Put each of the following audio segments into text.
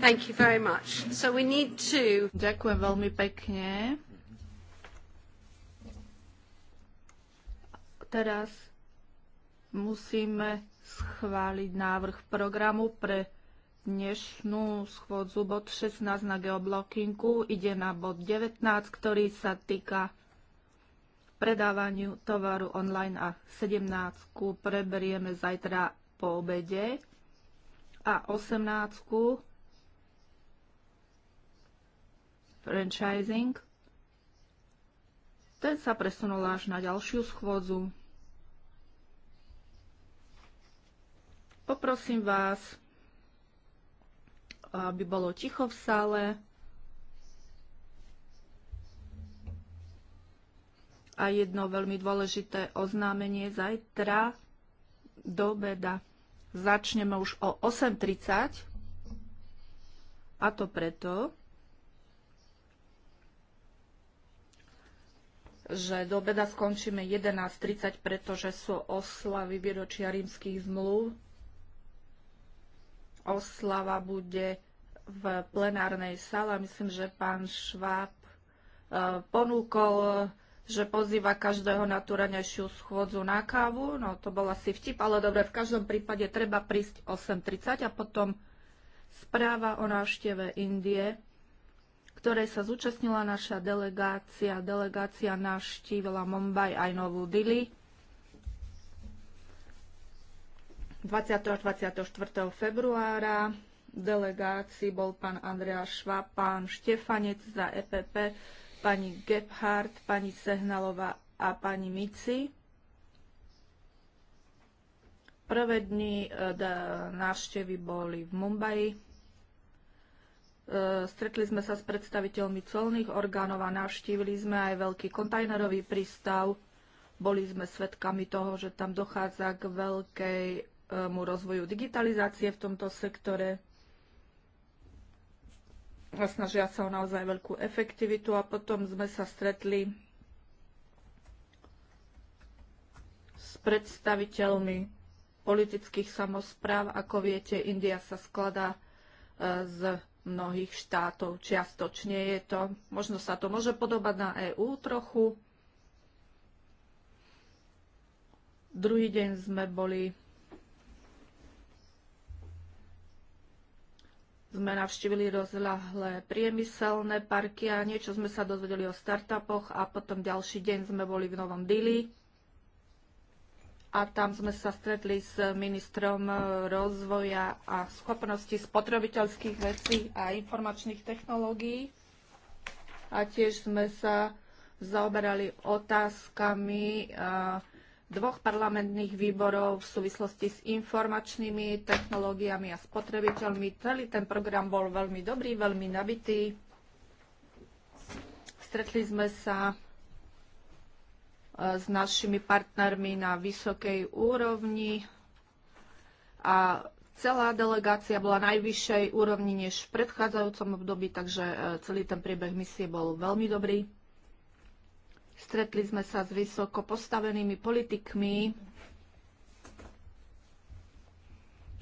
Thank you very much. So we need to... Ďakujem veľmi pekne. Teraz musíme schváliť návrh programu pre dnešnú schôdzu bod 16 na geoblockingu. Ide na bod 19, ktorý sa týka predávaniu tovaru online a 17 preberieme zajtra po obede a 18 franchising. Ten sa presunul až na ďalšiu schôdzu. Poprosím vás, aby bolo ticho v sále. A jedno veľmi dôležité oznámenie zajtra do beda. Začneme už o 8.30 a to preto, že do obeda skončíme 11.30, pretože sú oslavy výročia rímskych zmluv. Oslava bude v plenárnej sále. Myslím, že pán Šváb e, ponúkol, že pozýva každého na tú ranejšiu schôdzu na kávu. No to bol asi vtip, ale dobre, v každom prípade treba prísť 8.30 a potom správa o návšteve Indie ktorej sa zúčastnila naša delegácia. Delegácia navštívila Mumbai aj Novú Dili 20. až 24. februára. Delegácii bol pán Andrea Šva, pán Štefanec za EPP, pani Gebhardt, pani Sehnalová a pani Mici. Prvé dni eh, návštevy boli v Mumbai E, stretli sme sa s predstaviteľmi colných orgánov a navštívili sme aj veľký kontajnerový prístav. Boli sme svedkami toho, že tam dochádza k veľkému rozvoju digitalizácie v tomto sektore. A snažia sa o naozaj veľkú efektivitu a potom sme sa stretli s predstaviteľmi politických samozpráv. Ako viete, India sa skladá e, z mnohých štátov. Čiastočne je to, možno sa to môže podobať na EÚ trochu. Druhý deň sme boli sme navštívili rozľahlé priemyselné parky a niečo sme sa dozvedeli o startupoch a potom ďalší deň sme boli v Novom Dili a tam sme sa stretli s ministrom rozvoja a schopnosti spotrebiteľských vecí a informačných technológií. A tiež sme sa zaoberali otázkami dvoch parlamentných výborov v súvislosti s informačnými technológiami a spotrebiteľmi. Celý ten program bol veľmi dobrý, veľmi nabitý. Stretli sme sa s našimi partnermi na vysokej úrovni a celá delegácia bola najvyššej úrovni než v predchádzajúcom období, takže e, celý ten priebeh misie bol veľmi dobrý. Stretli sme sa s vysoko postavenými politikmi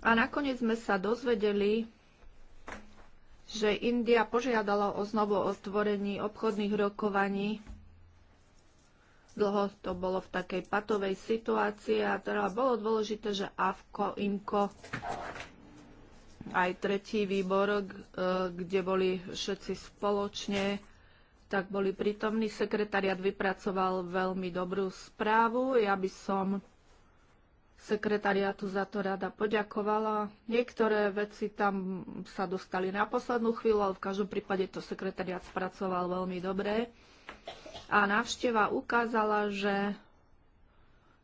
a nakoniec sme sa dozvedeli, že India požiadala o znovu o stvorení obchodných rokovaní Dlho to bolo v takej patovej situácii a teda bolo dôležité, že AVKO, IMKO, aj tretí výbor, e, kde boli všetci spoločne, tak boli prítomní. Sekretariat vypracoval veľmi dobrú správu. Ja by som sekretariátu za to rada poďakovala. Niektoré veci tam sa dostali na poslednú chvíľu, ale v každom prípade to sekretariát spracoval veľmi dobre. A návšteva ukázala, že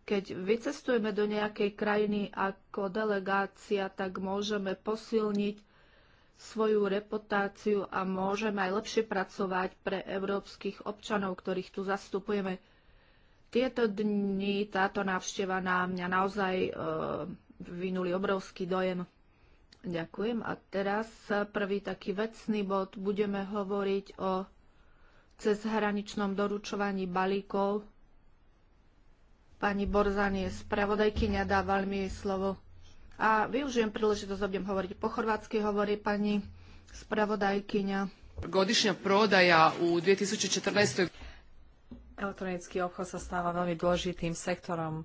keď vycestujeme do nejakej krajiny ako delegácia, tak môžeme posilniť svoju reputáciu a môžeme aj lepšie pracovať pre európskych občanov, ktorých tu zastupujeme. Tieto dni, táto návšteva na mňa naozaj e, vynuli obrovský dojem. Ďakujem. A teraz prvý taký vecný bod. Budeme hovoriť o cez hraničnom doručovaní balíkov. Pani Borzan je spravodajkyňa, dával mi jej slovo. A využijem príležitosť, budem hovoriť po chorvátsky, hovorí pani spravodajkyňa. Godišňa prodaja u 2014. Elektronický obchod sa stáva veľmi dôležitým sektorom.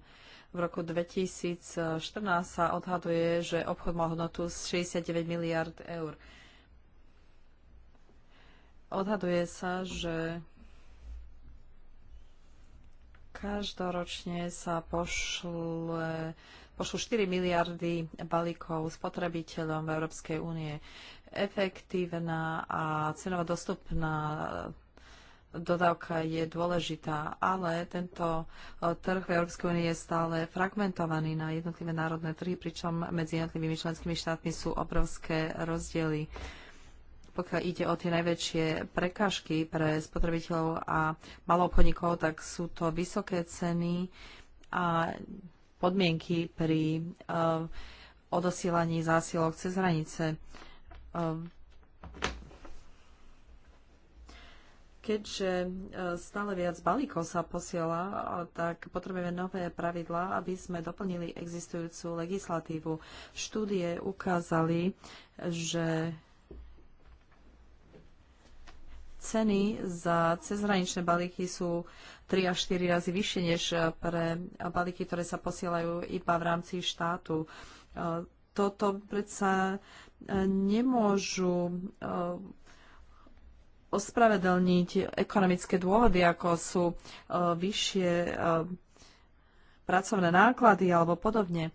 V roku 2014 sa odhaduje, že obchod má hodnotu 69 miliard eur. Odhaduje sa, že každoročne sa pošle, pošlu 4 miliardy balíkov spotrebiteľom Európskej únie. Efektívna a cenovo dostupná dodávka je dôležitá, ale tento eh, trh v Európskej únie je stále fragmentovaný na jednotlivé národné trhy, pričom medzi jednotlivými členskými štátmi sú obrovské rozdiely. Uh, pokiaľ ide o tie najväčšie prekážky pre spotrebiteľov a maloobchodníkov, tak sú to vysoké ceny a podmienky pri uh, odosielaní zásilok cez hranice. Uh, keďže eh, stále viac balíkov sa posiela, tak potrebujeme nové pravidlá, aby sme doplnili existujúcu legislatívu. Štúdie ukázali, že ceny za cezhraničné balíky sú 3 až 4 razy vyššie než eh, pre balíky, ktoré sa posielajú iba v rámci štátu. Eh, toto predsa eh, nemôžu ospravedlniť ekonomické dôvody, ako sú vyššie pracovné náklady alebo podobne.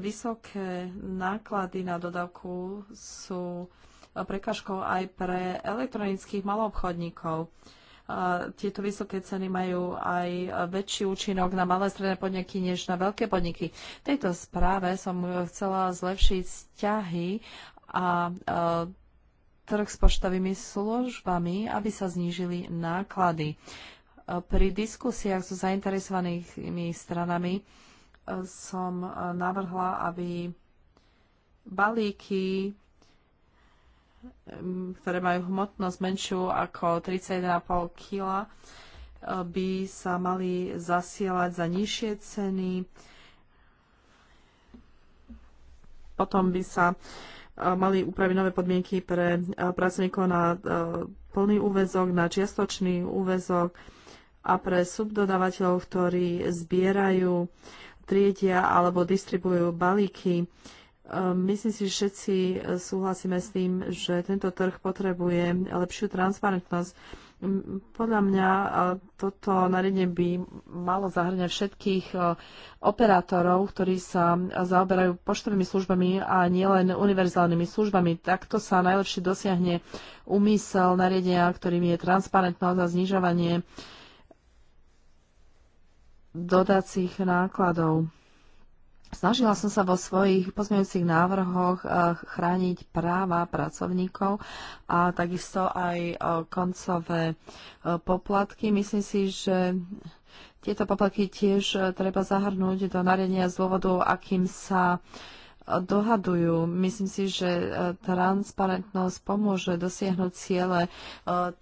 Vysoké náklady na dodavku sú prekažkou aj pre elektronických maloobchodníkov. Tieto vysoké ceny majú aj väčší účinok na malé stredné podniky než na veľké podniky. V tejto správe som chcela zlepšiť vzťahy a trh s poštovými službami, aby sa znížili náklady. Pri diskusiách so zainteresovanými stranami som navrhla, aby balíky ktoré majú hmotnosť menšiu ako 31,5 kg, eh, by sa mali zasielať za nižšie ceny. Potom by sa eh, mali upraviť nové podmienky pre eh, pracovníkov na plný úvezok, na čiastočný úvezok a pre subdodávateľov, ktorí zbierajú, triedia alebo distribujú balíky Myslím si, že všetci e, súhlasíme s tým, že tento trh potrebuje lepšiu transparentnosť. Podľa mňa e, toto nariadenie by malo zahrňať všetkých e, operátorov, ktorí sa zaoberajú poštovými službami a nielen univerzálnymi službami. Takto sa najlepšie dosiahne úmysel nariadenia, ktorým je transparentnosť a znižovanie dodacích nákladov Snažila som sa vo svojich pozmeňujúcich návrhoch eh, chrániť práva pracovníkov a takisto aj eh, koncové eh, poplatky. Myslím si, že tieto poplatky tiež treba zahrnúť do nariadenia z dôvodu, akým sa uh, dohadujú. Myslím si, že e, transparentnosť pomôže dosiahnuť ciele e,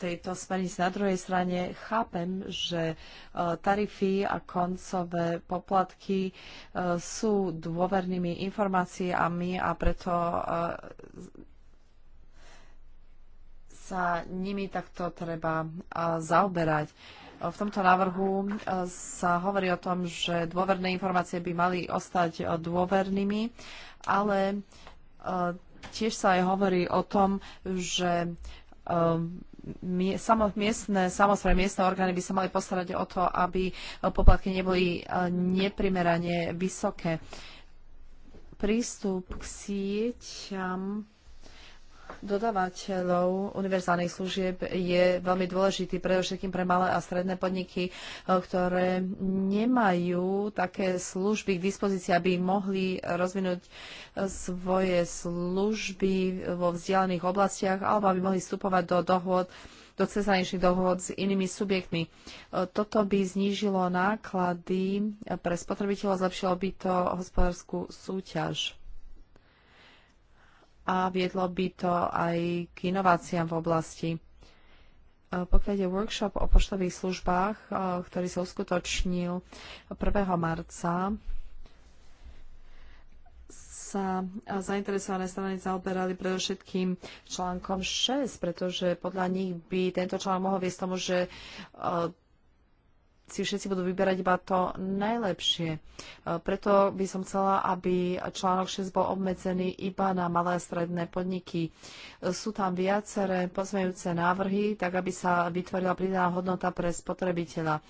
tejto smernice. Na druhej strane chápem, že e, tarify a koncové poplatky sú dôvernými informáciami a preto sa nimi takto treba zaoberať v tomto návrhu eh, sa hovorí o tom, že dôverné informácie by mali ostať eh, dôvernými, ale eh, tiež sa aj hovorí o tom, že miestne, samozrejme miestne orgány by sa mali postarať o to, aby poplatky neboli neprimerane vysoké. Prístup k sieťam dodávateľov univerzálnych služieb je veľmi dôležitý predovšetkým pre malé a stredné podniky, eh, ktoré nemajú také služby k dispozícii, aby mohli rozvinúť eh, svoje služby vo vzdialených oblastiach alebo aby mohli vstupovať do dohôd do cezhraničných dohôd s inými subjektmi. Eh, toto by znížilo náklady pre spotrebiteľov, zlepšilo by to hospodárskú súťaž a viedlo by to aj k inováciám v oblasti. E, pokiaľ je workshop o poštových službách, e, ktorý sa uskutočnil 1. marca, sa zainteresované strany zaoberali predovšetkým článkom 6, pretože podľa nich by tento článok mohol viesť tomu, že e, si všetci budú vyberať iba to najlepšie. E, preto by som chcela, aby článok 6 bol obmedzený iba na malé a stredné podniky. E, sú tam viaceré pozmejúce návrhy, tak aby sa vytvorila pridaná hodnota pre spotrebiteľa.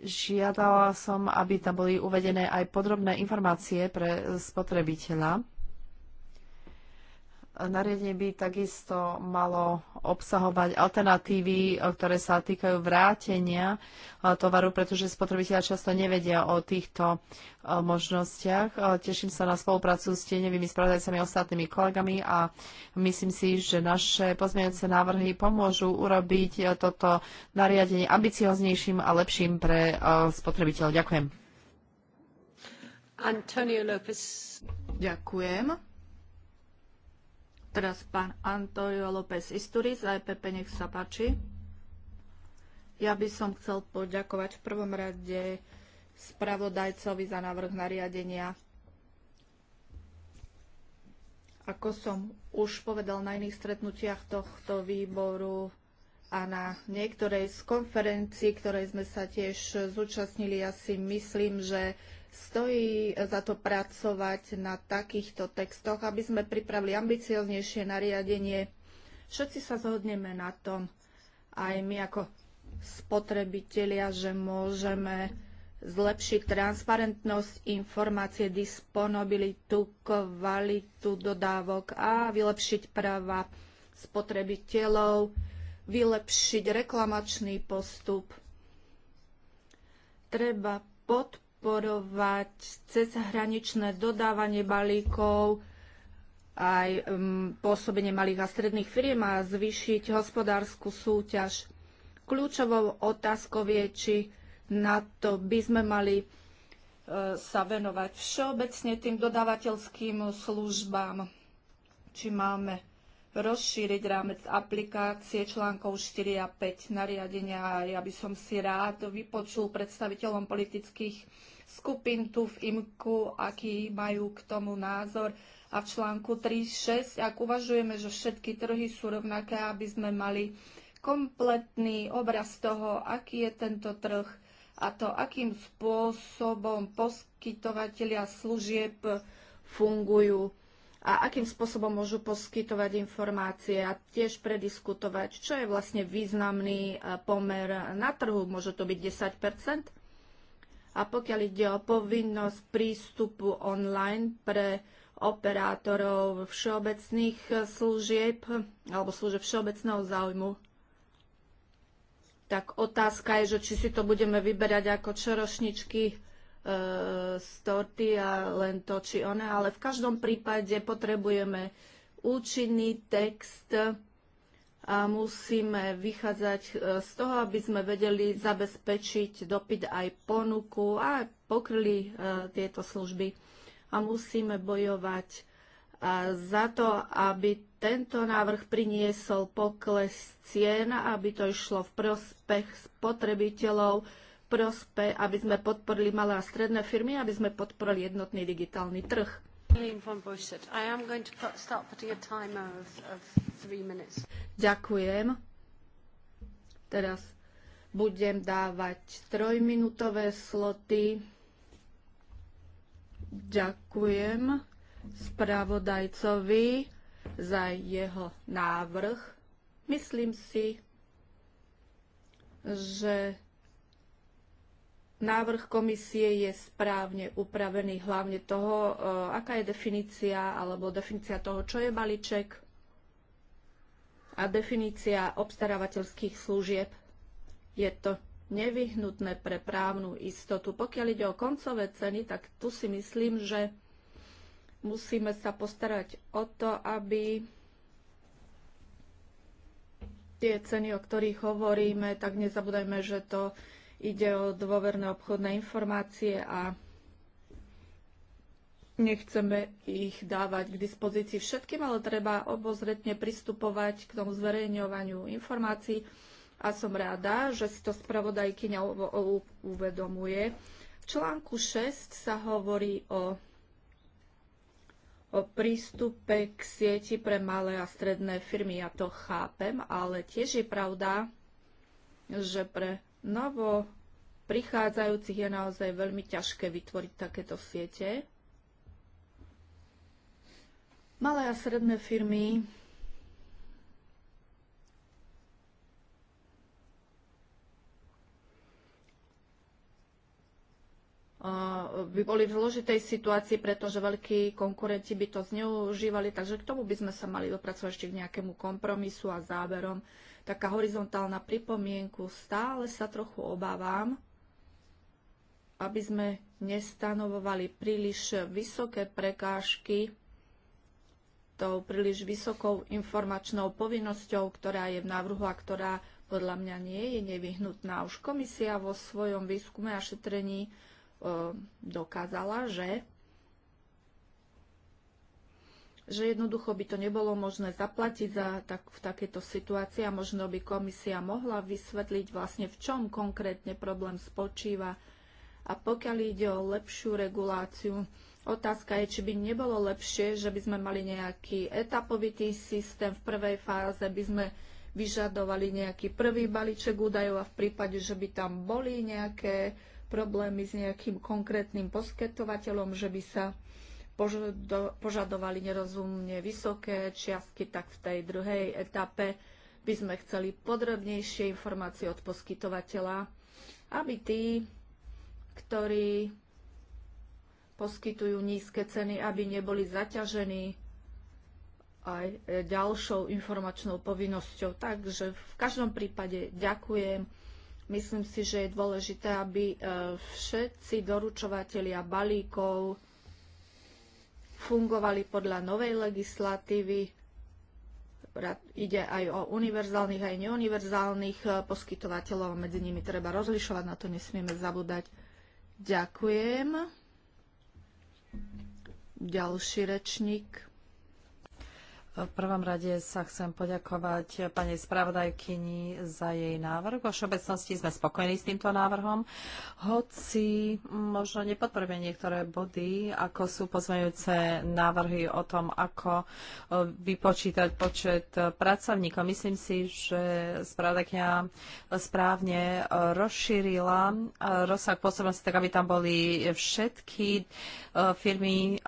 Žiadala som, aby tam boli uvedené aj podrobné informácie pre spotrebiteľa Nariadenie by takisto malo obsahovať alternatívy, ktoré sa týkajú vrátenia eh, tovaru, pretože spotrebitelia často nevedia o týchto eh, možnostiach. Eh, teším sa na spoluprácu s tieňovými spravodajcami a ostatnými kolegami a myslím si, že naše pozmeňujúce návrhy pomôžu urobiť toto nariadenie ambicioznejším a lepším pre spotrebiteľov. Ďakujem. Antonio López. Ďakujem. Teraz pán Antonio López Isturiz za EPP, nech sa páči. Ja by som chcel poďakovať v prvom rade spravodajcovi za návrh nariadenia. Ako som už povedal na iných stretnutiach tohto výboru a na niektorej z konferencií, ktorej sme sa tiež zúčastnili, ja si myslím, že stojí za to pracovať na takýchto textoch, aby sme pripravili ambicioznejšie nariadenie. Všetci sa zhodneme na tom, aj my ako spotrebitelia, že môžeme zlepšiť transparentnosť informácie, disponibilitu, kvalitu dodávok a vylepšiť práva spotrebiteľov, vylepšiť reklamačný postup. Treba podporiť podporovať cezhraničné dodávanie balíkov, aj um, pôsobenie malých a stredných firiem a zvýšiť hospodárskú súťaž. Kľúčovou otázkou je, či na to by sme mali e, sa venovať všeobecne tým dodávateľským službám, či máme rozšíriť rámec aplikácie článkov 4 a 5 nariadenia. Ja by som si rád vypočul predstaviteľom politických skupín tu v IMKU, aký majú k tomu názor. A v článku 3.6, ak uvažujeme, že všetky trhy sú rovnaké, aby sme mali kompletný obraz toho, aký je tento trh a to, akým spôsobom poskytovateľia služieb fungujú a akým spôsobom môžu poskytovať informácie a tiež prediskutovať, čo je vlastne významný e, pomer na trhu. Môže to byť 10 a pokiaľ ide o povinnosť prístupu online pre operátorov všeobecných e, služieb alebo služieb všeobecného záujmu, tak otázka je, že či si to budeme vyberať ako čerošničky E, z torty a len to či ona, ale v každom prípade potrebujeme účinný text a musíme vychádzať e, z toho, aby sme vedeli zabezpečiť dopyt aj ponuku a pokryli e, tieto služby. A musíme bojovať a za to, aby tento návrh priniesol pokles cien, aby to išlo v prospech spotrebiteľov, prospe, aby sme podporili malé a stredné firmy, aby sme podporili jednotný digitálny trh. Ďakujem. Teraz budem dávať trojminútové sloty. Ďakujem spravodajcovi za jeho návrh. Myslím si, že Návrh komisie je správne upravený hlavne toho, e, aká je definícia alebo definícia toho, čo je balíček a definícia obstarávateľských služieb. Je to nevyhnutné pre právnu istotu. Pokiaľ ide o koncové ceny, tak tu si myslím, že musíme sa postarať o to, aby tie ceny, o ktorých hovoríme, tak nezabúdajme, že to Ide o dôverné obchodné informácie a nechceme ich dávať k dispozícii všetkým, ale treba obozretne pristupovať k tomu zverejňovaniu informácií. A som rada, že si to spravodajkyňa uvedomuje. V článku 6 sa hovorí o, o prístupe k sieti pre malé a stredné firmy. Ja to chápem, ale tiež je pravda, že pre novo prichádzajúcich je naozaj veľmi ťažké vytvoriť takéto siete. Malé a stredné firmy by boli v zložitej situácii, pretože veľkí konkurenti by to zneužívali, takže k tomu by sme sa mali dopracovať ešte k nejakému kompromisu a záverom taká horizontálna pripomienku. Stále sa trochu obávam, aby sme nestanovovali príliš vysoké prekážky tou príliš vysokou informačnou povinnosťou, ktorá je v návrhu a ktorá podľa mňa nie je nevyhnutná. Už komisia vo svojom výskume a šetrení e, dokázala, že že jednoducho by to nebolo možné zaplatiť za tak, v takéto situácii a možno by komisia mohla vysvetliť vlastne v čom konkrétne problém spočíva. A pokiaľ ide o lepšiu reguláciu, Otázka je, či by nebolo lepšie, že by sme mali nejaký etapovitý systém. V prvej fáze by sme vyžadovali nejaký prvý balíček údajov a v prípade, že by tam boli nejaké problémy s nejakým konkrétnym poskytovateľom, že by sa požadovali nerozumne vysoké čiastky, tak v tej druhej etape by sme chceli podrobnejšie informácie od poskytovateľa, aby tí, ktorí poskytujú nízke ceny, aby neboli zaťažení aj ďalšou informačnou povinnosťou. Takže v každom prípade ďakujem. Myslím si, že je dôležité, aby eh, všetci doručovatelia balíkov fungovali podľa novej legislatívy. Ide aj o univerzálnych, aj neuniverzálnych e, poskytovateľov. Medzi nimi treba rozlišovať, na to nesmieme zabúdať. Ďakujem. Ďalší rečník. V prvom rade sa chcem poďakovať pani spravodajkyni za jej návrh. Vo všeobecnosti sme spokojní s týmto návrhom, hoci možno nepodporujeme niektoré body, ako sú pozmeňujúce návrhy o tom, ako e, vypočítať počet pracovníkov. Myslím si, že spravodajkňa správne e, rozšírila e, rozsah pôsobnosti, tak aby tam boli všetky firmy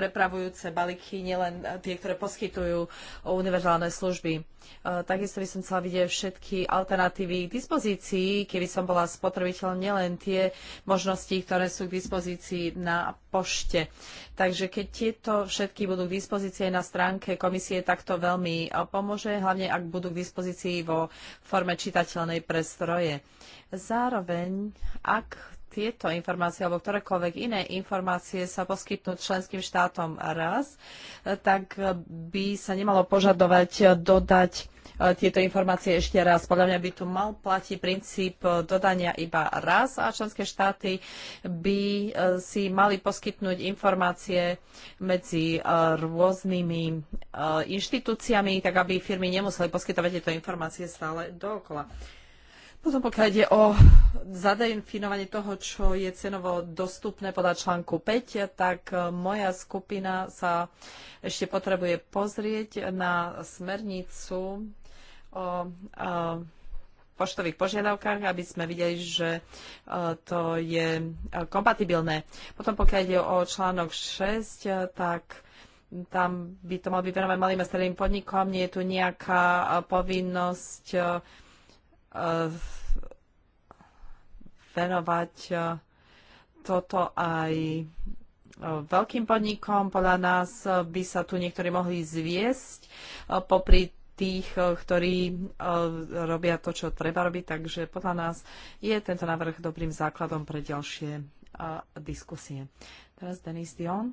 prepravujúce balíky, nielen eh, tie, ktoré poskytujú eh, univerzálne služby. Eh, takisto by som chcela vidieť všetky alternatívy k dispozícii, keby som bola spotrebiteľ, nielen tie možnosti, ktoré sú k dispozícii na pošte. Takže keď tieto všetky budú k dispozícii na stránke komisie, tak to veľmi pomôže, hlavne ak budú k dispozícii vo forme čitateľnej pre stroje. Zároveň, ak tieto informácie alebo ktorékoľvek iné informácie sa poskytnú členským štátom raz, tak by sa nemalo požadovať dodať e, tieto informácie ešte raz. Podľa mňa by tu mal platiť princíp dodania iba raz a členské štáty by e, si mali poskytnúť informácie medzi e, rôznymi inštitúciami, tak aby firmy nemuseli poskytovať tieto informácie stále dookola. Potom pokiaľ ide o zadefinovanie toho, čo je cenovo dostupné podľa článku 5, tak e, moja skupina sa ešte potrebuje pozrieť na smernicu o, e, poštových požiadavkách, aby sme videli, že e, to je kompatibilné. Potom pokiaľ ide o článok 6, tak tam by to mal byť venované malým a stredným podnikom. Nie je tu nejaká povinnosť venovať eh, toto aj eh, veľkým podnikom. Podľa nás eh, by sa tu niektorí mohli zviesť popri tých, ktorí robia to, čo treba robiť. Takže podľa nás je tento návrh dobrým základom pre ďalšie diskusie. Teraz Denis Dion.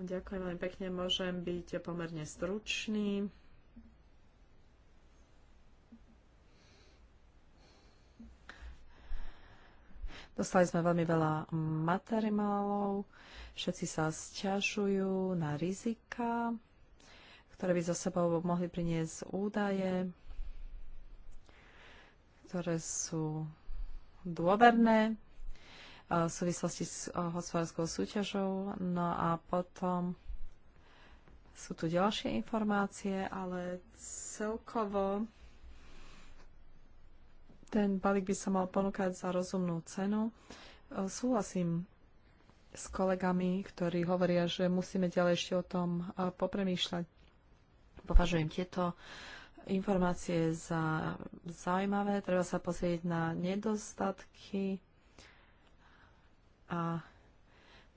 Ďakujem veľmi pekne, môžem byť pomerne stručný. Dostali sme veľmi veľa materiálov, všetci sa sťažujú na rizika, ktoré by za sebou mohli priniesť údaje, ktoré sú dôverné e, v súvislosti s e, hospodárskou súťažou. No a potom sú tu ďalšie informácie, ale celkovo ten balík by sa mal ponúkať za rozumnú cenu. E, súhlasím s kolegami, ktorí hovoria, že musíme ďalej ešte o tom e, popremýšľať. Považujem tieto informácie za zaujímavé. Treba sa pozrieť na nedostatky a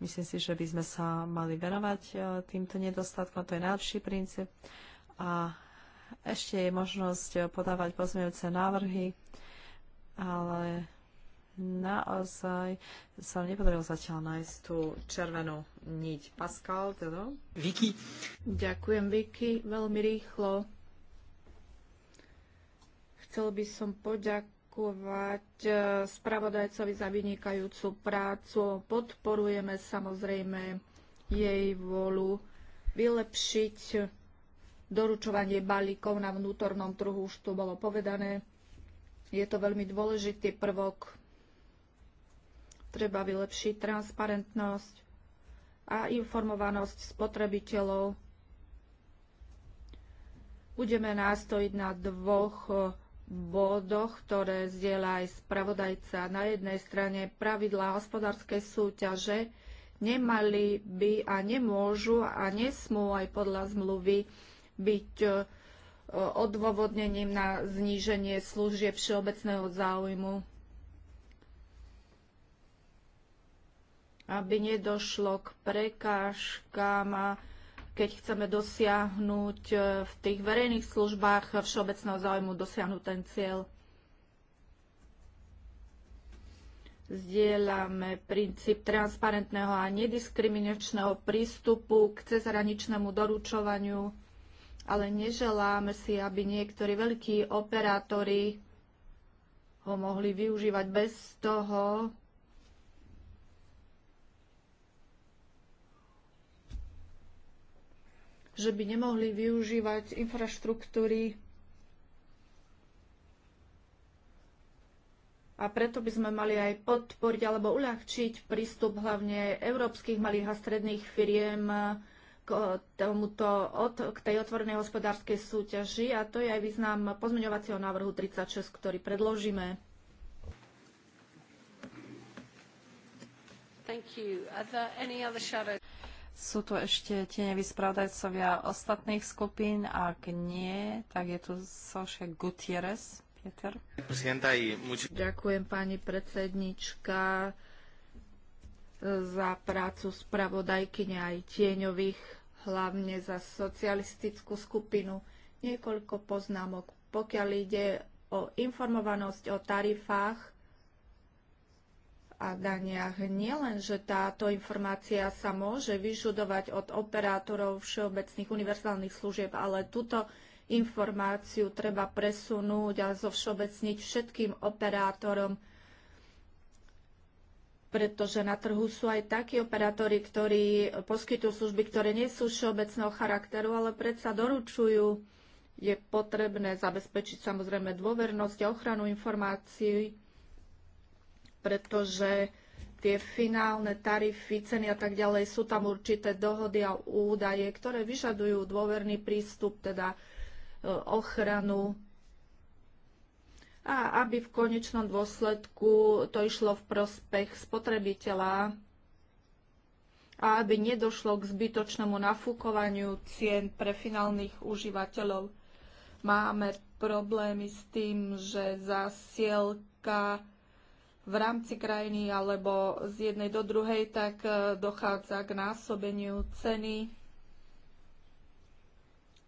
myslím si, že by sme sa mali venovať e, týmto nedostatkom. To je najlepší princíp. A ešte je možnosť podávať pozmejúce návrhy ale naozaj sa nepodarilo zatiaľ nájsť tú červenú niť. Pascal, teda? Vicky. Ďakujem, Vicky, veľmi rýchlo. Chcel by som poďakovať eh, spravodajcovi za vynikajúcu prácu. Podporujeme samozrejme jej volu vylepšiť doručovanie balíkov na vnútornom trhu, už tu bolo povedané je to veľmi dôležitý prvok. Treba vylepšiť transparentnosť a informovanosť spotrebiteľov. Budeme nástojiť na dvoch eh, bodoch, ktoré zdieľa aj spravodajca. Na jednej strane pravidlá hospodárskej súťaže nemali by a nemôžu a nesmú aj podľa zmluvy byť eh, odôvodnením na zníženie služieb všeobecného záujmu, aby nedošlo k prekážkám, keď chceme dosiahnuť e, v tých verejných službách všeobecného záujmu dosiahnuť ten cieľ. Zdieľame princíp transparentného a nediskriminačného prístupu k cezhraničnému doručovaniu ale neželáme si, aby niektorí veľkí operátori ho mohli využívať bez toho, že by nemohli využívať infraštruktúry a preto by sme mali aj podporiť alebo uľahčiť prístup hlavne európskych malých a stredných firiem k, tomuto, od, k tej otvorenej hospodárskej súťaži a to je aj význam pozmeňovacieho návrhu 36, ktorý predložíme. Thank you. Are there any other shadows? Sú tu ešte tieňoví spravodajcovia ostatných skupín? Ak nie, tak je tu Soše Gutierrez. Peter. Ďakujem, pani predsednička za prácu spravodajkyne aj tieňových, hlavne za socialistickú skupinu. Niekoľko poznámok. Pokiaľ ide o informovanosť o tarifách a daniach, nielen, že táto informácia sa môže vyžudovať od operátorov všeobecných univerzálnych služieb, ale túto informáciu treba presunúť a zovšeobecniť všetkým operátorom pretože na trhu sú aj takí operátori, ktorí poskytujú služby, ktoré nie sú všeobecného charakteru, ale predsa doručujú. Je potrebné zabezpečiť samozrejme dôvernosť a ochranu informácií, pretože tie finálne tarify, ceny a tak ďalej, sú tam určité dohody a údaje, ktoré vyžadujú dôverný prístup, teda e, ochranu a aby v konečnom dôsledku to išlo v prospech spotrebiteľa a aby nedošlo k zbytočnému nafúkovaniu cien pre finálnych užívateľov. Máme problémy s tým, že zasielka v rámci krajiny alebo z jednej do druhej, tak eh, dochádza k násobeniu ceny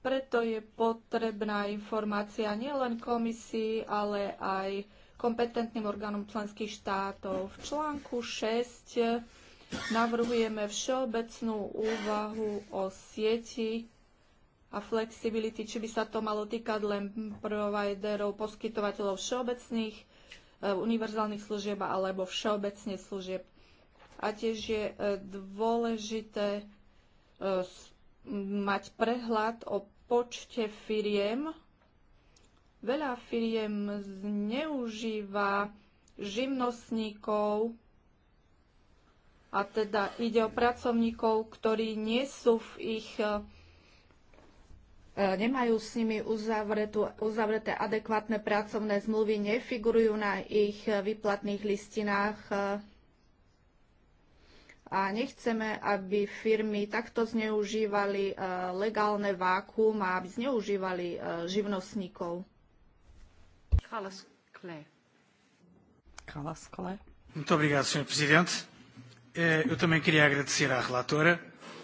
preto je potrebná informácia nielen komisii, ale aj kompetentným orgánom členských štátov. V článku 6 navrhujeme všeobecnú úvahu o sieti a flexibility, či by sa to malo týkať len providerov, poskytovateľov všeobecných, e, univerzálnych služieb alebo všeobecne služieb. A tiež je e, dôležité e, mať prehľad o počte firiem. Veľa firiem zneužíva živnostníkov, a teda ide o pracovníkov, ktorí nie sú v ich e, nemajú s nimi uzavretú, uzavreté adekvátne pracovné zmluvy, nefigurujú na ich e, výplatných listinách e, a nechceme, aby firmy takto zneužívali e, legálne vákuum a aby zneužívali e, živnostníkov. Muito obrigado, Presidente. Eu também queria agradecer à relatora.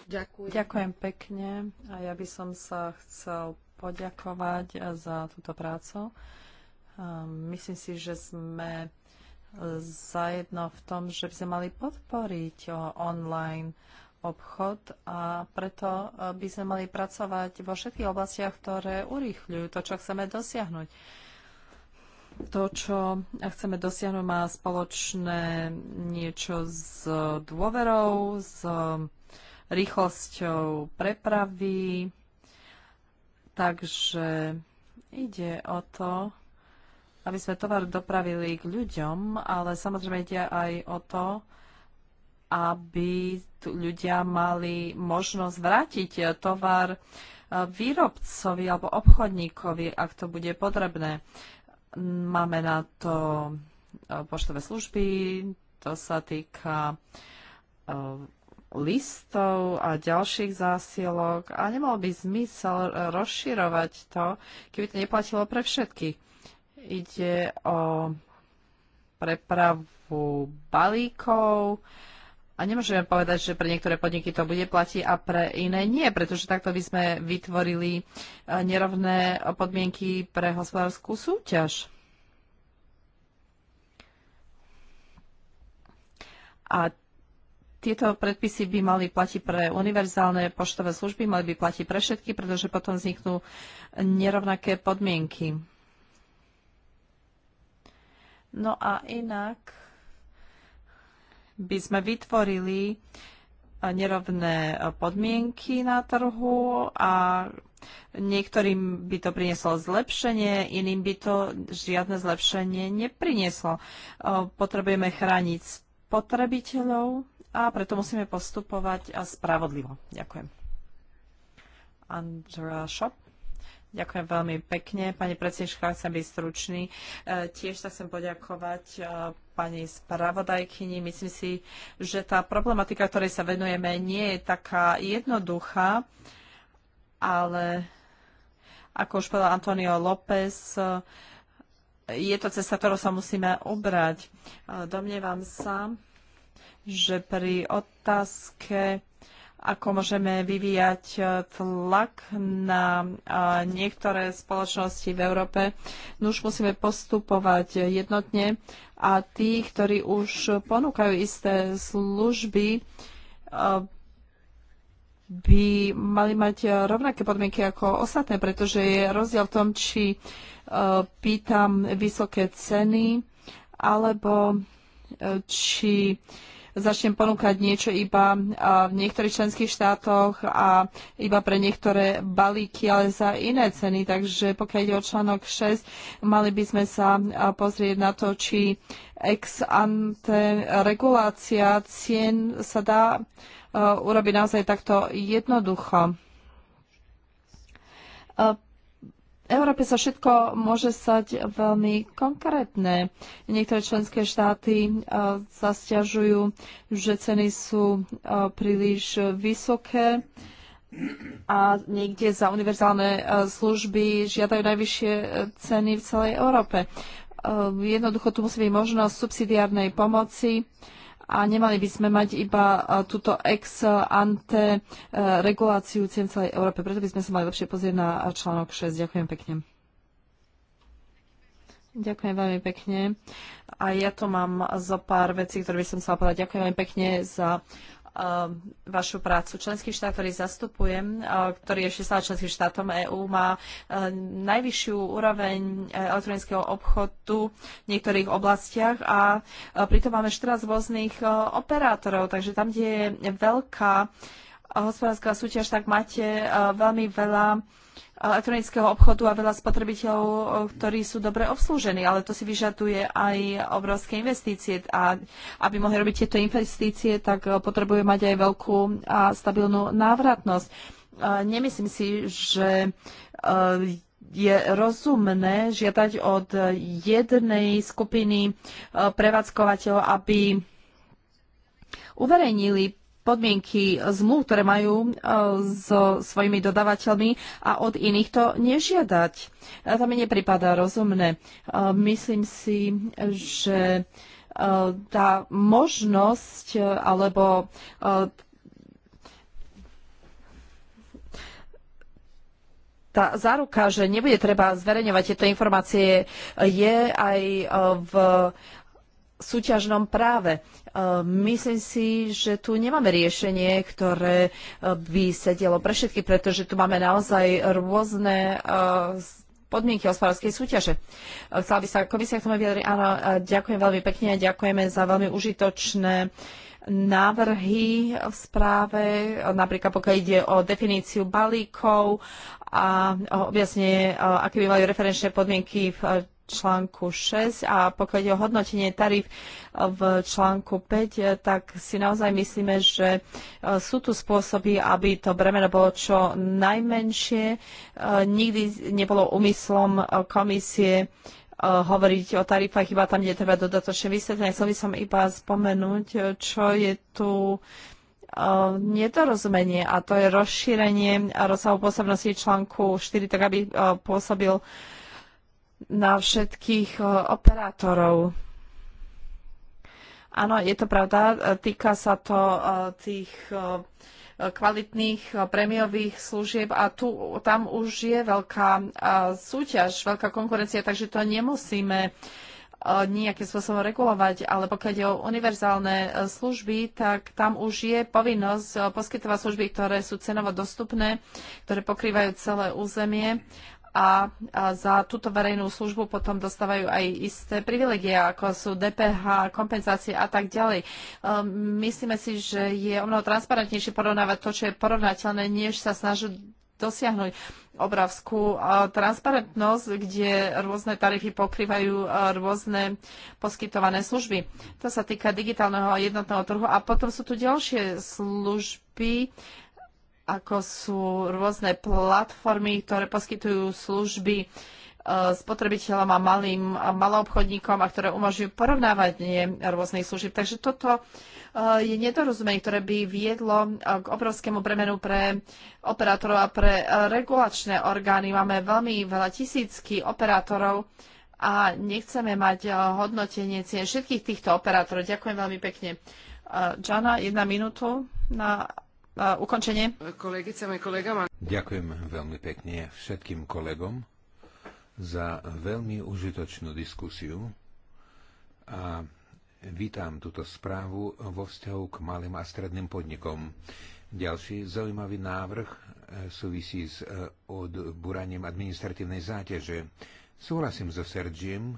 Ďakujem. Ďakujem pekne a ja by som sa chcel poďakovať e, za túto prácu. Ehm, myslím si, že sme zajedno v tom, že by sme mali podporiť online obchod a preto e, by sme mali pracovať vo všetkých oblastiach, ktoré urýchľujú to, čo chceme dosiahnuť. To, čo chceme dosiahnuť, má spoločné niečo s dôverou, s e, rýchlosťou prepravy. Takže ide o to, aby sme tovar dopravili k ľuďom, ale samozrejme ide aj o to, aby tu ľudia mali možnosť vrátiť tovar e, výrobcovi alebo obchodníkovi, ak to bude potrebné. Máme na to e, poštové služby, to sa týka e, listov a ďalších zásielok a nemal by zmysel rozširovať to, keby to neplatilo pre všetkých. Ide o prepravu balíkov a nemôžeme povedať, že pre niektoré podniky to bude platiť a pre iné nie, pretože takto by sme vytvorili e, nerovné podmienky pre hospodárskú súťaž. A tieto predpisy by mali platiť pre univerzálne poštové služby, mali by platiť pre všetky, pretože potom vzniknú nerovnaké podmienky. No a inak by sme vytvorili eh, nerovné eh, podmienky na trhu a niektorým by to prinieslo zlepšenie, iným by to žiadne zlepšenie neprinieslo. Eh, potrebujeme chrániť spotrebiteľov a preto musíme postupovať spravodlivo. Ďakujem. Andrea Shop. Ďakujem veľmi pekne. Pani predsednička, chcem byť stručný. E, tiež sa chcem poďakovať e, pani spravodajkyni. Myslím si, že tá problematika, ktorej sa venujeme, nie je taká jednoduchá, ale ako už povedal Antonio López, e, je to cesta, ktorou sa musíme obrať. E, domnievam sa, že pri otázke ako môžeme vyvíjať e, tlak na e, niektoré spoločnosti v Európe. No už musíme postupovať jednotne a tí, ktorí už ponúkajú isté služby, e, by mali mať rovnaké podmienky ako ostatné, pretože je rozdiel v tom, či pýtam vysoké ceny alebo či uh, začnem ponúkať niečo iba v niektorých členských štátoch a iba pre niektoré balíky, ale za iné ceny. Takže pokiaľ ide o článok 6, mali by sme sa pozrieť na to, či ex ante regulácia cien sa dá urobiť naozaj takto jednoducho Európe sa všetko môže stať veľmi konkrétne. Niektoré členské štáty e, zasťažujú, že ceny sú e, príliš vysoké a niekde za univerzálne e, služby žiadajú najvyššie ceny v celej Európe. Jednoducho tu musí byť možnosť subsidiárnej pomoci a nemali by sme mať iba e, túto ex ante e, reguláciu cien celej Európe. Preto by sme sa mali lepšie pozrieť na článok 6. Ďakujem pekne. Ďakujem veľmi pekne. A ja to mám zo pár vecí, ktoré by som chcela povedať. Ďakujem veľmi pekne za Um, vašu prácu. Členský štát, ktorý zastupujem, uh, ktorý je 16 členským štátom EÚ, má uh, najvyššiu úroveň uh, elektronického obchodu v niektorých oblastiach a pritom máme 14 rôznych operátorov, takže tam, kde je veľká hospodárska súťaž, tak máte e, veľmi veľa e, elektronického obchodu a veľa spotrebiteľov, e, ktorí sú dobre obslúžení, ale to si vyžaduje aj obrovské investície a aby mohli robiť tieto investície, tak potrebuje mať aj veľkú a stabilnú návratnosť. Nemyslím si, že je rozumné žiadať od jednej skupiny prevádzkovateľov, aby uverejnili podmienky zmluv, ktoré majú e, so svojimi dodávateľmi a od iných to nežiadať. To mi nepripadá rozumné. E, myslím si, že e, tá možnosť alebo tá záruka, že nebude treba zverejňovať tieto informácie, je aj v súťažnom práve. E, myslím si, že tu nemáme riešenie, ktoré e, by sedelo pre všetky, pretože tu máme naozaj rôzne e, podmienky hospodárskej súťaže. Chcela by sa komisia k tomu vyjadriť. Áno, ďakujem veľmi pekne a ďakujeme za veľmi užitočné návrhy v správe, napríklad pokiaľ ide o definíciu balíkov a objasne, aké by mali referenčné podmienky v článku 6 a pokiaľ ide o hodnotenie tarif e, v článku 5, e, tak si naozaj myslíme, že e, sú tu spôsoby, aby to bremeno bolo čo najmenšie. Nikdy nebolo úmyslom komisie hovoriť o tarifách, iba tam, kde treba dodatočné vysvetlenie. Chcel by som iba spomenúť, čo je tu nedorozumenie a to je rozšírenie rozsahu pôsobnosti článku 4, tak aby pôsobil uh, na všetkých e, operátorov. Áno, je to pravda, e, týka sa to e, tých kvalitných prémiových služieb a tu, tam už je veľká súťaž, veľká konkurencia, takže to nemusíme nejakým spôsobom regulovať, ale pokiaľ ide o univerzálne služby, tak tam už je povinnosť poskytovať služby, ktoré sú cenovo dostupné, ktoré pokrývajú celé územie a, za túto verejnú službu potom dostávajú aj isté privilegie, ako sú DPH, kompenzácie a tak ďalej. Ehm, myslíme si, že je o mnoho transparentnejšie porovnávať to, čo je porovnateľné, než sa snažiť dosiahnuť obrovskú transparentnosť, kde rôzne tarify pokrývajú rôzne poskytované služby. To sa týka digitálneho jednotného trhu. A potom sú tu ďalšie služby, ako sú rôzne platformy, ktoré poskytujú služby e, spotrebiteľom a malým a maloobchodníkom a ktoré umožňujú porovnávanie rôznych služieb. Takže toto e, je nedorozumenie, ktoré by viedlo e, k obrovskému bremenu pre operátorov a pre regulačné orgány. Máme veľmi veľa tisícky operátorov a nechceme mať hodnotenie cien všetkých týchto operátorov. Ďakujem veľmi pekne. Jana, jedna minútu na Ďakujem veľmi pekne všetkým kolegom za veľmi užitočnú diskusiu a vítam túto správu vo vzťahu k malým a stredným podnikom. Ďalší zaujímavý návrh e, súvisí s e, odburaním administratívnej záťaže. Súhlasím so Sergiem, e,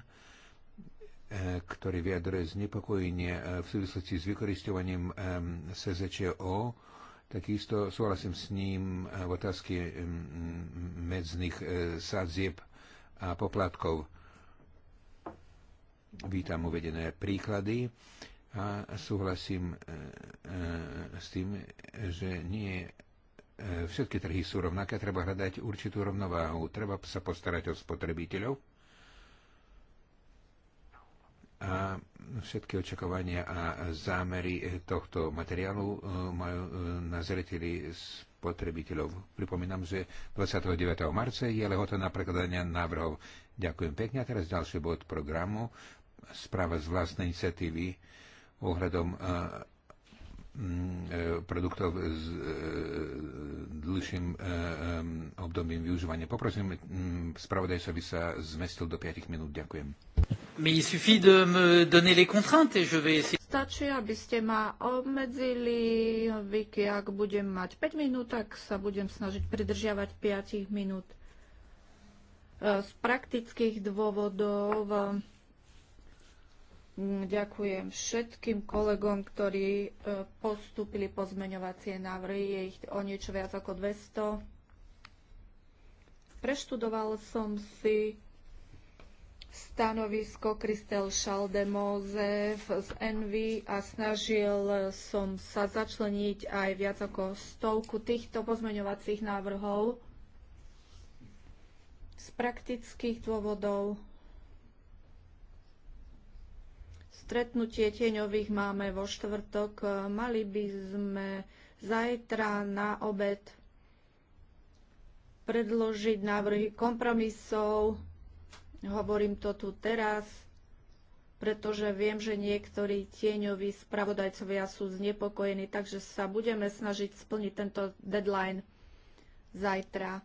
ktorý vyjadruje znepokojenie v súvislosti s vykoristovaním SZČO Takisto súhlasím s ním e, v otázke e, medzných e, sadzieb a poplatkov. Vítam uvedené príklady a súhlasím s tým, že nie všetky trhy sú rovnaké, treba hľadať určitú rovnováhu, treba sa postarať o spotrebiteľov a všetky očakovania a zámery tohto materiálu e, majú e, na zreteli spotrebiteľov. Pripomínam, že 29. marca je lehota na prekladanie návrhov. Ďakujem pekne. A teraz ďalší bod programu. Správa z vlastnej iniciatívy ohľadom e, produktov s dlhším obdobím využívania. Poprosím spravodajca, by sa zmestil do 5 minút. Ďakujem. Stačí, aby ste ma obmedzili, Vicky, ak budem mať 5 minút, tak sa budem snažiť pridržiavať 5 minút. E, z praktických dôvodov e, ďakujem všetkým kolegom, ktorí e, postúpili pozmeňovacie návrhy. Je ich o niečo viac ako 200. Preštudoval som si stanovisko Kristel Šaldemóze z Envy a snažil som sa začleniť aj viac ako stovku týchto pozmeňovacích návrhov z praktických dôvodov. Stretnutie tieňových máme vo štvrtok. Mali by sme zajtra na obed predložiť návrhy kompromisov Hovorím to tu teraz, pretože viem, že niektorí tieňoví spravodajcovia sú znepokojení, takže sa budeme snažiť splniť tento deadline zajtra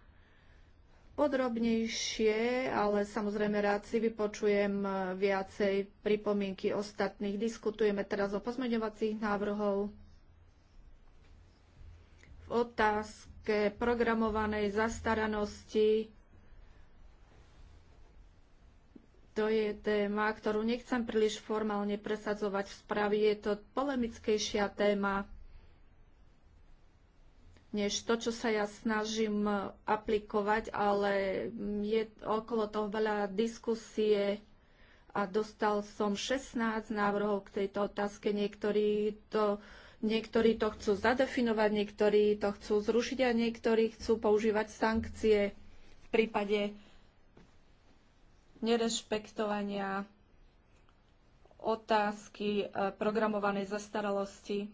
podrobnejšie, ale samozrejme rád si vypočujem viacej pripomienky ostatných. Diskutujeme teraz o pozmeňovacích návrhov. V otázke programovanej zastaranosti To je téma, ktorú nechcem príliš formálne presadzovať v správe. Je to polemickejšia téma než to, čo sa ja snažím aplikovať, ale je okolo toho veľa diskusie a dostal som 16 návrhov k tejto otázke. Niektorí to, niektorí to chcú zadefinovať, niektorí to chcú zrušiť a niektorí chcú používať sankcie v prípade nerešpektovania otázky e, programovanej zastaralosti.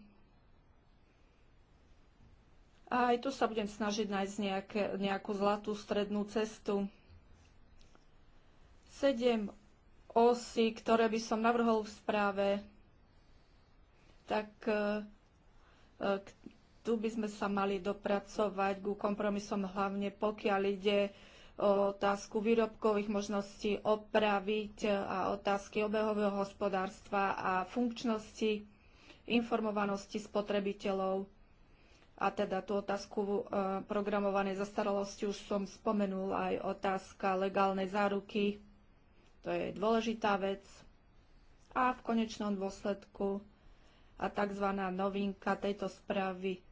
A aj tu sa budem snažiť nájsť nejaké, nejakú zlatú strednú cestu. Sedem osy, ktoré by som navrhol v správe, tak e, e, tu by sme sa mali dopracovať ku kompromisom, hlavne pokiaľ ide otázku výrobkových možností opraviť e, a otázky obehového hospodárstva a funkčnosti, informovanosti spotrebiteľov. A teda tú otázku e, programovanej zastaralosti už som spomenul aj otázka legálnej záruky. To je dôležitá vec. A v konečnom dôsledku a tzv. novinka tejto správy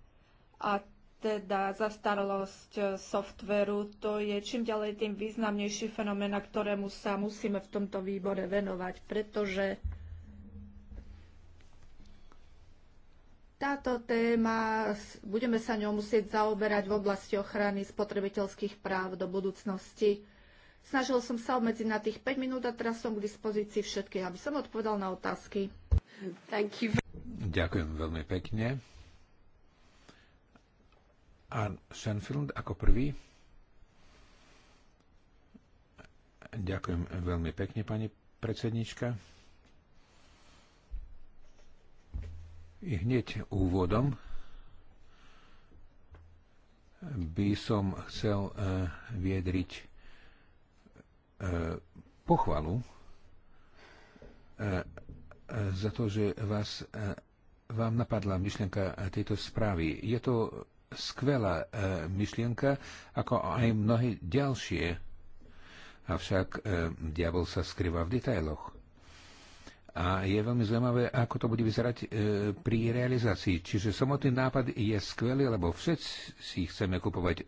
a teda zastaralosť e, softveru, to je čím ďalej tým významnejší fenomén, ktorému sa musíme v tomto výbore venovať, pretože táto téma, budeme sa ňou musieť zaoberať v oblasti ochrany spotrebiteľských práv do budúcnosti. Snažil som sa obmedziť na tých 5 minút a teraz som k dispozícii všetkých, aby som odpovedal na otázky. Ďakujem veľmi pekne. Ann Schenfield ako prvý. Ďakujem veľmi pekne, pani predsednička. I hneď úvodom by som chcel e, viedriť e, pochvalu e, za to, že vás, vám napadla myšlienka tejto správy. Je to skvelá e, myšlienka, ako aj mnohé ďalšie. Avšak e, diabol sa skrýva v detailoch. A je veľmi zaujímavé, ako to bude vyzerať e, pri realizácii. Čiže samotný nápad je skvelý, lebo všetci chceme kupovať e,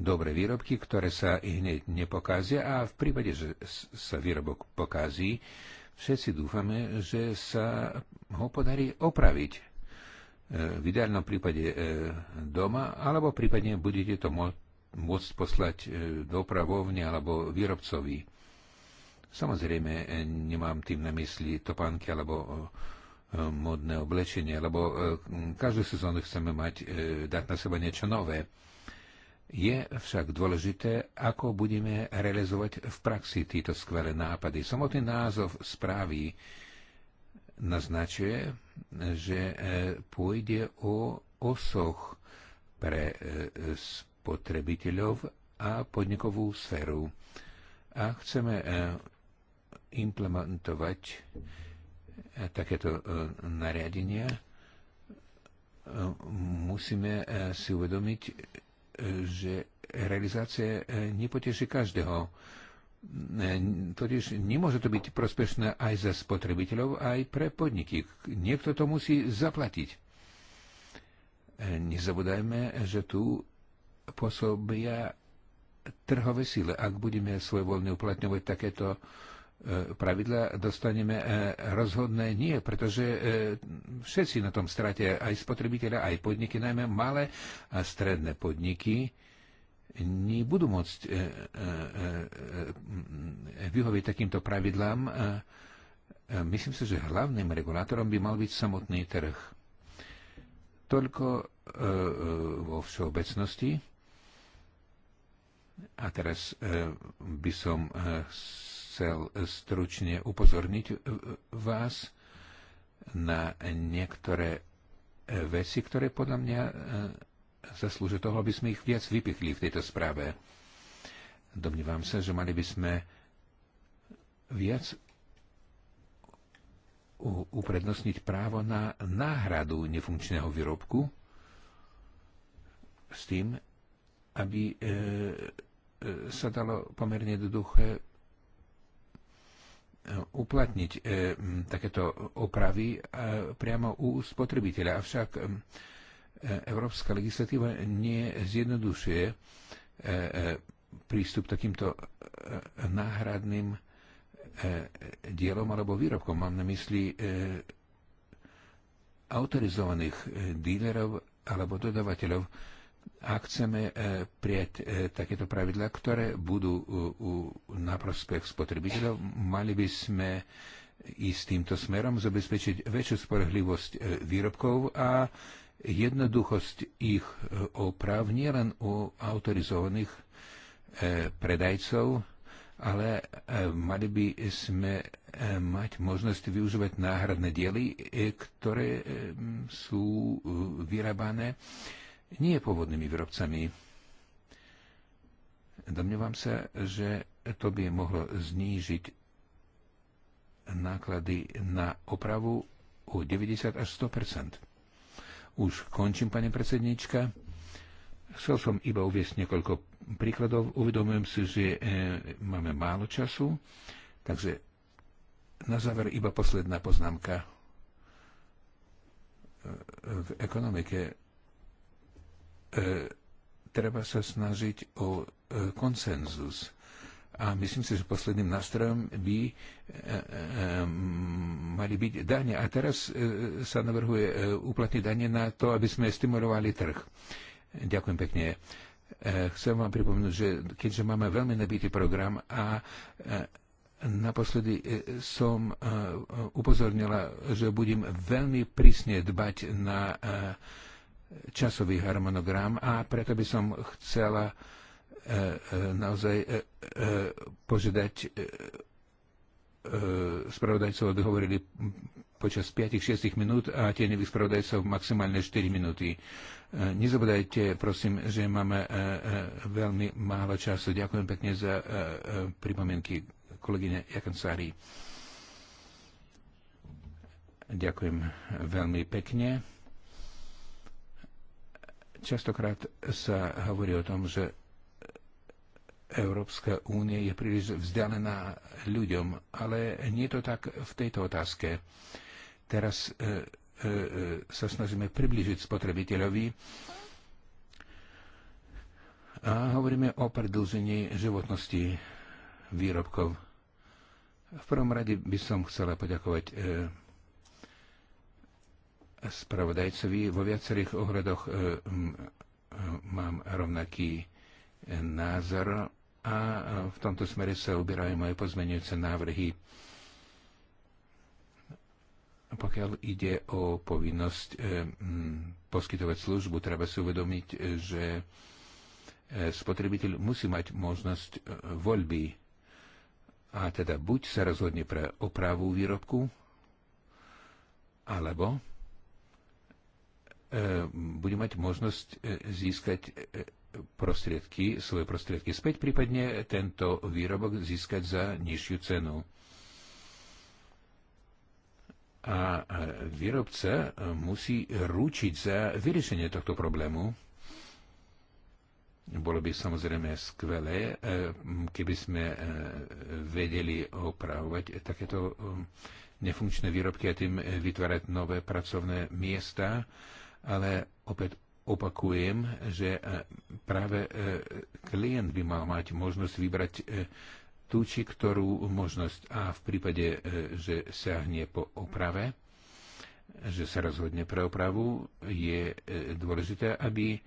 dobré výrobky, ktoré sa i hneď nepokázia a v prípade, že sa výrobok pokází, všetci dúfame, že sa ho podarí opraviť v ideálnom prípade e, doma, alebo prípadne budete to môcť poslať e, dopravovne alebo výrobcovi. Samozrejme, e, nemám tým na mysli topánky alebo modné oblečenie, lebo každú sezónu chceme mať, dať na seba niečo nové. Je však dôležité, ako budeme realizovať v praxi tieto skvelé nápady. Samotný názov správy naznačuje, že e, pôjde o osoch pre e, spotrebiteľov a podnikovú sféru. A chceme e, implementovať takéto nariadenia, musíme si uvedomiť, že realizácia nepoteší každého Totiž nemôže to byť prospešné aj za spotrebiteľov, aj pre podniky. Niekto to musí zaplatiť. Nezabudajme, že tu pôsobia trhové síle. Ak budeme svoje voľne uplatňovať takéto e, pravidla, dostaneme e, rozhodné nie, pretože e, všetci na tom stratia, aj spotrebiteľa, aj podniky, najmä malé a stredné podniky, nebudú môcť e, e, e, vyhovieť takýmto pravidlám. Myslím si, že hlavným regulátorom by mal byť samotný trh. Toľko vo všeobecnosti. A teraz by som chcel stručne upozorniť vás na niektoré veci, ktoré podľa mňa zaslúži toho, aby sme ich viac vypichli v tejto správe. Domnívam sa, že mali by sme viac uprednostniť právo na náhradu nefunkčného výrobku s tým, aby e, e, sa dalo pomerne jednoduché e, uplatniť e, takéto opravy e, priamo u spotrebiteľa. Avšak e, Európska legislatíva nezjednodušuje e, e, prístup takýmto e, náhradným dielom alebo výrobkom. Mám na mysli autorizovaných dílerov alebo dodavateľov. Ak chceme prijať takéto pravidla, ktoré budú na prospech spotrebiteľov, mali by sme ísť týmto smerom, zabezpečiť väčšiu spolehlivosť výrobkov a jednoduchosť ich e, oprav nielen u autorizovaných e, predajcov, ale e, mali by sme mať možnosť využívať náhradné diely, ktoré sú vyrábané nie pôvodnými výrobcami. Domnievam sa, že to by mohlo znížiť náklady na opravu o 90 až 100 už končím, pani predsednička. Chcel som iba uviesť niekoľko príkladov. Uvedomujem si, že e, máme málo času, takže na záver iba posledná poznámka. E, v ekonomike e, treba sa snažiť o e, konsenzus a myslím si, že posledným nástrojom by e, e, e, mali byť dane. A teraz sa navrhuje uplatniť dane na to, aby sme stimulovali trh. Ďakujem pekne. Chcem vám pripomenúť, že keďže máme veľmi nabitý program a naposledy som upozornila, že budem veľmi prísne dbať na časový harmonogram a preto by som chcela E, e, naozaj e, požiadať spravodajcov, aby hovorili počas 5-6 minút a tie nevy spravodajcov maximálne 4 minúty. Nezabudajte, prosím, že máme veľmi málo času. Ďakujem pekne za pripomienky kolegyne Jakansári. Ďakujem veľmi pekne. Častokrát sa hovorí o tom, že Európska únia je príliš vzdialená ľuďom, ale nie je to tak v tejto otázke. Teraz e, e, e, sa snažíme približiť spotrebiteľovi a hovoríme o predĺžení životnosti výrobkov. V prvom rade by som chcela poďakovať e, spravodajcovi. Vo viacerých ohľadoch e, m, e, mám rovnaký názor a v tomto smere sa uberajú moje pozmeňujúce návrhy. Pokiaľ ide o povinnosť e, poskytovať službu, treba si uvedomiť, e, že e, spotrebiteľ musí mať možnosť voľby a teda buď sa rozhodne pre opravu výrobku, alebo bude mať možnosť získať prostriedky, svoje prostriedky späť, prípadne tento výrobok získať za nižšiu cenu. A výrobca musí ručiť za vyriešenie tohto problému. Bolo by samozrejme skvelé, e, keby sme e, vedeli opravovať takéto e, nefunkčné výrobky a tým vytvárať nové pracovné miesta, ale opäť Opakujem, že e, práve e, klient by mal mať možnosť vybrať e, tú či ktorú možnosť. A v prípade, že siahne po oprave, že sa rozhodne pre opravu, je dôležité, aby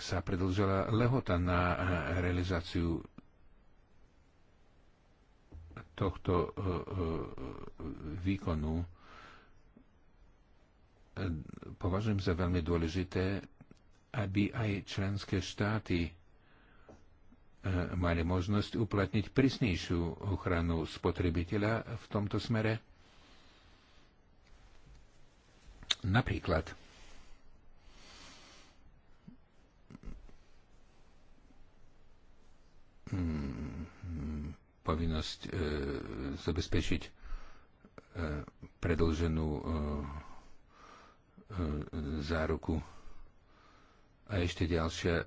sa predlžila lehota na realizáciu tohto výkonu považujem za veľmi dôležité, aby aj členské štáty e, mali možnosť uplatniť prísnejšiu ochranu spotrebiteľa v tomto smere. Napríklad mm, povinnosť e, zabezpečiť e, predlženú e, E, záruku. A ešte ďalšia e,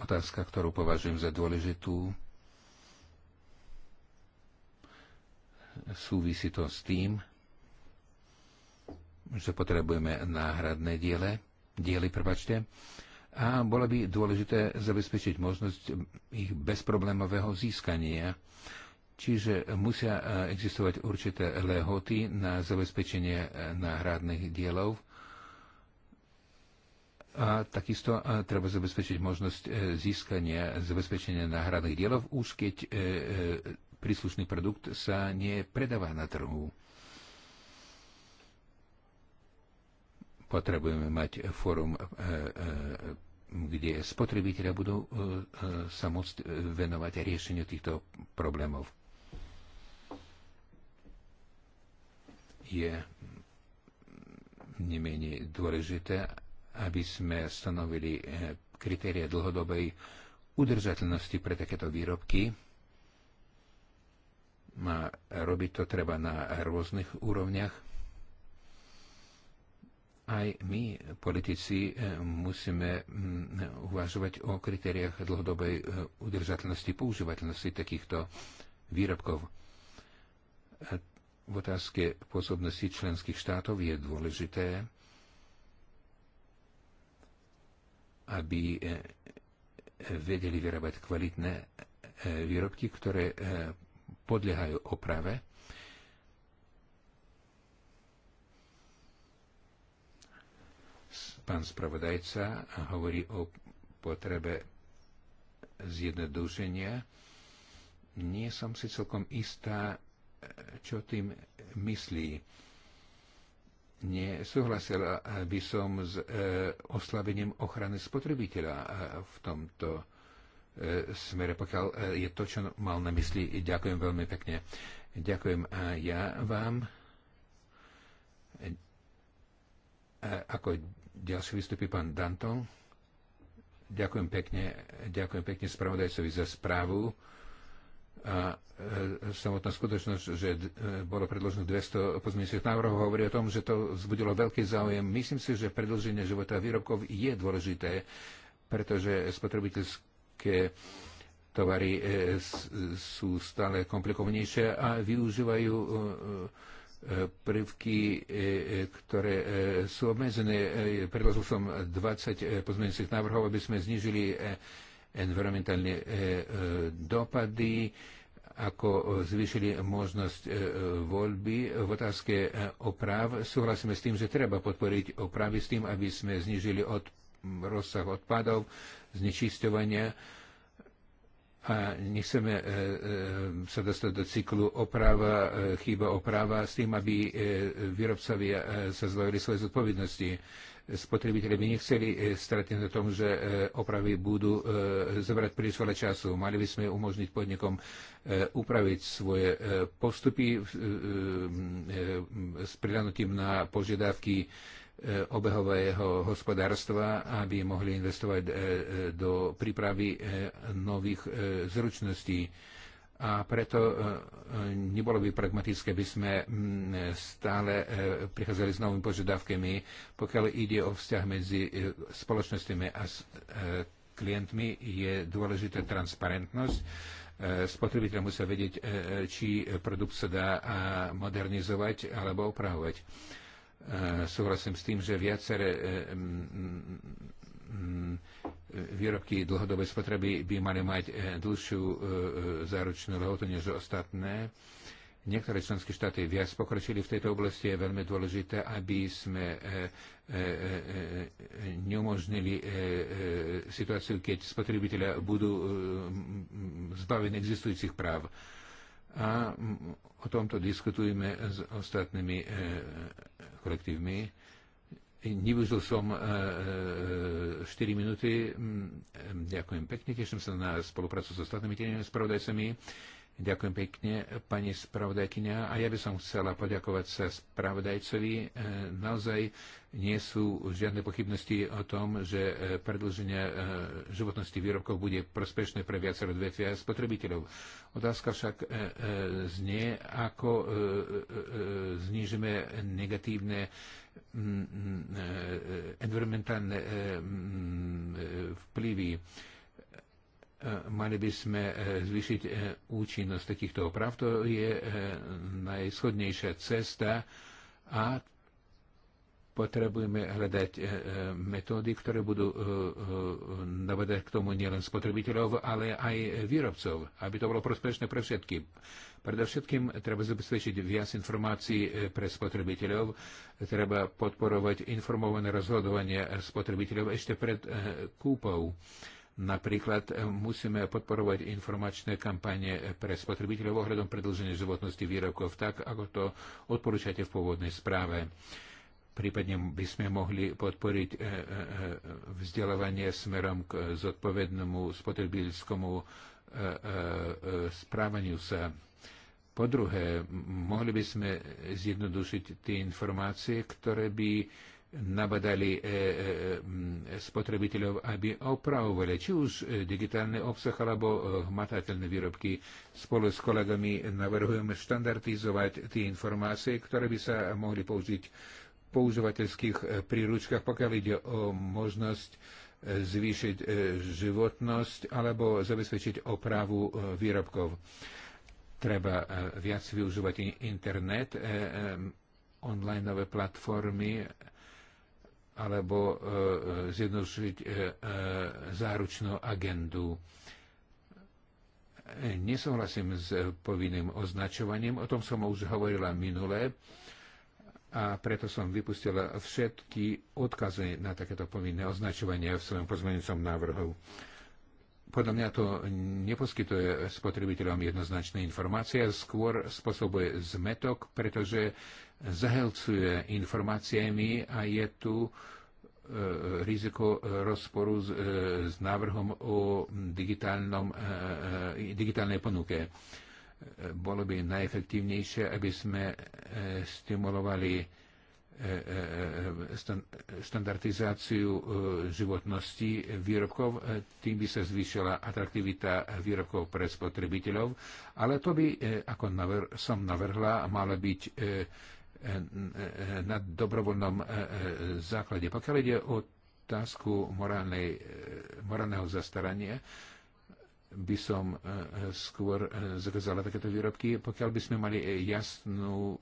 otázka, ktorú považujem za dôležitú. Súvisí to s tým, že potrebujeme náhradné diele, diely, prepačte, a bolo by dôležité zabezpečiť možnosť ich bezproblémového získania. Čiže musia e, existovať určité lehoty na zabezpečenie náhradných dielov a takisto e, treba zabezpečiť možnosť e, získania zabezpečenia náhradných dielov, už keď e, príslušný produkt sa nepredáva na trhu. Potrebujeme mať fórum, kde spotrebitelia budú sa môcť venovať riešeniu týchto problémov. Je nemenej dôležité, aby sme stanovili eh, kritéria dlhodobej udržateľnosti pre takéto výrobky. A robiť to treba na rôznych úrovniach. Aj my, politici, eh, musíme mm, uvažovať o kritériách dlhodobej eh, udržateľnosti, používateľnosti takýchto výrobkov. V otázke pôsobnosti členských štátov je dôležité, aby e, e, vedeli vyrábať kvalitné e, výrobky, ktoré podliehajú oprave. Pán spravodajca hovorí o potrebe zjednodušenia. Nie som si celkom istá, čo tým myslí nesúhlasila by som s e, oslabením ochrany spotrebiteľa e, v tomto e, smere, pokiaľ je to, čo mal na mysli. Ďakujem veľmi pekne. Ďakujem a ja vám. Ako ďalší vystupí pán Danton. Ďakujem pekne, ďakujem pekne spravodajcovi za správu a e, samotná skutočnosť, že e, bolo predložené 200 pozmeňujúcich návrhov, hovorí o tom, že to vzbudilo veľký záujem. Myslím si, že predlženie života výrobkov je dôležité, pretože spotrebiteľské tovary e, sú stále komplikovanejšie a využívajú prvky, ktoré sú obmedzené. Predložil som 20 pozmeňujúcich návrhov, aby sme znižili environmentálne e, e, dopady, ako e, zvýšili možnosť voľby v otázke oprav. Súhlasíme s tým, že treba podporiť opravy s tým, aby sme znižili od rozsah odpadov, znečisťovania a nechceme sa dostať do cyklu oprava, chyba oprava s tým, aby výrobcovia sa zbavili svoje zodpovednosti spotrebiteľi by nechceli e, stretnúť na tom, že e, opravy budú e, zobrať príliš veľa času. Mali by sme umožniť podnikom upraviť svoje postupy s prilanutím na požiadavky obehového hospodárstva, aby mohli investovať do prípravy nových zručností a preto e, e, nebolo by pragmatické, aby sme stále e, prichádzali s novými požiadavkami, pokiaľ ide o vzťah medzi spoločnosťami a klientmi, je dôležitá transparentnosť. Spotrebiteľ musia vedieť, či produkt sa dá modernizovať alebo opravovať. Súhlasím s tým, že viaceré výrobky dlhodobej spotreby by mali mať eh, dlhšiu eh, eh, záručnú lehotu než ostatné. Niektoré členské štáty viac pokročili v tejto oblasti. Je veľmi dôležité, aby sme neumožnili situáciu, keď spotrebitelia budú zbavení existujúcich práv. A o tomto diskutujeme s ostatnými kolektívmi Nevyužil som 4 e, e, minúty. Mm, e, ďakujem pekne, teším sa na spoluprácu s so ostatnými tenými spravodajcami. Ďakujem pekne, pani spravodajkynia. A ja by som chcela poďakovať sa spravodajcovi. E, naozaj nie sú žiadne pochybnosti o tom, že e, predlženie e, životnosti výrobkov bude prospešné pre viacero odvetvia spotrebiteľov. Otázka však znie, ako znižíme negatívne environmentálne vplyvy E, mali by sme e, zvýšiť e, účinnosť takýchto oprav. To je najschodnejšia cesta a potrebujeme hľadať metódy, ktoré budú navedať k tomu nielen spotrebiteľov, ale aj výrobcov, aby to bolo prospešné pre všetkým. Predovšetkým treba zabezpečiť viac informácií pre spotrebiteľov, treba podporovať informované rozhodovanie spotrebiteľov ešte pred kúpou. Napríklad eh, musíme podporovať informačné kampanie pre spotrebiteľov ohľadom predlženia životnosti výrobkov tak ako to odporúčate v pôvodnej správe. Prípadne by sme mohli podporiť eh, eh, vzdelávanie smerom k zodpovednému spotrebiteľskému správaniu sa. Po druhé, mohli by sme zjednodušiť tie informácie, ktoré by nabadali e, e, e, spotrebiteľov, aby opravovali či už digitálny obsah alebo hmatateľné výrobky. Spolu s kolegami navrhujeme štandardizovať tie informácie, ktoré by sa mohli použiť v používateľských príručkách, pokiaľ ide o možnosť zvýšiť životnosť alebo zabezpečiť opravu výrobkov. Treba viac využívať internet, onlineové platformy, alebo e, e, zjednodušiť e, záručnú agendu. Nesúhlasím s povinným označovaním, o tom som už hovorila minule a preto som vypustila všetky odkazy na takéto povinné označovanie v svojom pozmeňujúcom návrhu. Podľa mňa to neposkytuje spotrebiteľom jednoznačné informácie, skôr spôsobuje zmetok, pretože zahelcuje informáciami a je tu e, riziko rozporu s, e, s návrhom o digitálnom, e, digitálnej ponuke. Bolo by najefektívnejšie, aby sme stimulovali standardizáciu životnosti výrobkov, tým by sa zvýšila atraktivita výrobkov pre spotrebiteľov, ale to by, ako som navrhla, mala byť Eh, na dobrovoľnom eh, eh, základe. Pokiaľ ide o otázku morálnej, morálneho zastarania, by som skôr zakázala takéto výrobky, pokiaľ by sme mali jasnú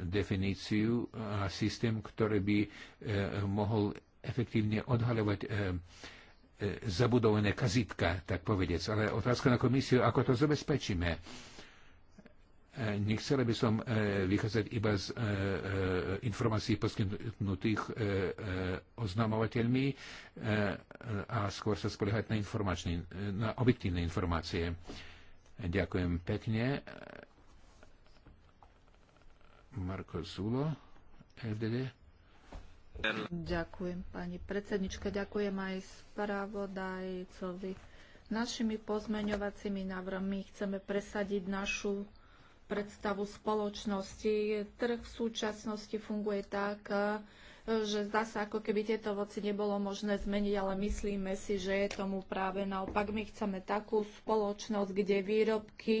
definíciu a systém, ktorý by mohol efektívne odhaľovať zabudované kazitka, tak povedec. Ale otázka na komisiu, ako to zabezpečíme Nechcela by som e, vychádzať iba z e, e, informácií poskytnutých oznamovateľmi a skôr sa spoliehať na, na objektívne informácie. Ďakujem pekne. Marko Zulo, FDD. Ďakujem pani predsednička, ďakujem aj spravodajcovi. Našimi pozmeňovacími návrhmi chceme presadiť našu predstavu spoločnosti. Trh v súčasnosti funguje tak, e, že zdá sa, ako keby tieto voci nebolo možné zmeniť, ale myslíme si, že je tomu práve naopak. My chceme takú spoločnosť, kde výrobky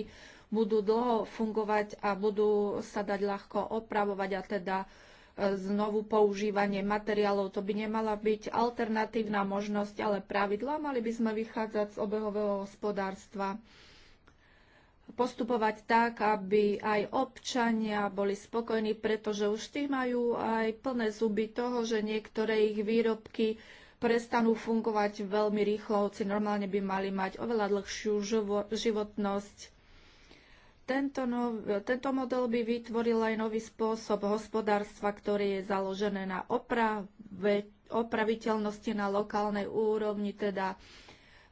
budú dlho fungovať a budú sa dať ľahko opravovať a teda e, znovu používanie materiálov. To by nemala byť alternatívna možnosť, ale pravidlá mali by sme vychádzať z obehového hospodárstva postupovať tak, aby aj občania boli spokojní, pretože už tí majú aj plné zuby toho, že niektoré ich výrobky prestanú fungovať veľmi rýchlo, hoci normálne by mali mať oveľa dlhšiu životnosť. Tento, nov, tento model by vytvoril aj nový spôsob hospodárstva, ktorý je založené na oprave, opraviteľnosti na lokálnej úrovni, teda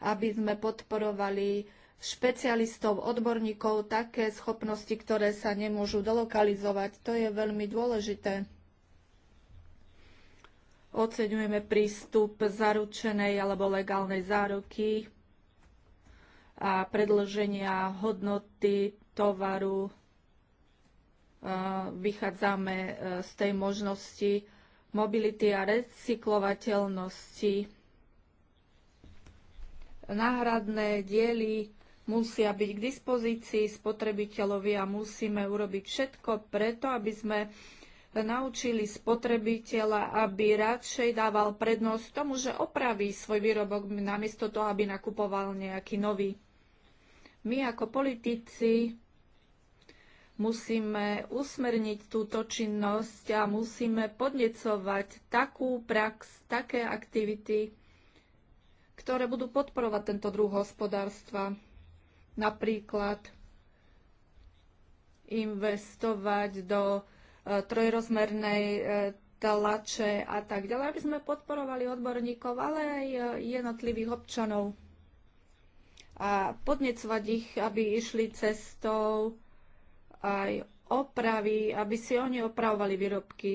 aby sme podporovali špecialistov, odborníkov, také schopnosti, ktoré sa nemôžu delokalizovať. To je veľmi dôležité. Oceňujeme prístup zaručenej alebo legálnej záruky a predlženia hodnoty tovaru. Vychádzame e, z tej možnosti mobility a recyklovateľnosti. Náhradné diely musia byť k dispozícii spotrebiteľovi a musíme urobiť všetko preto, aby sme naučili spotrebiteľa, aby radšej dával prednosť tomu, že opraví svoj výrobok namiesto toho, aby nakupoval nejaký nový. My ako politici musíme usmerniť túto činnosť a musíme podnecovať takú prax, také aktivity, ktoré budú podporovať tento druh hospodárstva napríklad investovať do e, trojrozmernej e, tlače a tak ďalej, aby sme podporovali odborníkov, ale aj e, jednotlivých občanov a podnecovať ich, aby išli cestou aj opravy, aby si oni opravovali výrobky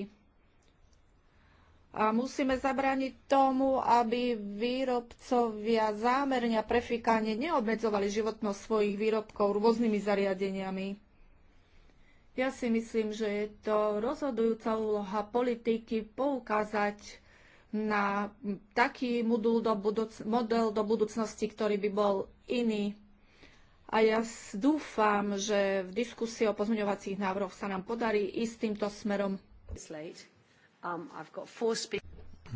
a musíme zabrániť tomu, aby výrobcovia zámerne a prefikane neobmedzovali životnosť svojich výrobkov rôznymi zariadeniami. Ja si myslím, že je to rozhodujúca úloha politiky poukázať na taký model do, budúc- model do budúcnosti, ktorý by bol iný. A ja dúfam, že v diskusii o pozmeňovacích návrhoch sa nám podarí ísť týmto smerom. Slate. Um,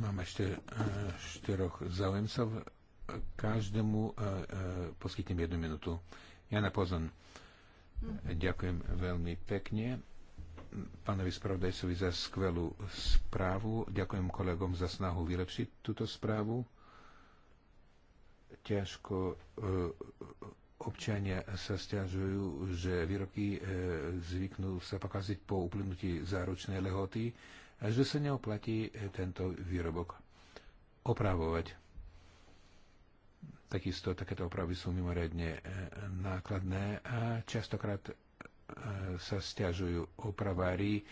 Mám ešte eh, štyroch záujemcov. Každému eh, eh, poskytnem jednu minútu. Jana Pozon, ďakujem veľmi pekne pánovi spravodajcovi za skvelú správu. Ďakujem kolegom za snahu vylepšiť túto správu. Ťažko občania sa stiažujú, že výrobky zvyknú sa pokaziť po uplynutí záručnej lehoty a že sa neoplatí eh, tento výrobok opravovať. Takisto takéto opravy sú mimoriadne eh, nákladné a častokrát eh, sa stiažujú opravári,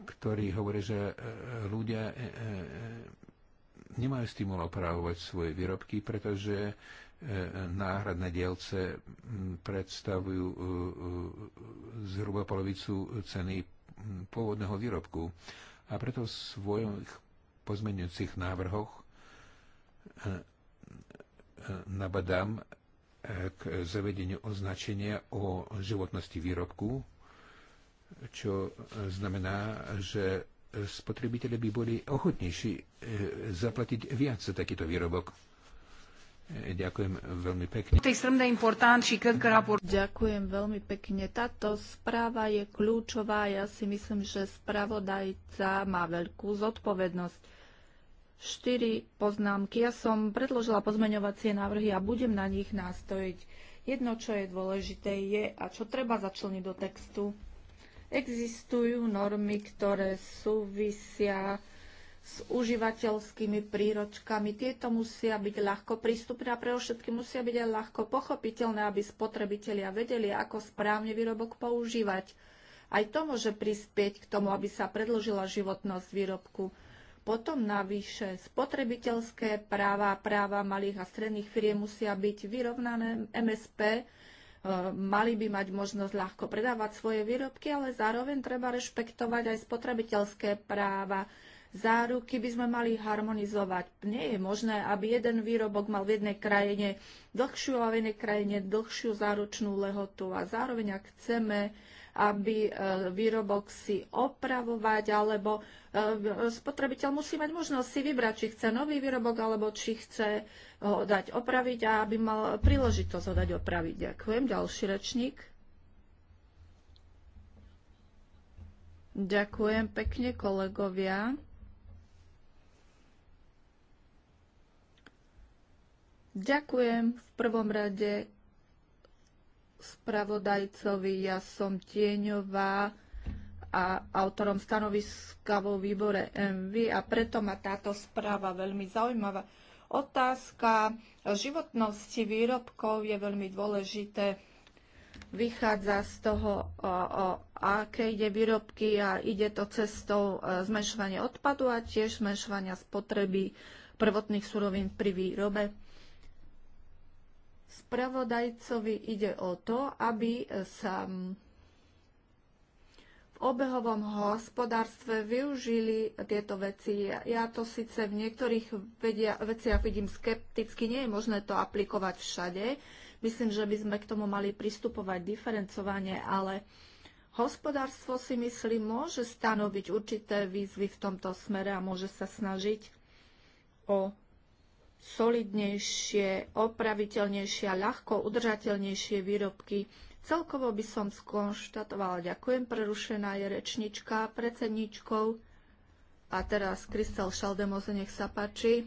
ktorí hovoria, že ľudia nemajú stimul opravovať svoje výrobky, pretože náhradné dielce hm, predstavujú zhruba polovicu ceny Hm, pôvodného výrobku. A preto v svojich pozmeňujúcich návrhoch eh, eh, nabadám eh, k zavedeniu označenia o životnosti výrobku, čo znamená, že spotrebitelia by boli ochotnejší zaplatiť viac za takýto výrobok. E, ďakujem veľmi pekne. Ďakujem veľmi pekne. Táto správa je kľúčová. Ja si myslím, že spravodajca má veľkú zodpovednosť. Štyri poznámky. Ja som predložila pozmeňovacie návrhy a budem na nich nástojiť. Jedno, čo je dôležité, je a čo treba začleniť do textu. Existujú normy, ktoré súvisia s užívateľskými príročkami. Tieto musia byť ľahko prístupné a pre všetky musia byť aj ľahko pochopiteľné, aby spotrebitelia vedeli, ako správne výrobok používať. Aj to môže prispieť k tomu, aby sa predlžila životnosť výrobku. Potom navyše spotrebiteľské práva a práva malých a stredných firiem musia byť vyrovnané MSP, e, mali by mať možnosť ľahko predávať svoje výrobky, ale zároveň treba rešpektovať aj spotrebiteľské práva záruky by sme mali harmonizovať. Nie je možné, aby jeden výrobok mal v jednej krajine dlhšiu a v inej krajine dlhšiu záručnú lehotu. A zároveň, ak chceme, aby e, výrobok si opravovať, alebo e, spotrebiteľ musí mať možnosť si vybrať, či chce nový výrobok, alebo či chce ho dať opraviť a aby mal príležitosť ho dať opraviť. Ďakujem. Ďalší rečník. Ďakujem pekne kolegovia. Ďakujem v prvom rade spravodajcovi. Ja som Tieňová a autorom stanoviska vo výbore MV a preto ma táto správa veľmi zaujímavá. Otázka životnosti výrobkov je veľmi dôležité. Vychádza z toho, o, o aké ide výrobky a ide to cestou e, zmenšovania odpadu a tiež zmenšovania spotreby prvotných surovín pri výrobe. Spravodajcovi ide o to, aby sa v obehovom hospodárstve využili tieto veci. Ja to síce v niektorých vedia, veciach vidím skepticky, nie je možné to aplikovať všade. Myslím, že by sme k tomu mali pristupovať diferencovane, ale hospodárstvo si myslím môže stanoviť určité výzvy v tomto smere a môže sa snažiť o solidnejšie, opraviteľnejšie a ľahko udržateľnejšie výrobky. Celkovo by som skonštatovala, ďakujem, prerušená je rečnička predsedničkou. A teraz Kristel Šaldemoze, nech sa páči.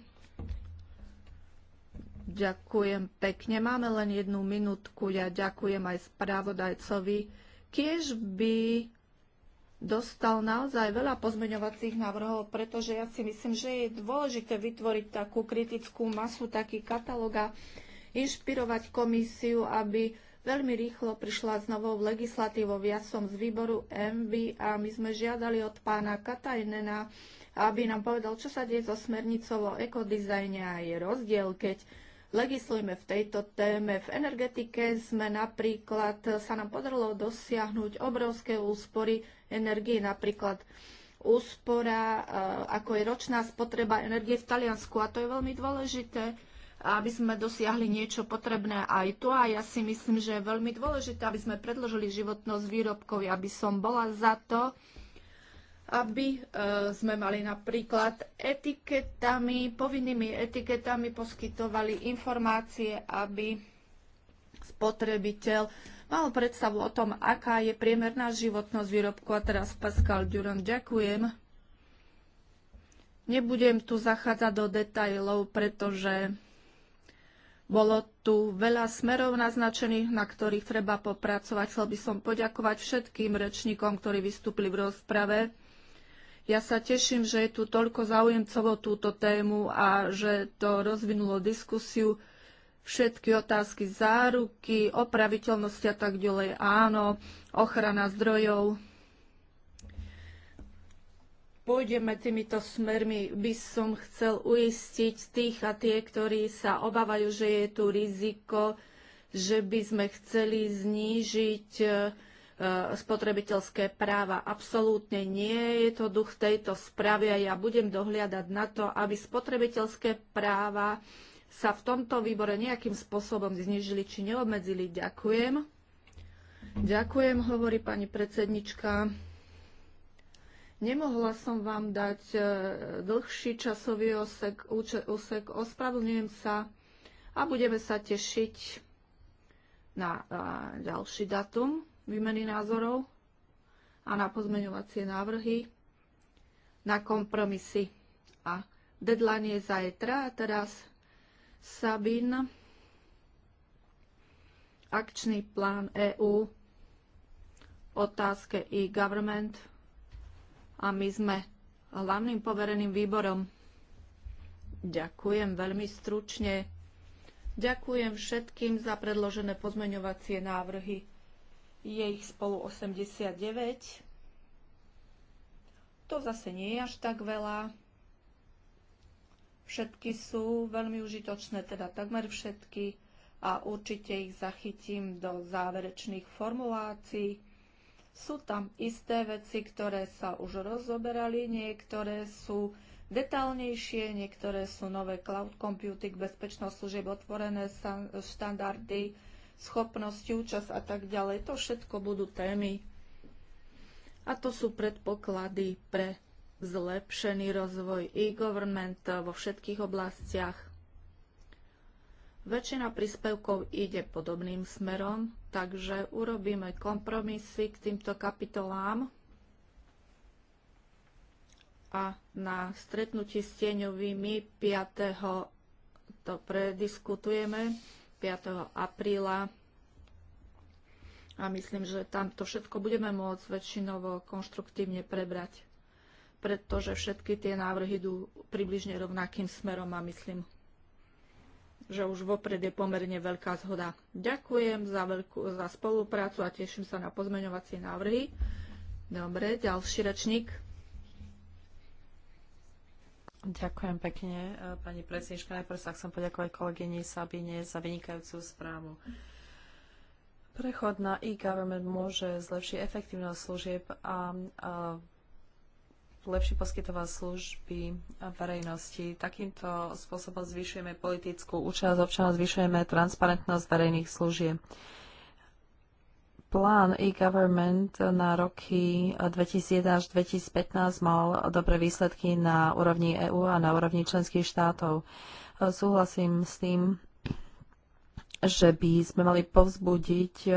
Ďakujem pekne. Máme len jednu minútku. Ja ďakujem aj spravodajcovi. Kiež by dostal naozaj veľa pozmeňovacích návrhov, pretože ja si myslím, že je dôležité vytvoriť takú kritickú masu, taký katalóg a inšpirovať komisiu, aby veľmi rýchlo prišla s novou legislatívou. Ja som z výboru MB a my sme žiadali od pána Katajnena, aby nám povedal, čo sa deje so smernicou o ekodizajne a je rozdiel, keď legislujme v tejto téme. V energetike sme napríklad, sa nám podarilo dosiahnuť obrovské úspory energie, napríklad úspora, eh, ako je ročná spotreba energie v Taliansku. A to je veľmi dôležité, aby sme dosiahli niečo potrebné aj tu. A ja si myslím, že je veľmi dôležité, aby sme predložili životnosť výrobkov. Ja by som bola za to, aby e, sme mali napríklad etiketami, povinnými etiketami poskytovali informácie, aby spotrebiteľ mal predstavu o tom, aká je priemerná životnosť výrobku. A teraz Pascal Durand, ďakujem. Nebudem tu zachádzať do detajlov, pretože bolo tu veľa smerov naznačených, na ktorých treba popracovať. Chcel by som poďakovať všetkým rečníkom, ktorí vystúpili v rozprave. Ja sa teším, že je tu toľko záujemcov o túto tému a že to rozvinulo diskusiu. Všetky otázky záruky, opraviteľnosti a tak ďalej, áno, ochrana zdrojov. Pôjdeme týmito smermi. By som chcel uistiť tých a tie, ktorí sa obávajú, že je tu riziko, že by sme chceli znížiť eh, E, spotrebiteľské práva. Absolútne nie je to duch tejto správy a ja budem dohliadať na to, aby spotrebiteľské práva sa v tomto výbore nejakým spôsobom znižili či neobmedzili. Ďakujem. Ďakujem, hovorí pani predsednička. Nemohla som vám dať e, dlhší časový úsek, úsek, ospravedlňujem sa a budeme sa tešiť na e, ďalší datum výmeny názorov a na pozmeňovacie návrhy, na kompromisy. A deadline je zajtra a teraz Sabin, akčný plán EÚ, otázke e-government a my sme hlavným povereným výborom. Ďakujem veľmi stručne. Ďakujem všetkým za predložené pozmeňovacie návrhy je ich spolu 89. To zase nie je až tak veľa. Všetky sú veľmi užitočné, teda takmer všetky a určite ich zachytím do záverečných formulácií. Sú tam isté veci, ktoré sa už rozoberali, niektoré sú detálnejšie, niektoré sú nové cloud computing, bezpečnosť služieb, otvorené štandardy, schopnosť, účasť a tak ďalej. To všetko budú témy. A to sú predpoklady pre zlepšený rozvoj e-government vo všetkých oblastiach. Väčšina príspevkov ide podobným smerom, takže urobíme kompromisy k týmto kapitolám a na stretnutí s tieňovými 5. to prediskutujeme. 5. apríla a myslím, že tam to všetko budeme môcť väčšinovo konštruktívne prebrať, pretože všetky tie návrhy idú približne rovnakým smerom a myslím, že už vopred je pomerne veľká zhoda. Ďakujem za, veľkú, za spoluprácu a teším sa na pozmeňovacie návrhy. Dobre, ďalší rečník. Ďakujem pekne, e, pani predsednička. Najprv sa chcem poďakovať kolegyni Sabine za vynikajúcu správu. Prechod na e-government môže zlepšiť efektívnosť služieb a, a lepšie poskytovať služby verejnosti. Takýmto spôsobom zvyšujeme politickú účasť občanov, zvyšujeme transparentnosť verejných služieb plán e-government na roky 2001 až 2015 mal dobré výsledky na úrovni EÚ a na úrovni členských štátov. Súhlasím s tým, že by sme mali povzbudiť e,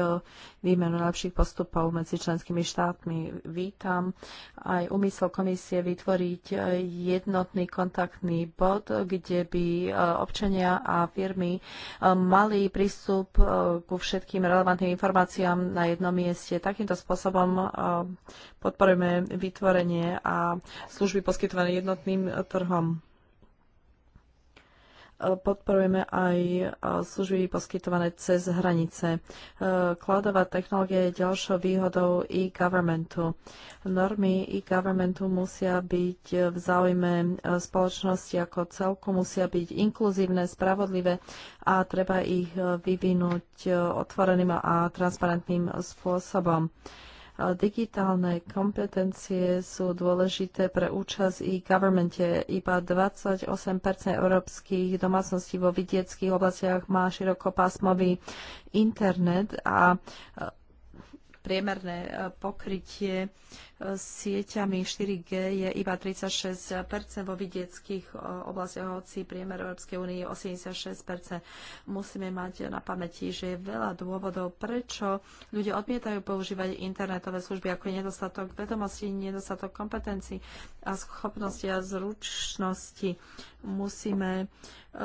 výmenu najlepších postupov medzi členskými štátmi. Vítam aj úmysel komisie vytvoriť e, jednotný kontaktný bod, kde by e, občania a firmy mali prístup ku všetkým relevantným informáciám na jednom mieste. Takýmto spôsobom podporujeme vytvorenie a služby poskytované jednotným trhom. E, podporujeme aj e, služby poskytované cez hranice. E, kladová technológia je ďalšou výhodou e-governmentu. Normy e-governmentu musia byť v záujme spoločnosti ako celku, musia byť inkluzívne, spravodlivé a treba ich vyvinúť otvoreným a transparentným spôsobom. Digitálne kompetencie sú dôležité pre účasť i governmente. Iba 28 európskych domácností vo vidieckých oblastiach má širokopásmový internet a e, priemerné e, pokrytie sieťami 4G je iba 36 vo vidieckých oblastiach, hoci priemer Európskej únie je 86 Musíme mať na pamäti, že je veľa dôvodov, prečo ľudia odmietajú používať internetové služby, ako je nedostatok vedomostí, nedostatok kompetencií a schopnosti a zručnosti. Musíme e,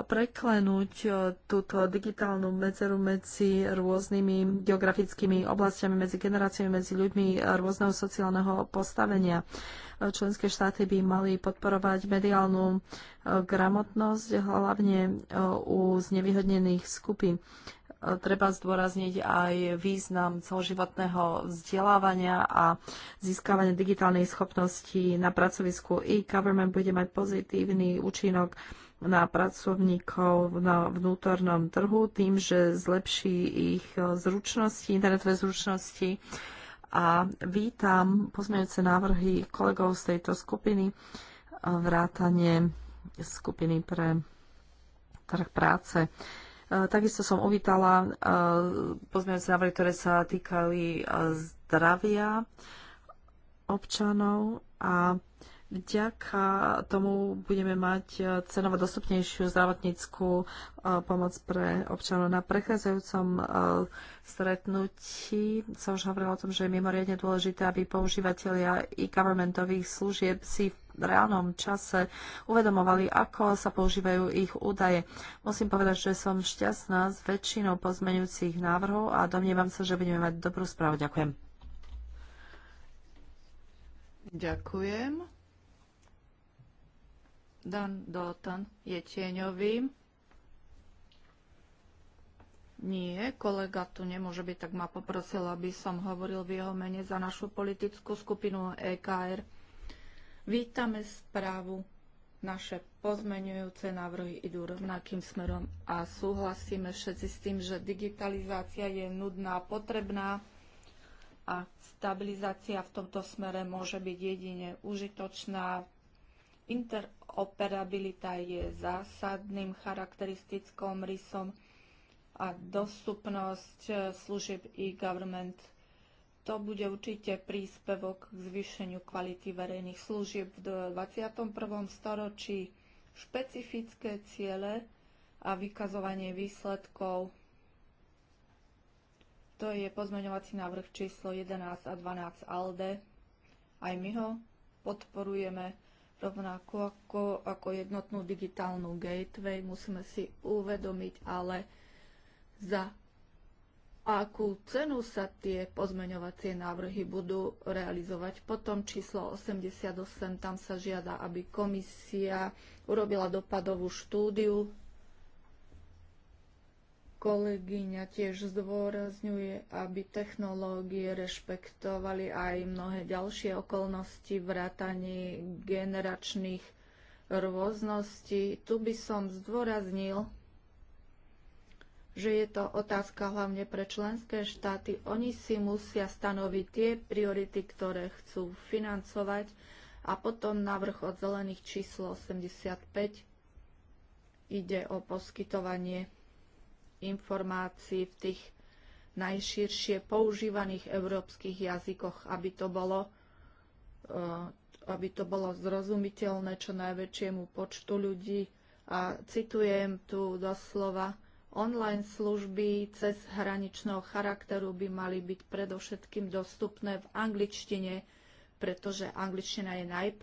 preklenúť e, túto digitálnu medzeru medzi rôznymi geografickými oblastiami, medzi generáciami, medzi ľuďmi rôzneho sociálneho postavenia. Členské štáty by mali podporovať mediálnu e, gramotnosť, hlavne e, u znevýhodnených skupín. E, treba zdôrazniť aj význam celoživotného vzdelávania a získavania digitálnej schopnosti na pracovisku. E-government bude mať pozitívny účinok na pracovníkov na vnútornom trhu tým, že zlepší ich zručnosti, internetové zručnosti a vítam pozmeňujúce návrhy kolegov z tejto skupiny, vrátanie skupiny pre trh práce. E, takisto som uvítala e, pozmeňujúce návrhy, ktoré sa týkali e, zdravia občanov a Vďaka tomu budeme mať e, cenovo dostupnejšiu zdravotníckú e, pomoc pre občanov. Na prechádzajúcom e, stretnutí sa už hovorilo o tom, že je mimoriadne dôležité, aby používateľia e-governmentových služieb si v reálnom čase uvedomovali, ako sa používajú ich údaje. Musím povedať, že som šťastná s väčšinou pozmeňujúcich návrhov a domnievam sa, že budeme mať dobrú správu. Ďakujem. Ďakujem. Don Dalton je tieňovým. Nie, kolega tu nemôže byť, tak ma poprosil, aby som hovoril v jeho mene za našu politickú skupinu EKR. Vítame správu. Naše pozmeňujúce návrhy idú rovnakým smerom a súhlasíme všetci s tým, že digitalizácia je nudná, a potrebná a stabilizácia v tomto smere môže byť jedine užitočná Interoperabilita je zásadným charakteristickým rysom a dostupnosť eh, služieb e-government. To bude určite príspevok k zvýšeniu kvality verejných služieb v 21. storočí. Špecifické ciele a vykazovanie výsledkov. To je pozmeňovací návrh číslo 11 a 12 ALDE. Aj my ho podporujeme rovnako ako, ako jednotnú digitálnu gateway. Musíme si uvedomiť ale za akú cenu sa tie pozmeňovacie návrhy budú realizovať. Potom číslo 88, tam sa žiada, aby komisia urobila dopadovú štúdiu Kolegyňa tiež zdôrazňuje, aby technológie rešpektovali aj mnohé ďalšie okolnosti vrátanie generačných rôzností. Tu by som zdôraznil, že je to otázka hlavne pre členské štáty. Oni si musia stanoviť tie priority, ktoré chcú financovať a potom navrh od zelených číslo 85 ide o poskytovanie informácií v tých najširšie používaných európskych jazykoch, aby to bolo, eh, aby to bolo zrozumiteľné čo najväčšiemu počtu ľudí. A citujem tu doslova, online služby cez hraničného charakteru by mali byť predovšetkým dostupné v angličtine, pretože angličtina je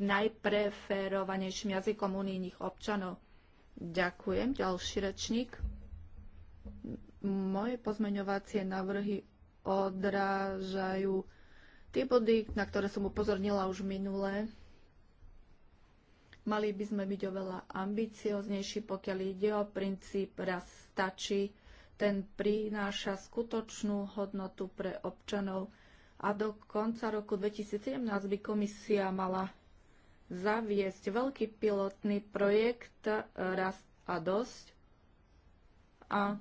najpreferovanejším jazykom unijných občanov. Ďakujem. Ďalší rečník. Moje pozmeňovacie návrhy odrážajú tie body, na ktoré som upozornila už minule. Mali by sme byť oveľa ambicioznejší, pokiaľ ide o princíp raz stačí. Ten prináša skutočnú hodnotu pre občanov a do konca roku 2017 by komisia mala zaviesť veľký pilotný projekt e, Rast a dosť a,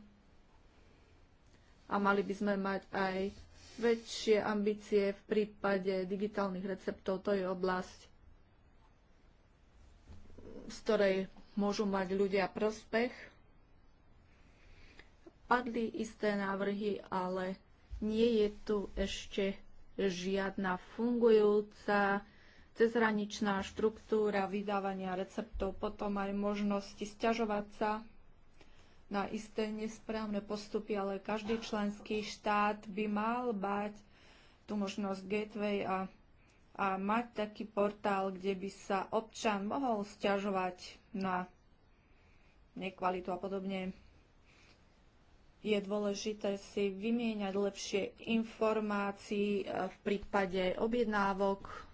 a mali by sme mať aj väčšie ambície v prípade digitálnych receptov. To je oblasť, z ktorej môžu mať ľudia prospech. Padli isté návrhy, ale nie je tu ešte žiadna fungujúca cezhraničná štruktúra vydávania receptov, potom aj možnosti sťažovať sa na isté nesprávne postupy, ale každý členský štát by mal bať tú možnosť gateway a, a mať taký portál, kde by sa občan mohol sťažovať na nekvalitu a podobne je dôležité si vymieňať lepšie informácií eh, v prípade objednávok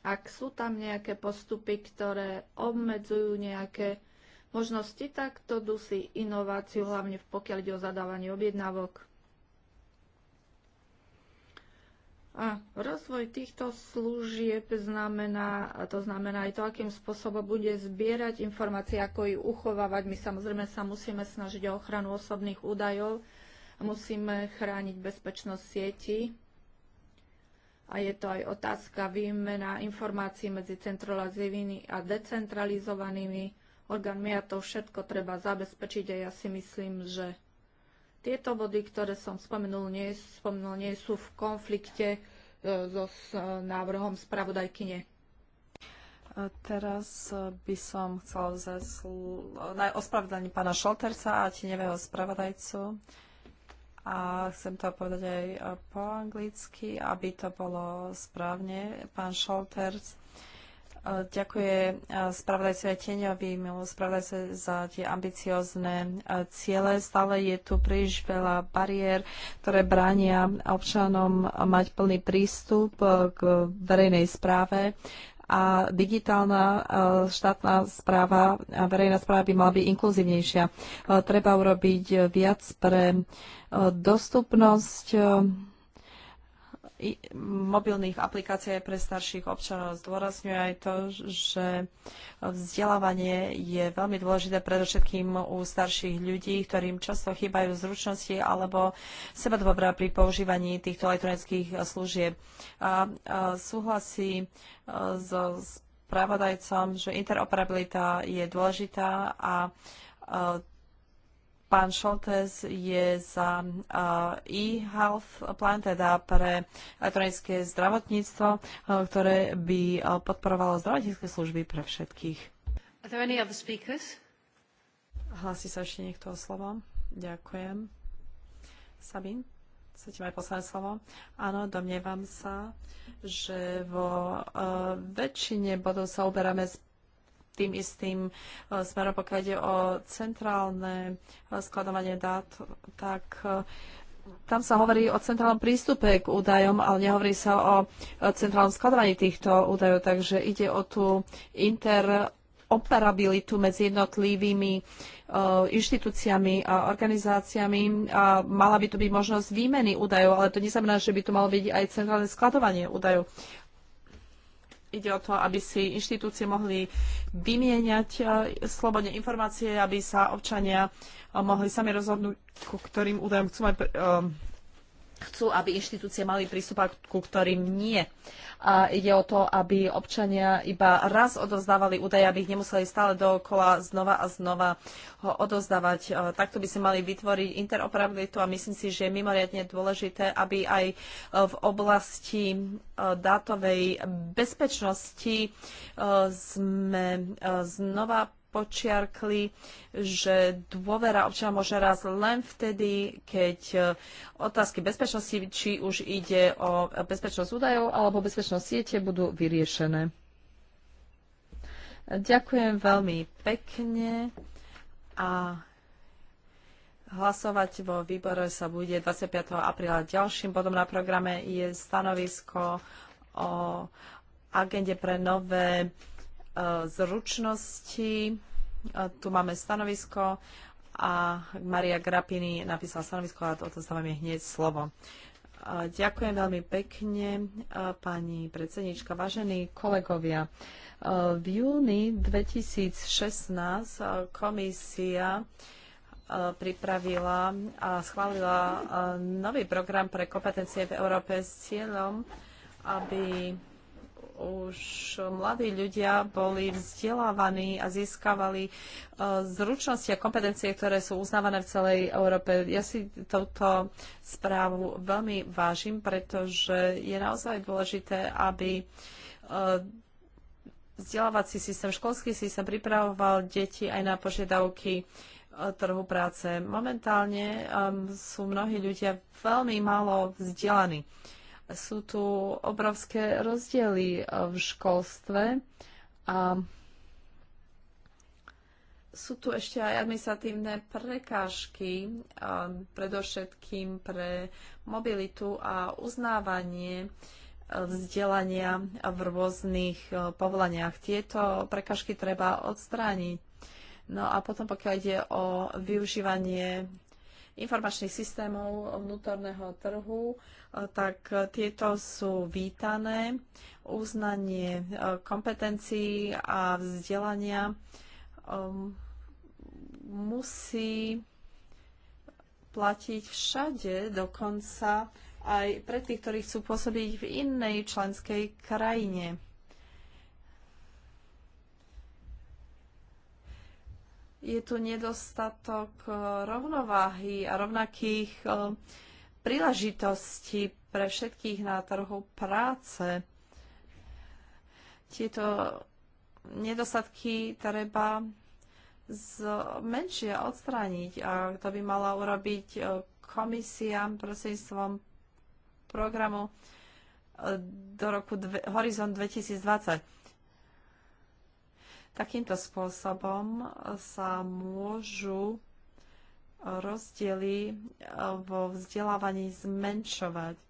Ak sú tam nejaké postupy, ktoré obmedzujú nejaké možnosti, tak to dusí inováciu, hlavne pokiaľ ide o zadávanie objednávok. A rozvoj týchto služieb znamená, a to znamená aj to, akým spôsobom bude zbierať informácie, ako ich uchovávať. My samozrejme sa musíme snažiť o ochranu osobných údajov, musíme chrániť bezpečnosť sieti a je to aj otázka výmena informácií medzi centralizovanými a decentralizovanými orgánmi a to všetko treba zabezpečiť a ja si myslím, že tieto body, ktoré som spomenul, nie, spomenul, nie sú v konflikte e, so s e, návrhom spravodajkyne. E, teraz by som chcel vzať ospravedlenie pána Šolterca a tieňového spravodajcu a chcem to povedať aj e, po anglicky, aby to bolo správne. Pán Šolters e, ďakuje e, spravodajcovi Teňovi, milú spravodajce za tie ambiciozne ciele. Stále je tu príliš veľa bariér, ktoré bránia občanom mať plný prístup k verejnej správe a digitálna e, štátna správa a verejná správa by mala byť inkluzívnejšia. E, treba urobiť viac pre e, dostupnosť mobilných aplikácií pre starších občanov. Zdôrazňuje aj to, že vzdelávanie je veľmi dôležité predovšetkým u starších ľudí, ktorým často chýbajú zručnosti alebo seba dobrá pri používaní týchto elektronických služieb. A, súhlasí e, so spravodajcom, že interoperabilita je dôležitá a, a e, Pán Šoltes je za e-health plán, teda pre elektronické zdravotníctvo, ktoré by podporovalo zdravotnícke služby pre všetkých. Are there any other speakers? Hlasí sa ešte niekto o slovo? Ďakujem. Sabín? Chcete mať posledné slovo? Áno, domnievam sa, že vo uh, väčšine bodov sa uberáme tým istým e, smerom, pokiaľ ide o centrálne e, skladovanie dát, tak e, tam sa hovorí o centrálnom prístupe k údajom, ale nehovorí sa o centrálnom skladovaní týchto údajov, takže ide o tú interoperabilitu medzi jednotlivými inštitúciami a organizáciami a mala by tu byť možnosť výmeny údajov, ale to neznamená, že by tu malo byť aj centrálne skladovanie údajov ide o to, aby si inštitúcie mohli vymieňať e, slobodne informácie, aby sa občania e, mohli sami rozhodnúť, ku ktorým údajom chcú mať e, chcú, aby inštitúcie mali prístup, ku ktorým nie. A ide o to, aby občania iba raz odozdávali údaje, aby ich nemuseli stále dookola znova a znova ho odovzdávať. Takto by sme mali vytvoriť interoperabilitu a myslím si, že je mimoriadne dôležité, aby aj v oblasti e, dátovej bezpečnosti e, sme e, znova počiarkli, že dôvera občana môže raz len vtedy, keď e, otázky bezpečnosti, či už ide o bezpečnosť údajov alebo bezpečnosť siete, budú vyriešené. Ďakujem veľmi pekne a hlasovať vo výbore sa bude 25. apríla. Ďalším bodom na programe je stanovisko o agende pre nové E, zručnosti. E, tu máme stanovisko a Maria Grapini napísala stanovisko a toto sa vám je hneď slovo. E, ďakujem veľmi pekne, pani predsednička. Vážení kolegovia, v júni 2016 komisia pripravila a schválila nový program pre kompetencie v Európe s cieľom, aby už mladí ľudia boli vzdelávaní a získavali e, zručnosti a kompetencie, ktoré sú uznávané v celej Európe. Ja si touto správu veľmi vážim, pretože je naozaj dôležité, aby e, vzdelávací systém, školský systém pripravoval deti aj na požiadavky e, trhu práce. Momentálne um, sú mnohí ľudia veľmi málo vzdelaní. Sú tu obrovské rozdiely eh, v školstve a sú tu ešte aj administratívne prekážky, eh, predovšetkým pre mobilitu a uznávanie eh, vzdelania v rôznych povolaniach. Tieto prekažky treba odstrániť. No a potom, pokiaľ ide o využívanie informačných systémov vnútorného trhu, e, tak tieto sú vítané. Uznanie e, kompetencií a vzdelania e, musí platiť všade, dokonca aj pre tých, ktorí chcú pôsobiť v inej členskej krajine je tu nedostatok e, rovnováhy a rovnakých e, príležitostí pre všetkých na trhu práce. Tieto nedostatky treba menšie odstrániť. A to by mala urobiť e, komisia prostredníctvom programu do roku dve, Horizon 2020 Takýmto spôsobom sa môžu rozdiely e, vo vzdelávaní zmenšovať.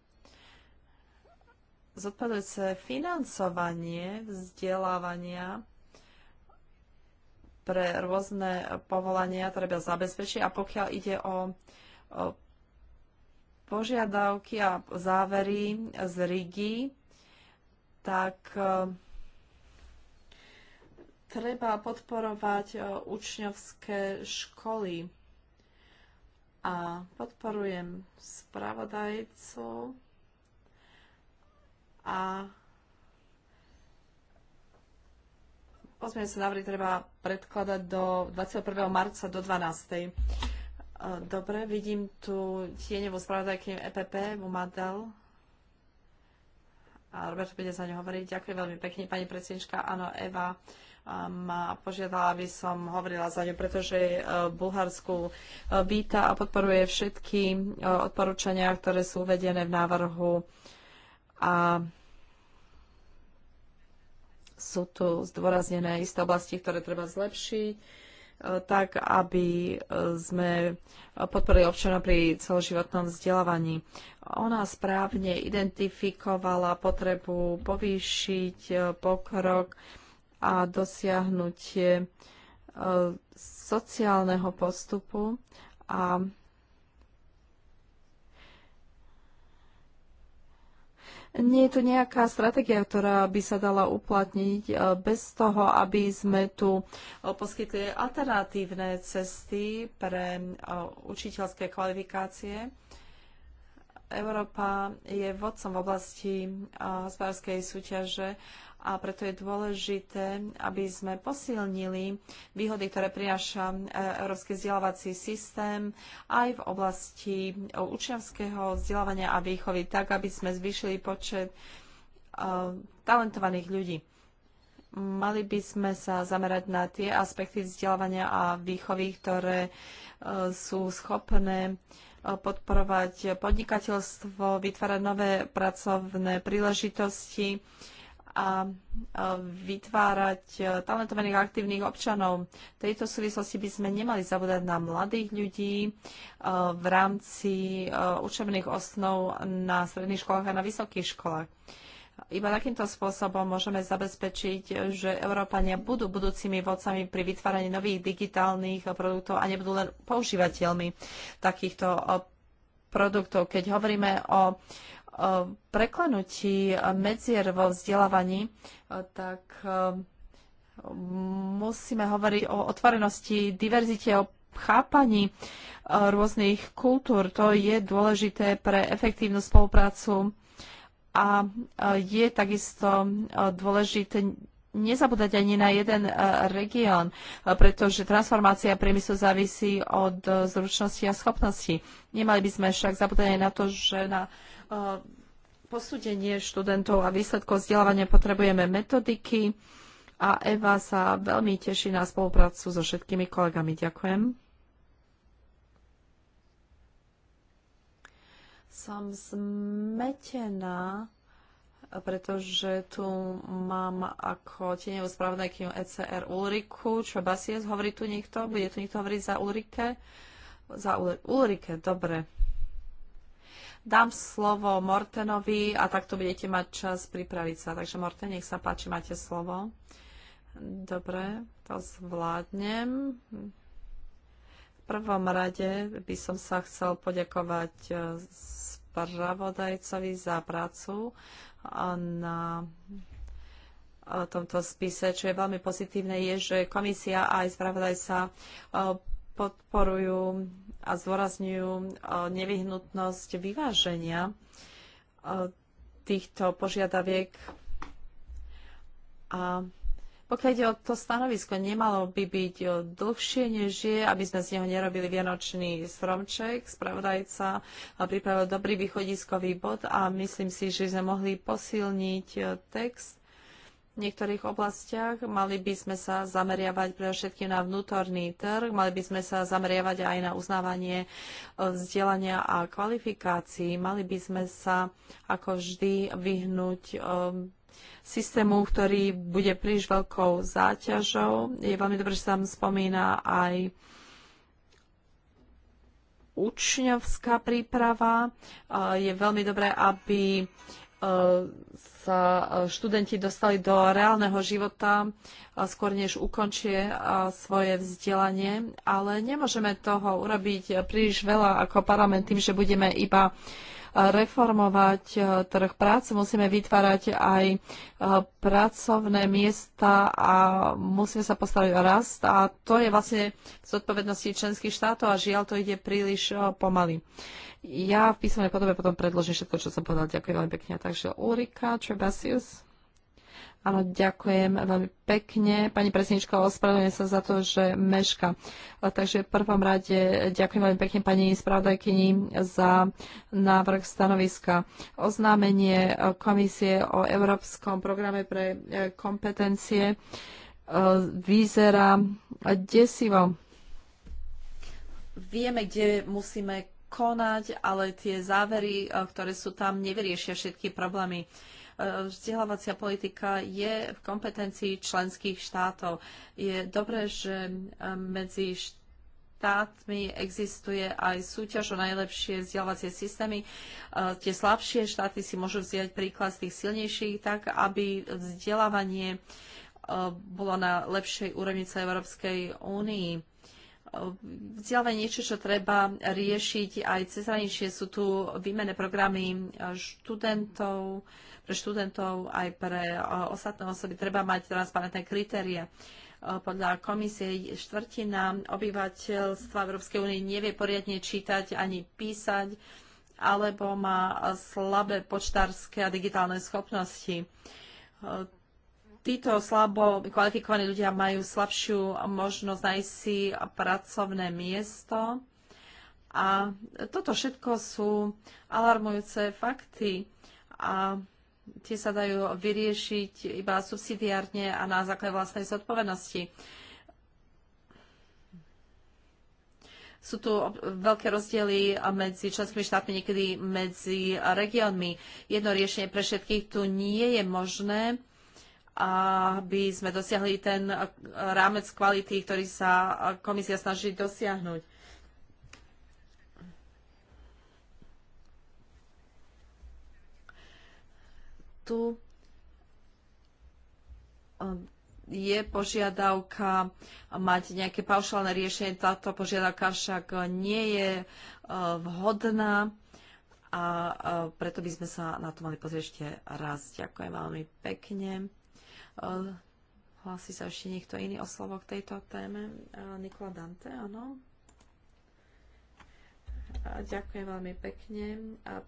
Zodpovedajúce financovanie vzdelávania pre rôzne povolania treba zabezpečiť a pokiaľ ide o, o požiadavky a závery z Rigi, tak e, treba podporovať e, učňovské školy. A podporujem spravodajcu a sa návrhy treba predkladať do 21. marca do 12. E, dobre, vidím tu tieňovú spravodajkyňu EPP, Mumadel. A Robert bude za ňu hovoriť. Ďakujem veľmi pekne, pani predsednička. Áno, Eva ma požiadala, aby som hovorila za ňu, pretože e, Bulharsku e, víta a podporuje všetky e, odporúčania, ktoré sú uvedené v návrhu a sú tu zdôraznené isté oblasti, ktoré treba zlepšiť tak, aby sme podporili občana pri celoživotnom vzdelávaní. Ona správne identifikovala potrebu povýšiť pokrok a dosiahnutie e, sociálneho postupu a Nie je tu nejaká stratégia, ktorá by sa dala uplatniť e, bez toho, aby sme tu e, poskytli alternatívne cesty pre učiteľské kvalifikácie. Európa je vodcom v oblasti hospodárskej súťaže a preto je dôležité, aby sme posilnili výhody, ktoré prináša e, Európsky vzdelávací systém aj v oblasti učňovského vzdelávania a výchovy, tak aby sme zvýšili počet e, talentovaných ľudí. Mali by sme sa zamerať na tie aspekty vzdelávania a výchovy, ktoré e, sú schopné podporovať podnikateľstvo, vytvárať nové pracovné príležitosti, a vytvárať e, talentovaných aktívnych občanov. V tejto súvislosti by sme nemali zabúdať na mladých ľudí e, v rámci e, učebných osnov na stredných školách a na vysokých školách. Iba takýmto spôsobom môžeme zabezpečiť, že Európania budú budúcimi vodcami pri vytváraní nových digitálnych produktov a nebudú len používateľmi takýchto produktov. Keď hovoríme o Eh, preklenutí medzier vo vzdelávaní, eh, tak eh, musíme hovoriť o otvorenosti, diverzite, o chápaní rôznych kultúr. To je dôležité pre efektívnu spoluprácu a je takisto dôležité nezabúdať ani na jeden región, pretože transformácia priemyslu závisí od zručnosti a schopností. Nemali by sme však zabúdať aj na to, že na posúdenie študentov a výsledkov vzdelávania potrebujeme metodiky a Eva sa veľmi teší na spoluprácu so všetkými kolegami. Ďakujem. Som zmetená, pretože tu mám ako tieňovú spravodajkyňu ECR Ulriku. Čo Basies, hovorí tu niekto? Bude tu niekto hovoriť za Ulrike? Za Ulrike, dobre Dám slovo Mortenovi a takto budete mať čas pripraviť sa. Takže Morten, nech sa páči, máte slovo. Dobre, to zvládnem. V prvom rade by som sa chcel poďakovať e, spravodajcovi za prácu na e, tomto spise, čo je veľmi pozitívne, je, že komisia aj spravodajca podporujú a zdôrazňujú e, nevyhnutnosť vyváženia e, týchto požiadaviek. A pokiaľ ide o to stanovisko, nemalo by byť e, dlhšie, než je, aby sme z neho nerobili vianočný stromček. Spravodajca pripravil dobrý východiskový bod a myslím si, že sme mohli posilniť text niektorých oblastiach. Mali by sme sa zameriavať pre všetkým na vnútorný trh, mali by sme sa zameriavať aj na uznávanie e, vzdelania a kvalifikácií, mali by sme sa ako vždy vyhnúť e, systému, ktorý bude príliš veľkou záťažou. Je veľmi dobré, že sa tam spomína aj učňovská príprava. E, je veľmi dobré, aby sa e, študenti dostali do reálneho života skôr než ukončie svoje vzdelanie, ale nemôžeme toho urobiť príliš veľa ako parlament tým, že budeme iba reformovať e, trh práce, musíme vytvárať aj e, pracovné miesta a musíme sa postarať o rast a to je vlastne v zodpovednosti členských štátov a žiaľ to ide príliš e, pomaly. Ja v písomnej podobe potom predložím všetko, čo som povedal. Ďakujem veľmi pekne. Takže Ulrika Trebasius. Áno, ďakujem veľmi pekne. Pani predsednička, ospravedlňujem sa za to, že meška. Takže v prvom rade ďakujem veľmi pekne pani spravodajkyni za návrh stanoviska. Oznámenie komisie o Európskom programe pre e, kompetencie e, vyzerá desivo. Vieme, kde musíme konať, ale tie závery, e, ktoré sú tam, nevyriešia všetky problémy vzdelávacia politika je v kompetencii členských štátov. Je dobré, že e, medzi štátmi existuje aj súťaž o najlepšie vzdelávacie systémy. E, tie slabšie štáty si môžu vziať príklad z tých silnejších, tak aby vzdelávanie e, bolo na lepšej úrovni celej Európskej únii vzdelávanie niečo, čo treba riešiť aj cezhraničie. Sú tu výmené programy študentov, pre študentov, aj pre ostatné osoby. Treba mať transparentné kritéria. Podľa komisie štvrtina obyvateľstva Európskej únie nevie poriadne čítať ani písať alebo má slabé počtárske a digitálne schopnosti. Títo slabo kvalifikovaní ľudia majú slabšiu možnosť nájsť si pracovné miesto. A toto všetko sú alarmujúce fakty. A tie sa dajú vyriešiť iba subsidiárne a na základe vlastnej zodpovednosti. Sú tu veľké rozdiely medzi členskými štátmi, niekedy medzi regiónmi. Jedno riešenie pre všetkých tu nie je možné aby sme dosiahli ten rámec kvality, ktorý sa komisia snaží dosiahnuť. tu um, je požiadavka mať nejaké paušálne riešenie. Táto požiadavka však nie je uh, vhodná a uh, preto by sme sa na to mali pozrieť ešte raz. Ďakujem veľmi pekne. Uh, Hlasí sa ešte niekto iný o slovo k tejto téme? Nikola Dante, áno? ďakujem veľmi pekne,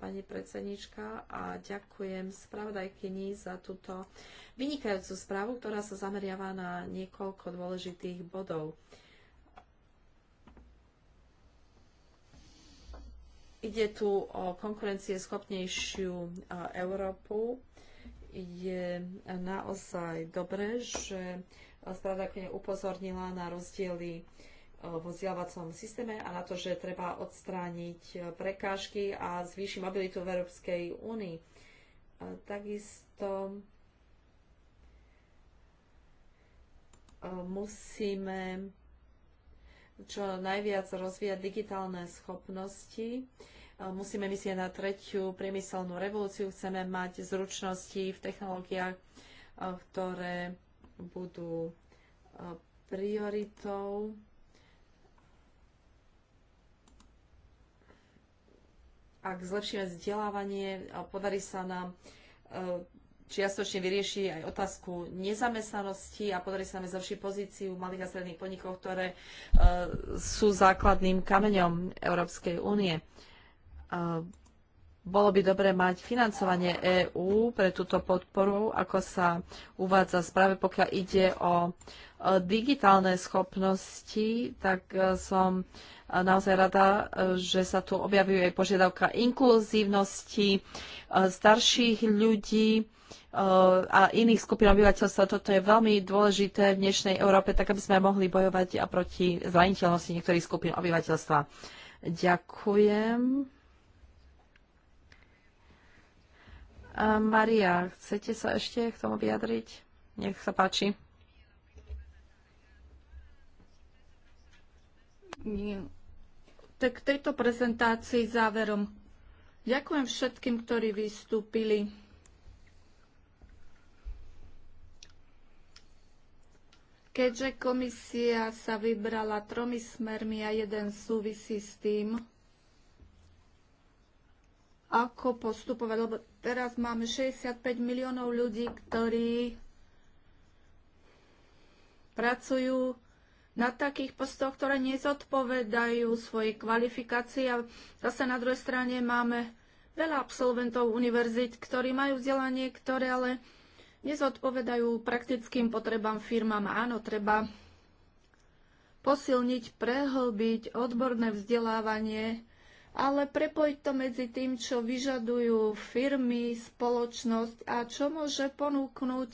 pani predsednička, a ďakujem spravodajkyni za túto vynikajúcu správu, ktorá sa zameriava na niekoľko dôležitých bodov. Ide tu o konkurencieschopnejšiu Európu. Je naozaj dobré, že spravodajkyňa upozornila na rozdiely vo vzdelávacom systéme a na to, že treba odstrániť eh, prekážky a zvýši mobilitu v Európskej únii. Eh, takisto eh, musíme čo najviac rozvíjať digitálne schopnosti. Musíme myslieť na tretiu priemyselnú revolúciu. Chceme mať zručnosti v technológiách, ktoré budú prioritou ak zlepšíme vzdelávanie podarí sa nám e, čiastočne vyrieši aj otázku nezamestnanosti a podarí sa nám zlepšiť pozíciu malých a stredných podnikov, ktoré e, sú základným kameňom Európskej únie. E, bolo by dobre mať financovanie EÚ pre túto podporu, ako sa uvádza správe, pokiaľ ide o digitálne schopnosti, tak som naozaj rada, že sa tu objavuje aj požiadavka inkluzívnosti e, starších ľudí e, a iných skupín obyvateľstva. Toto je veľmi dôležité v dnešnej Európe, tak aby sme mohli bojovať a proti zraniteľnosti niektorých skupín obyvateľstva. Ďakujem. A Maria, chcete sa ešte k tomu vyjadriť? Nech sa páči. Nie, k tejto prezentácii záverom. Ďakujem všetkým, ktorí vystúpili. Keďže komisia sa vybrala tromi smermi a jeden súvisí s tým, ako postupovať, lebo teraz máme 65 miliónov ľudí, ktorí pracujú na takých postoch, ktoré nezodpovedajú svojej kvalifikácii a zase na druhej strane máme veľa absolventov univerzít, ktorí majú vzdelanie, ktoré ale nezodpovedajú praktickým potrebám firmám. Áno, treba posilniť, prehlbiť odborné vzdelávanie, ale prepojiť to medzi tým, čo vyžadujú firmy, spoločnosť a čo môže ponúknuť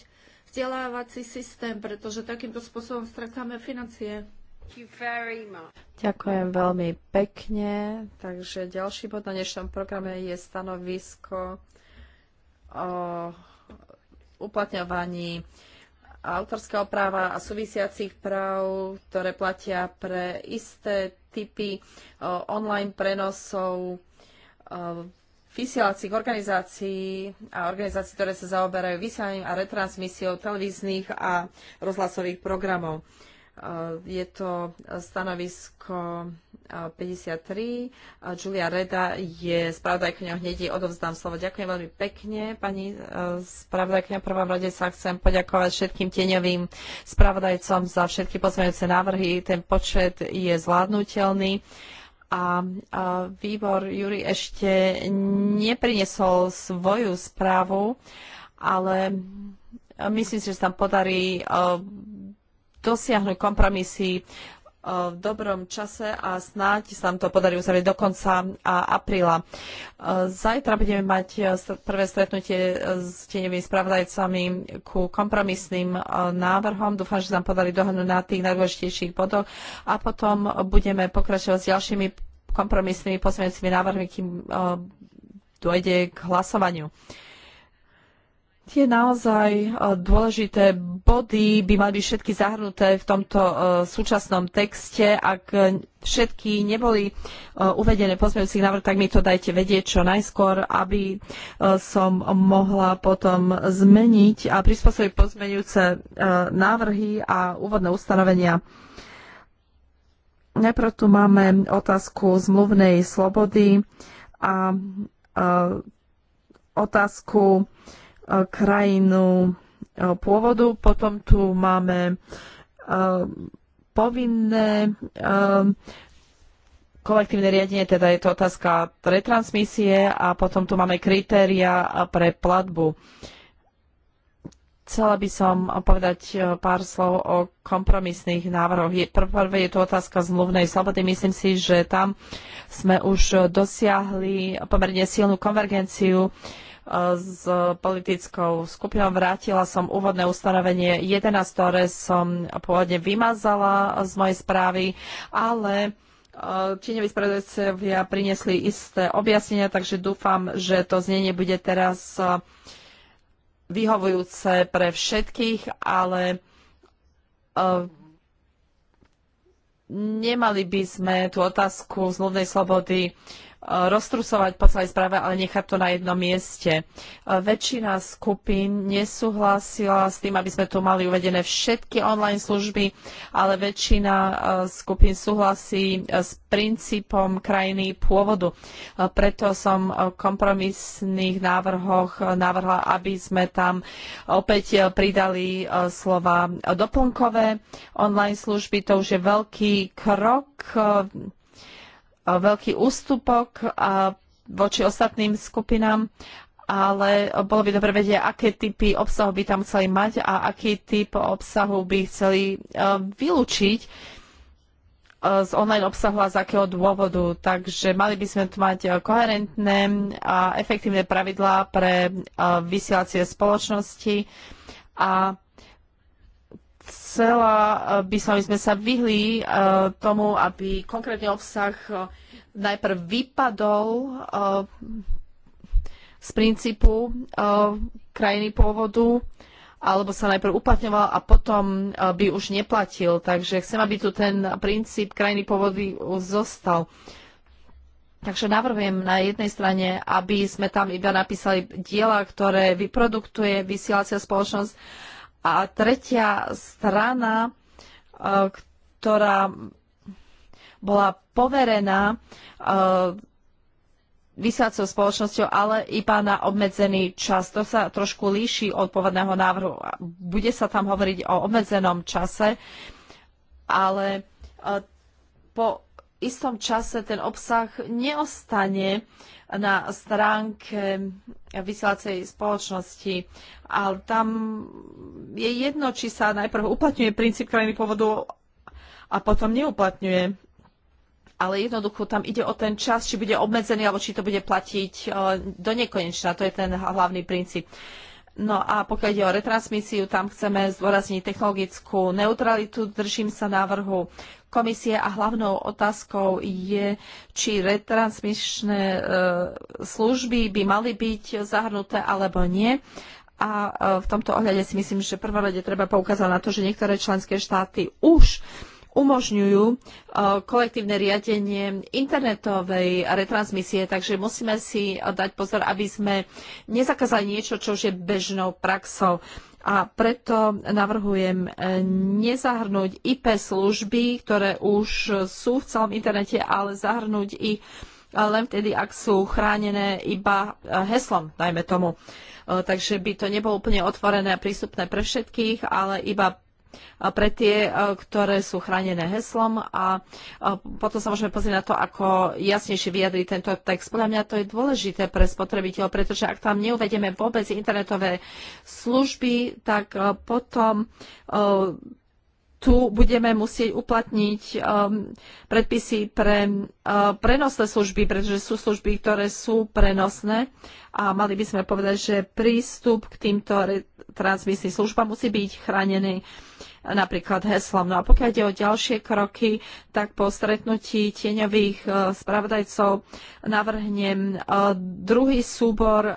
vzdelávací systém, pretože takýmto spôsobom stratáme financie. Ďakujem veľmi pekne. Takže ďalší bod na dnešnom programe je stanovisko o uplatňovaní autorského práva a súvisiacich práv, ktoré platia pre isté typy online prenosov vysielacích organizácií a organizácií, ktoré sa zaoberajú vysielaním a retransmisiou televíznych a rozhlasových programov. E, je to stanovisko 53. E, e, Julia Reda je spravodajkňou hnedí. odovzdám slovo. Ďakujem veľmi pekne, pani spravodajkňa. Prvom rade sa chcem poďakovať všetkým tieňovým spravodajcom za všetky pozmeňujúce návrhy. Ten počet je zvládnutelný a výbor Júri ešte nepriniesol svoju správu, ale myslím si, že sa tam podarí dosiahnuť kompromisy v dobrom čase a snáď sa nám to podarí uzavrieť do konca apríla. Zajtra budeme mať e, prvé stretnutie e, s tieňovými spravodajcami ku kompromisným e, návrhom. Dúfam, že sa nám podarí dohodnúť na tých najdôležitejších bodoch a potom budeme pokračovať s ďalšími kompromisnými pozmeňujúcimi návrhmi, kým dôjde k hlasovaniu. Tie naozaj e, dôležité body by mali byť všetky zahrnuté v tomto e, súčasnom texte. Ak e, všetky neboli uvedené pozmeňujúcich návrh, tak mi to dajte vedieť čo najskôr, aby som mohla potom zmeniť a prispôsobiť pozmeňujúce návrhy a úvodné ustanovenia. Najprv tu máme otázku zmluvnej slobody a otázku Eh, krajinu eh, pôvodu. Potom tu máme eh, povinné kolektívne riadenie, teda je to otázka retransmisie a potom tu máme kritéria pre platbu. Chcela by som povedať pár slov o kompromisných návrhoch. Prvé je tu otázka zmluvnej slobody. Myslím si, že tam sme už dosiahli pomerne silnú konvergenciu uh, s politickou skupinou. Vrátila som úvodné ustanovenie 11, ktoré som pôvodne vymazala z mojej správy, ale Číňoví e, spravodajcovia priniesli isté objasnenia, takže dúfam, že to znenie bude teraz e, vyhovujúce pre všetkých, ale e, nemali by sme tú otázku ľudnej slobody roztrusovať po celej správe, ale nechať to na jednom mieste. Väčšina skupín nesúhlasila s tým, aby sme tu mali uvedené všetky online služby, ale väčšina e, skupín súhlasí e, s princípom krajiny pôvodu. E, preto som v kompromisných návrhoch navrhla, aby sme tam opäť pridali slova doplnkové online služby. To už je veľký krok veľký ústupok voči ostatným skupinám, ale bolo by dobre vedieť, aké typy obsahu by tam chceli mať a aký typ obsahu by chceli e, vylúčiť e, z online obsahu a z akého dôvodu. Takže mali by sme tu mať e, koherentné a efektívne pravidlá pre vysielacie spoločnosti a chcela eh, by som, aby sme sa vyhli eh, tomu, aby konkrétne obsah eh, najprv vypadol z princípu krajiny pôvodu, alebo sa najprv uplatňoval a potom by už neplatil. Takže chcem, aby tu ten princíp krajiny pôvody zostal. Takže navrhujem na jednej strane, aby sme tam iba napísali diela, ktoré vyproduktuje vysielacia spoločnosť a tretia strana, e, ktorá bola poverená e, vysiacou spoločnosťou, ale iba na obmedzený čas. To sa trošku líši od pôvodného návrhu. Bude sa tam hovoriť o obmedzenom čase, ale e, po istom čase ten obsah neostane na stránke vysielacej spoločnosti. Ale tam je jedno, či sa najprv uplatňuje princíp krajiny pôvodu a potom neuplatňuje. Ale jednoducho tam ide o ten čas, či bude obmedzený, alebo či to bude platiť e, do nekonečna. To je ten hlavný princíp. No a pokiaľ ide o retransmisiu, tam chceme zdôrazniť technologickú neutralitu. Držím sa návrhu komisie a hlavnou otázkou je, či retransmisné e, služby by mali byť zahrnuté alebo nie. A e, v tomto ohľade si myslím, že prvorade treba poukázať na to, že niektoré členské štáty už umožňujú eh, kolektívne riadenie internetovej retransmisie, takže musíme si dať pozor, aby sme nezakázali niečo, čo už je bežnou praxou. A preto navrhujem eh, nezahrnúť IP služby, ktoré už sú v celom internete, ale zahrnúť ich eh, len vtedy, ak sú chránené iba heslom, najmä tomu. Takže by to nebolo úplne otvorené a prístupné pre všetkých, ale iba pre tie, e, ktoré sú chránené heslom a e, potom sa môžeme pozrieť na to, ako jasnejšie vyjadriť tento text. Podľa mňa to je dôležité pre spotrebiteľov, pretože ak tam neuvedieme vôbec internetové služby, tak e, potom tu budeme musieť uplatniť um, predpisy pre prenosné služby, pretože sú služby, ktoré sú prenosné a mali by sme povedať, že prístup k týmto transmisných služba musí byť chránený napríklad heslom. No a pokiaľ ide o ďalšie kroky, tak po stretnutí tieňových e, spravodajcov navrhnem e, druhý súbor e,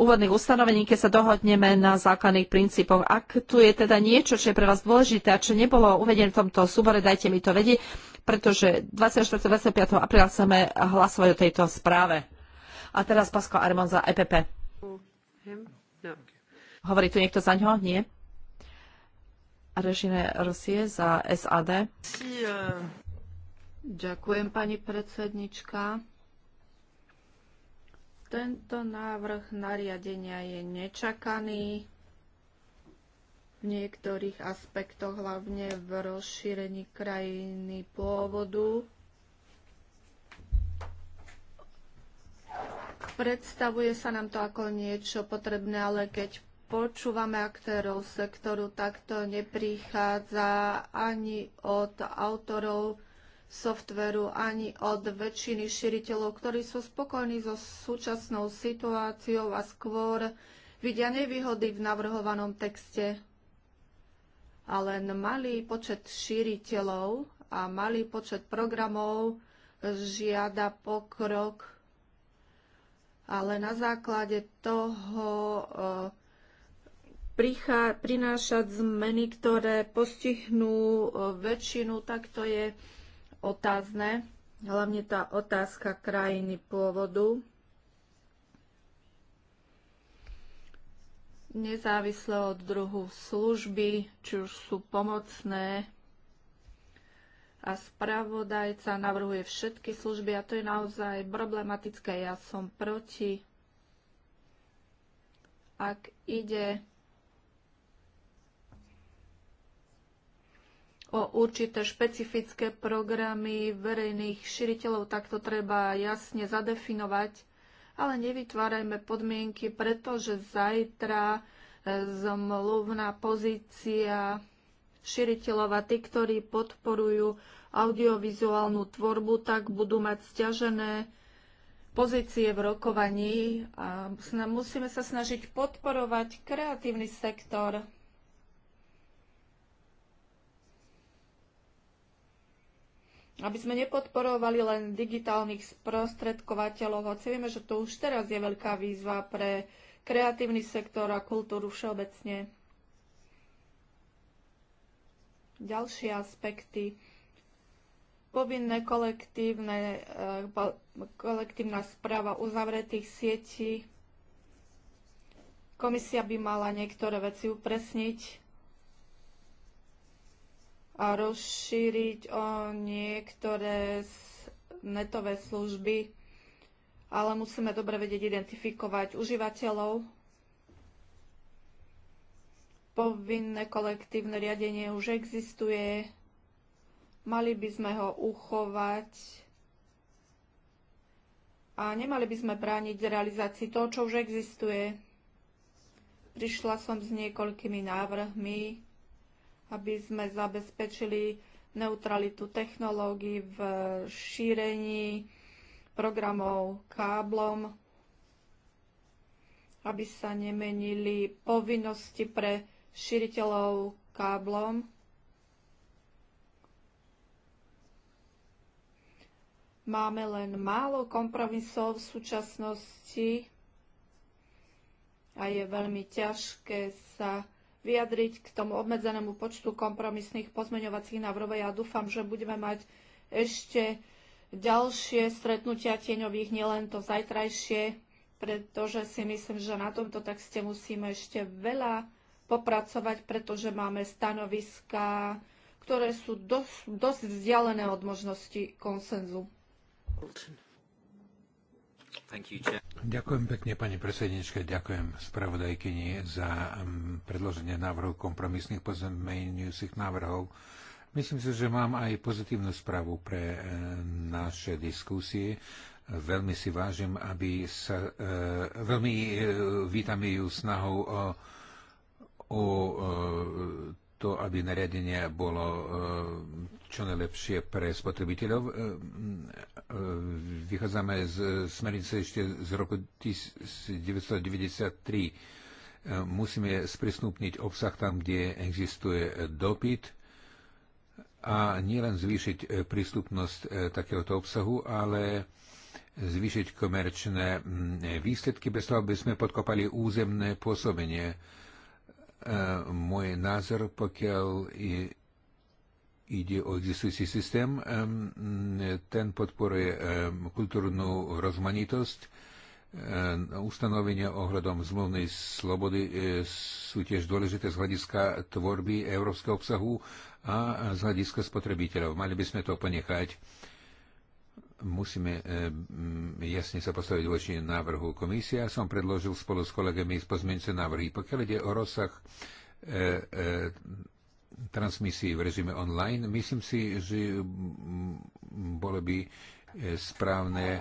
úvodných ustanovení, keď sa dohodneme na základných princípoch. Ak tu je teda niečo, čo je pre vás dôležité a čo nebolo uvedené v tomto súbore, dajte mi to vedieť, pretože 24. 25. apríla chceme hlasovať o tejto správe. A teraz Pasko Armon za EPP. Hovorí tu niekto za ňo? Nie. Režine Rosie za SAD. Ďakujem, pani predsednička. Tento návrh nariadenia je nečakaný v niektorých aspektoch, hlavne v rozšírení krajiny pôvodu. Predstavuje sa nám to ako niečo potrebné, ale keď počúvame aktérov sektoru, tak to neprichádza ani od autorov softveru, ani od väčšiny širiteľov, ktorí sú spokojní so súčasnou situáciou a skôr vidia nevýhody v navrhovanom texte. A len malý počet šíriteľov a malý počet programov žiada pokrok, ale na základe toho, eh, prinášať zmeny, ktoré postihnú väčšinu, tak to je otázne. Hlavne tá otázka krajiny pôvodu. Nezávisle od druhu služby, či už sú pomocné a spravodajca navrhuje všetky služby a to je naozaj problematické. Ja som proti. Ak ide o určité špecifické programy verejných širiteľov, tak to treba jasne zadefinovať, ale nevytvárajme podmienky, pretože zajtra e, zmluvná pozícia širiteľov a tí, ktorí podporujú audiovizuálnu tvorbu, tak budú mať stiažené pozície v rokovaní a musíme sa snažiť podporovať kreatívny sektor aby sme nepodporovali len digitálnych sprostredkovateľov, hoci vieme, že to už teraz je veľká výzva pre kreatívny sektor a kultúru všeobecne. Ďalšie aspekty. Povinné kolektívne, eh, kolektívna správa uzavretých sietí. Komisia by mala niektoré veci upresniť a rozšíriť o niektoré netové služby, ale musíme dobre vedieť identifikovať užívateľov. Povinné kolektívne riadenie už existuje. Mali by sme ho uchovať a nemali by sme brániť realizácii toho, čo už existuje. Prišla som s niekoľkými návrhmi, aby sme zabezpečili neutralitu technológií v šírení programov káblom, aby sa nemenili povinnosti pre šíriteľov káblom. Máme len málo kompromisov v súčasnosti a je veľmi ťažké sa vyjadriť k tomu obmedzenému počtu kompromisných pozmeňovacích návrhov. Ja dúfam, že budeme mať ešte ďalšie stretnutia tieňových, nielen to zajtrajšie, pretože si myslím, že na tomto texte musíme ešte veľa popracovať, pretože máme stanoviska, ktoré sú dosť, dosť vzdialené od možnosti konsenzu. Thank you, Chair. Ďakujem pekne, pani predsednička. Ďakujem spravodajkyni za um, predloženie návrhu kompromisných pozmeňujúcich návrhov. Myslím si, že mám aj pozitívnu správu pre eh, naše diskusie. Veľmi si vážim, aby sa, eh, veľmi eh, vítam ju snahu o, o to, aby nariadenie bolo eh, čo najlepšie pre spotrebiteľov. Eh, mm, eh, vychádzame z smernice ešte z roku 1993. Musíme sprístupniť obsah tam, kde existuje dopyt a nielen zvýšiť prístupnosť takéhoto obsahu, ale zvýšiť komerčné mm, výsledky bez toho, aby sme podkopali územné pôsobenie E, môj názor, pokiaľ ide o existujúci systém, e, ten podporuje e, kultúrnu rozmanitosť, ustanovenia ohľadom zmluvnej slobody sú tiež dôležité z hľadiska tvorby európskeho obsahu a z hľadiska spotrebiteľov. Mali by sme to ponechať musíme eh, mm, jasne sa postaviť voči návrhu komisie. Ja som predložil spolu s kolegami pozmeňujúce návrhy. Pokiaľ ide o rozsah eh, eh, transmisii v režime online, myslím si, že mm, bolo by správne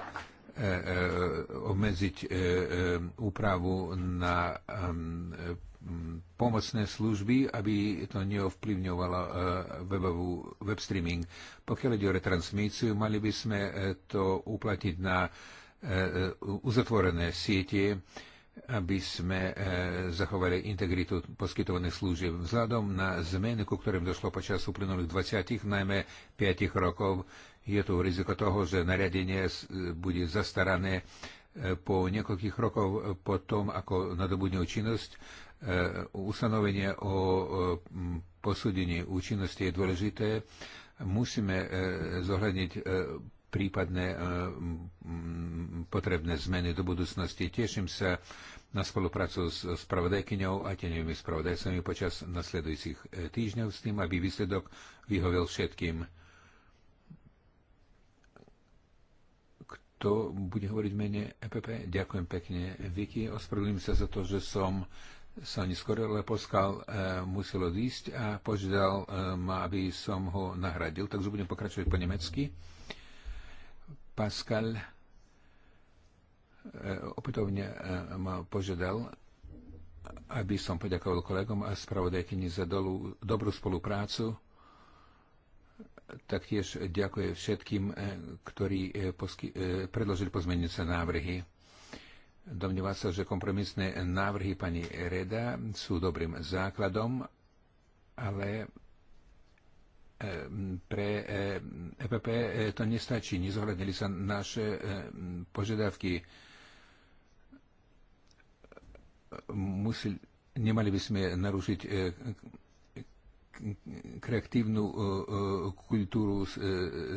obmedziť úpravu na pomocné služby, aby to neovplyvňovalo e, webovú web streaming. Pokiaľ ide o retransmíciu, mali by sme e, to uplatniť na e, uzatvorené siete, aby sme zachovali integritu poskytovaných služieb. Vzhľadom na zmeny, ku ktorým došlo počas uplynulých 20, najmä 5 rokov, je tu riziko toho, že nariadenie bude zastarané po niekoľkých rokov po tom, ako nadobudne účinnosť E, ustanovenie o e, posúdení účinnosti je dôležité. Musíme e, zohľadniť prípadné potrebné zmeny do budúcnosti. Teším sa na spoluprácu s spravodajkyňou a tenevými spravodajcami počas nasledujúcich týždňov s tým, aby výsledok vyhovel všetkým. Kto bude hovoriť mene EPP? Ďakujem pekne, Vicky. Ospravedlím sa za to, že som sa neskôr, Leposkal e, musel odísť a požiadal e, ma, aby som ho nahradil, takže budem pokračovať po nemecky. Pascal e, opätovne e, ma požiadal, aby som poďakoval kolegom a spravodajkyni za dolu, dobrú spoluprácu taktiež ďakujem všetkým, ktorí posky, predložili sa návrhy. Domnieva sa, že kompromisné návrhy pani Reda sú dobrým základom, ale e, pre EPP e e, to nestačí. Nezohľadnili sa naše požiadavky. Museli, nemali by sme narušiť kreatívnu kultúru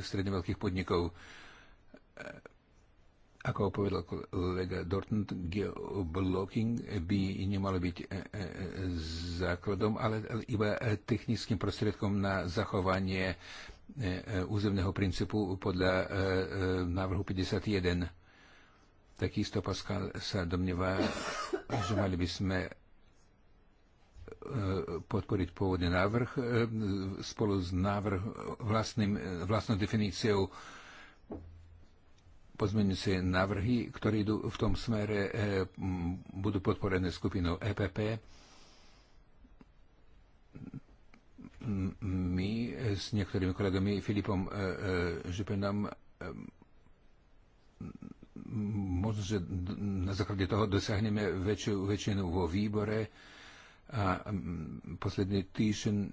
stredne veľkých podnikov ako povedal kolega Dorton, geoblocking by nemalo byť e, e, základom, ale iba e, technickým prostriedkom na zachovanie územného princípu podľa návrhu 51. Takisto Pascal sa domnieva, že mali by sme podporiť pôvodný návrh spolu s návrh vlastným, vlastnou definíciou pozmeňujúce návrhy, ktoré idú v tom smere, e, budú podporené skupinou EPP. My s niektorými kolegami, Filipom e, e, Žipenom, e, možno, že na základe toho dosiahneme väčšiu väčšinu vo výbore. A posledný týždeň e,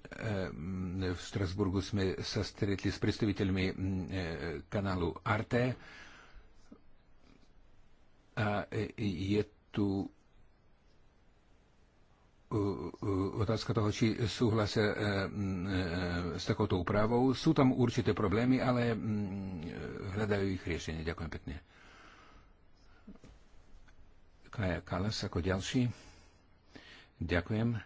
v Strasburgu sme sa stretli s predstaviteľmi e, kanálu Arte a e, je tu otázka toho, či súhlasia e, e, s takouto úpravou. Sú tam určité problémy, ale hľadajú ich riešenie. Ďakujem pekne. Kaja Kalas ako ďalší. Ďakujem.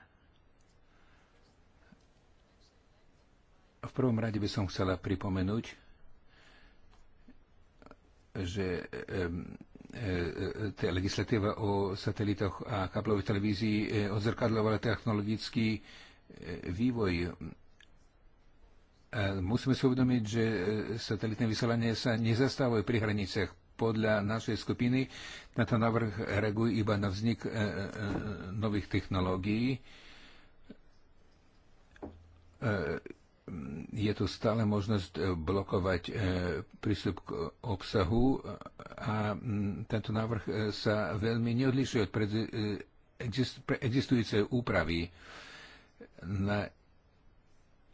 V prvom rade by som chcela pripomenúť, že E, e, e, tej legislatíva o satelitoch a kablovej televízii odzrkadľovala technologický vývoj. musíme si uvedomiť, že satelitné vysielanie sa nezastávajú pri hraniciach. Podľa našej skupiny na to návrh reaguje iba na vznik nových technológií Mm, je tu stále možnosť eh, blokovať eh, prístup k obsahu a mm, tento návrh eh, sa veľmi neodlišuje od existujúcej úpravy. Na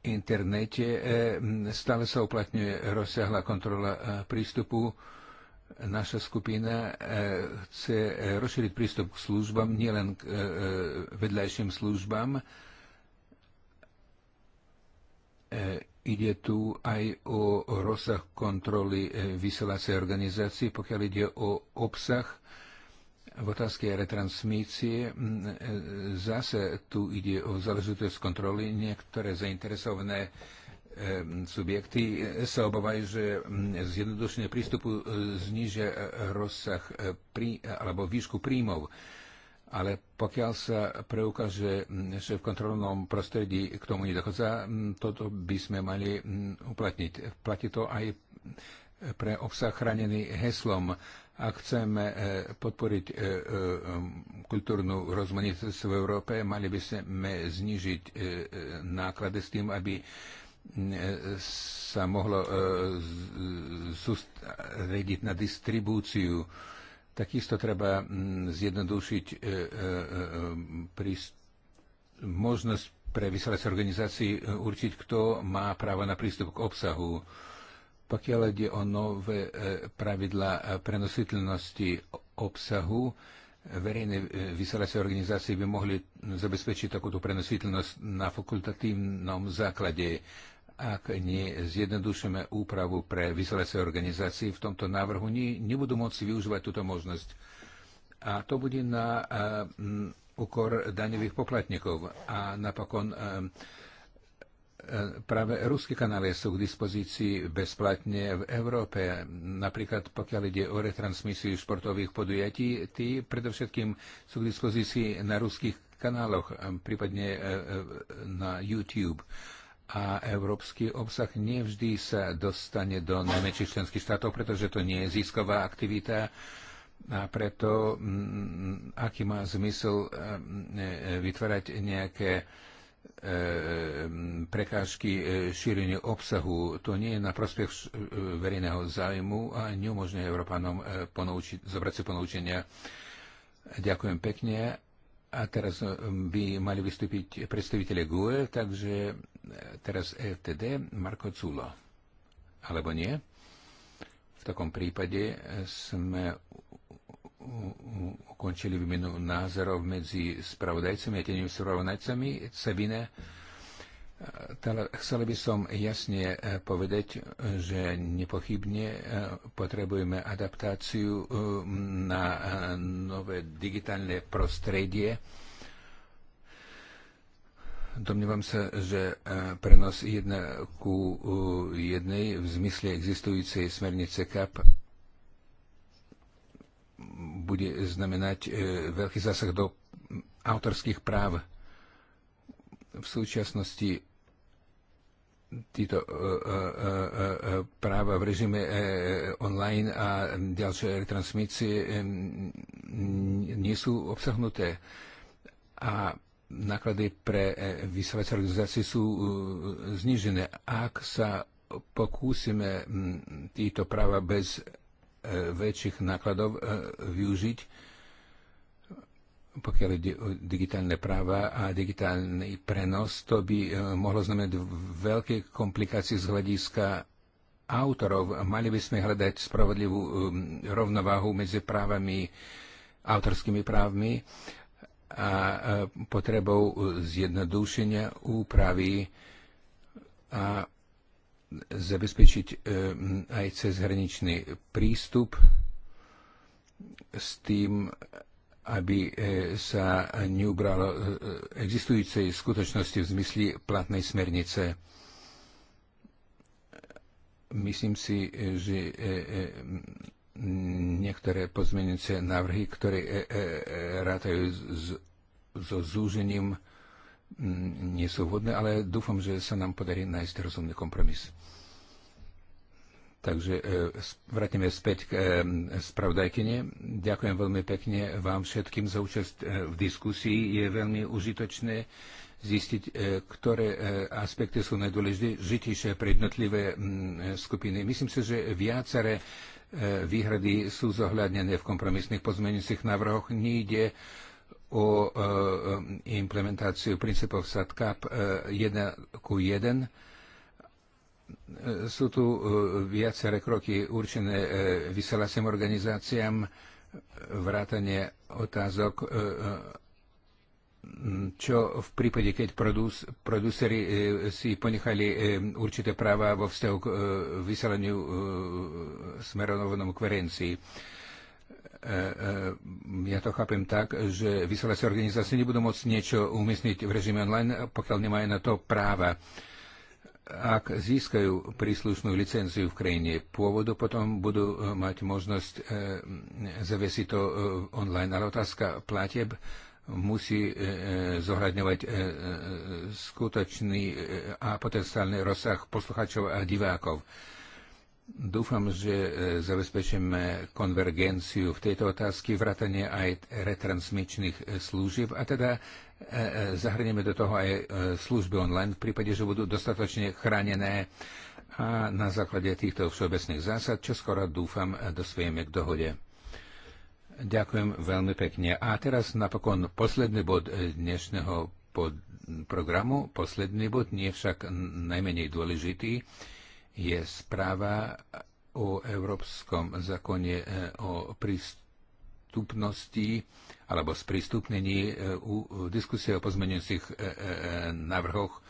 internete mm, stále sa uplatňuje rozsiahla kontrola prístupu. Naša skupina chce rozšíriť prístup k službám, nielen k vedľajším službám, E, ide tu aj o rozsah kontroly e, vysielacej organizácie, pokiaľ ide o obsah v otázke retransmície e, zase tu ide o záležitosť kontroly. Niektoré zainteresované subjekty sa obávajú, že zjednodušenie prístupu znižia rozsah prí, alebo výšku príjmov. Ale pokiaľ sa preukáže, že v kontrolnom prostredí k tomu nedochádza, toto by sme mali uplatniť. Platí to aj pre obsah chránený heslom. Ak chceme e, podporiť e, e, kultúrnu rozmanitosť v Európe, mali by sme znižiť náklady s tým, aby sa mohlo sústrediť na distribúciu Takisto treba mm, zjednodušiť e, e, e, možnosť pre vysielacie organizácii určiť, kto má právo na prístup k obsahu. Pokiaľ ide o nové pravidla prenositeľnosti obsahu, verejné vysielacie organizácie by mohli zabezpečiť takúto prenositeľnosť na fakultatívnom základe ak nezjednodušíme úpravu pre vyzlece organizácií v tomto návrhu, nie, nebudú môcť využívať túto možnosť. A to bude na a, eh, m, úkor daňových poplatníkov. A napokon a, eh, a, eh, práve ruské kanály sú k dispozícii bezplatne v Európe. Napríklad pokiaľ ide o retransmisiu športových podujatí, tí predovšetkým sú k dispozícii na ruských kanáloch, prípadne na YouTube a európsky obsah nevždy sa dostane do najmenších členských štátov, pretože to nie je zisková aktivita a preto mm, aký má zmysel e, e, vytvárať nejaké e, prekážky šíreniu obsahu. To nie je na prospech verejného zájmu a neumožňuje Európanom zobrať si ponaučenia. Ďakujem pekne. A teraz by mali vystúpiť predstaviteľe GUE, takže teraz EFTD Marko Culo. Alebo nie? V takom prípade sme ukončili výmenu názorov medzi spravodajcami a tenými spravodajcami. Sabine, Chcel by som jasne eh, povedať, že nepochybne eh, potrebujeme adaptáciu eh, na nové digitálne prostredie Domnívam sa, že e, prenos jedna ku e, jednej v zmysle existujúcej smernice CAP bude znamenať e, veľký zásah do autorských práv. V súčasnosti títo práva v režime online a ďalšie retransmície nie sú obsahnuté. A náklady pre e, vysielacie organizácie sú e, znižené. Ak sa pokúsime títo práva bez e, väčších nákladov využiť, pokiaľ ide o digitálne práva a digitálny prenos, to by mohlo znamenať veľké komplikácie z hľadiska autorov. Mali by sme hľadať spravodlivú rovnováhu medzi právami, autorskými právmi a potrebou zjednodušenia úpravy a zabezpečiť e, aj cezhraničný prístup s tým, aby e, sa neubralo e, existujúcej skutočnosti v zmysli platnej smernice. Myslím si, že niektoré pozmeňujúce návrhy, ktoré e, e, e, rátajú so zúžením, mm, nie sú vhodné, ale dúfam, že sa nám podarí nájsť rozumný kompromis. Takže vrátime späť k spravodajkyne. Ďakujem veľmi pekne vám všetkým za účasť v diskusii. Je veľmi užitočné zistiť, ktoré aspekty sú najdôležitejšie pre jednotlivé mm, skupiny. Myslím si, že viaceré E, výhrady sú zohľadnené v kompromisných pozmeňujúcich návrhoch. Nejde o e, e, implementáciu princípov SATCAP 1 ku 1. Sú tu viaceré kroky určené vyselacím organizáciám, vrátanie otázok čo v prípade, keď produs, produceri e, si ponechali e, určité práva vo vzťahu k e, e smerovanom kverencii. Ja to chápem tak, že vysielacie organizácie nebudú môcť niečo umiestniť v režime online, pokiaľ nemajú na to práva. Ak získajú príslušnú licenciu v krajine pôvodu, potom budú mať možnosť zavesiť to online. Ale otázka platieb musí e, e, zohľadňovať e, skutočný a potenciálny rozsah posluchačov a divákov. Dúfam, že zabezpečíme konvergenciu v tejto otázke vrátane aj retransmičných služieb a teda zahrnieme do toho aj služby online v prípade, že budú dostatočne chránené a na základe týchto všeobecných zásad, čo skoro dúfam, dospieme k dohode. Ďakujem veľmi pekne. A teraz napokon posledný bod e, dnešného pod programu. Posledný bod, nie však najmenej dôležitý, je správa o Európskom zákone e, o prístupnosti alebo sprístupnení e, U diskusie o pozmeňujúcich návrhoch.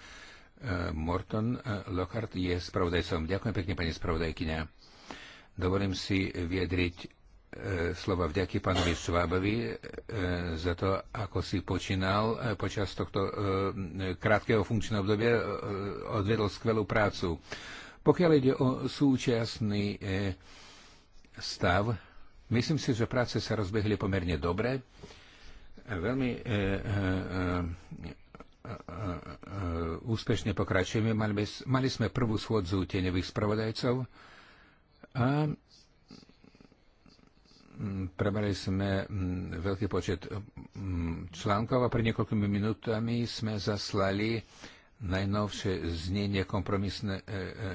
Morton Lockhart je spravodajcom. Ďakujem pekne, pani spravodajkyňa. Dovolím si viedriť E, slova vďaky pánovi Švábovi e, za to, ako si počínal e, počas tohto krátkeho funkčného obdobia, odvedol skvelú prácu. Pokiaľ ide o súčasný stav, myslím si, že práce sa rozbehli pomerne dobre. Veľmi úspešne pokračujeme. Mali sme prvú schôdzu tieňových spravodajcov a Mm, prebrali sme mm, veľký počet mm, článkov a pred niekoľkými minútami sme zaslali najnovšie znenie kompromisné, e, e,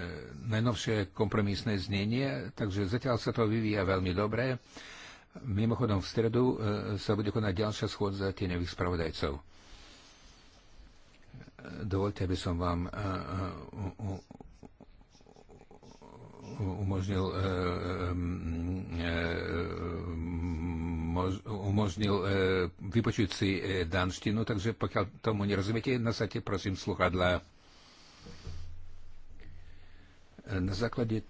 najnovšie kompromisné znenie, takže zatiaľ sa to vyvíja veľmi dobre. Mimochodom v stredu e, sa bude konať ďalšia schôdza tieňových spravodajcov. E, dovolte, aby som vám e, e, u, u, umožnil, eh, eh, eh, umožnil vypočuť si danštinu, takže pokiaľ tomu nerozumiete, nasadte prosím sluchadla. Na základe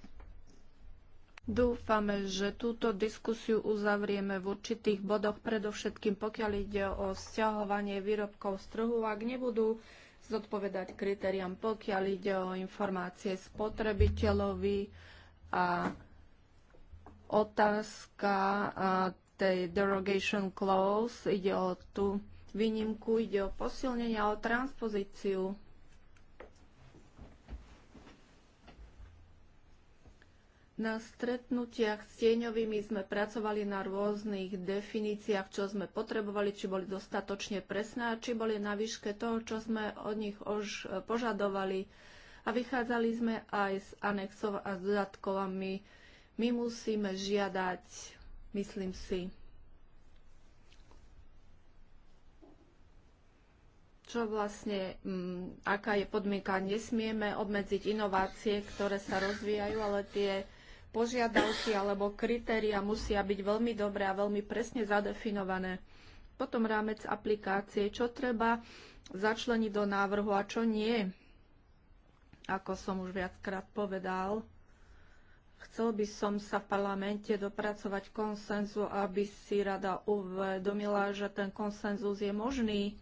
Dúfame, že túto diskusiu uzavrieme v určitých bodoch, predovšetkým pokiaľ ide o stiahovanie výrobkov z trhu. Ak nebudú zodpovedať kritériám, pokiaľ ide o informácie spotrebiteľovi a otázka a tej derogation clause, ide o tú výnimku, ide o posilnenie a o transpozíciu Na stretnutiach s tieňovými sme pracovali na rôznych definíciách, čo sme potrebovali, či boli dostatočne presné a či boli na výške toho, čo sme od nich už e, požadovali. A vychádzali sme aj s anexov a s dodatkovami. My musíme žiadať, myslím si, čo vlastne, m, mm, aká je podmienka. Nesmieme obmedziť inovácie, ktoré sa rozvíjajú, ale tie požiadavky alebo kritéria musia byť veľmi dobre a veľmi presne zadefinované. Potom rámec aplikácie, čo treba začleniť do návrhu a čo nie. Ako som už viackrát povedal, chcel by som sa v parlamente dopracovať konsenzu, aby si rada uvedomila, že ten konsenzus je možný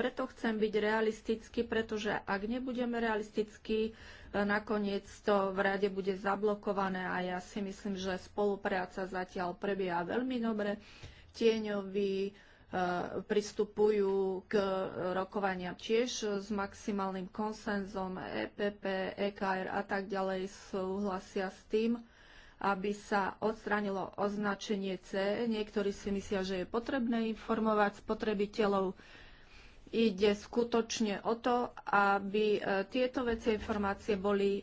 preto chcem byť realistický, pretože ak nebudeme realistickí, e, nakoniec to v rade bude zablokované a ja si myslím, že spolupráca zatiaľ prebieha veľmi dobre. Tieňoví e, pristupujú k rokovania tiež s maximálnym konsenzom EPP, EKR a tak ďalej súhlasia s tým, aby sa odstranilo označenie C. Niektorí si myslia, že je potrebné informovať spotrebiteľov. Ide skutočne o to, aby e, tieto veci a informácie boli e,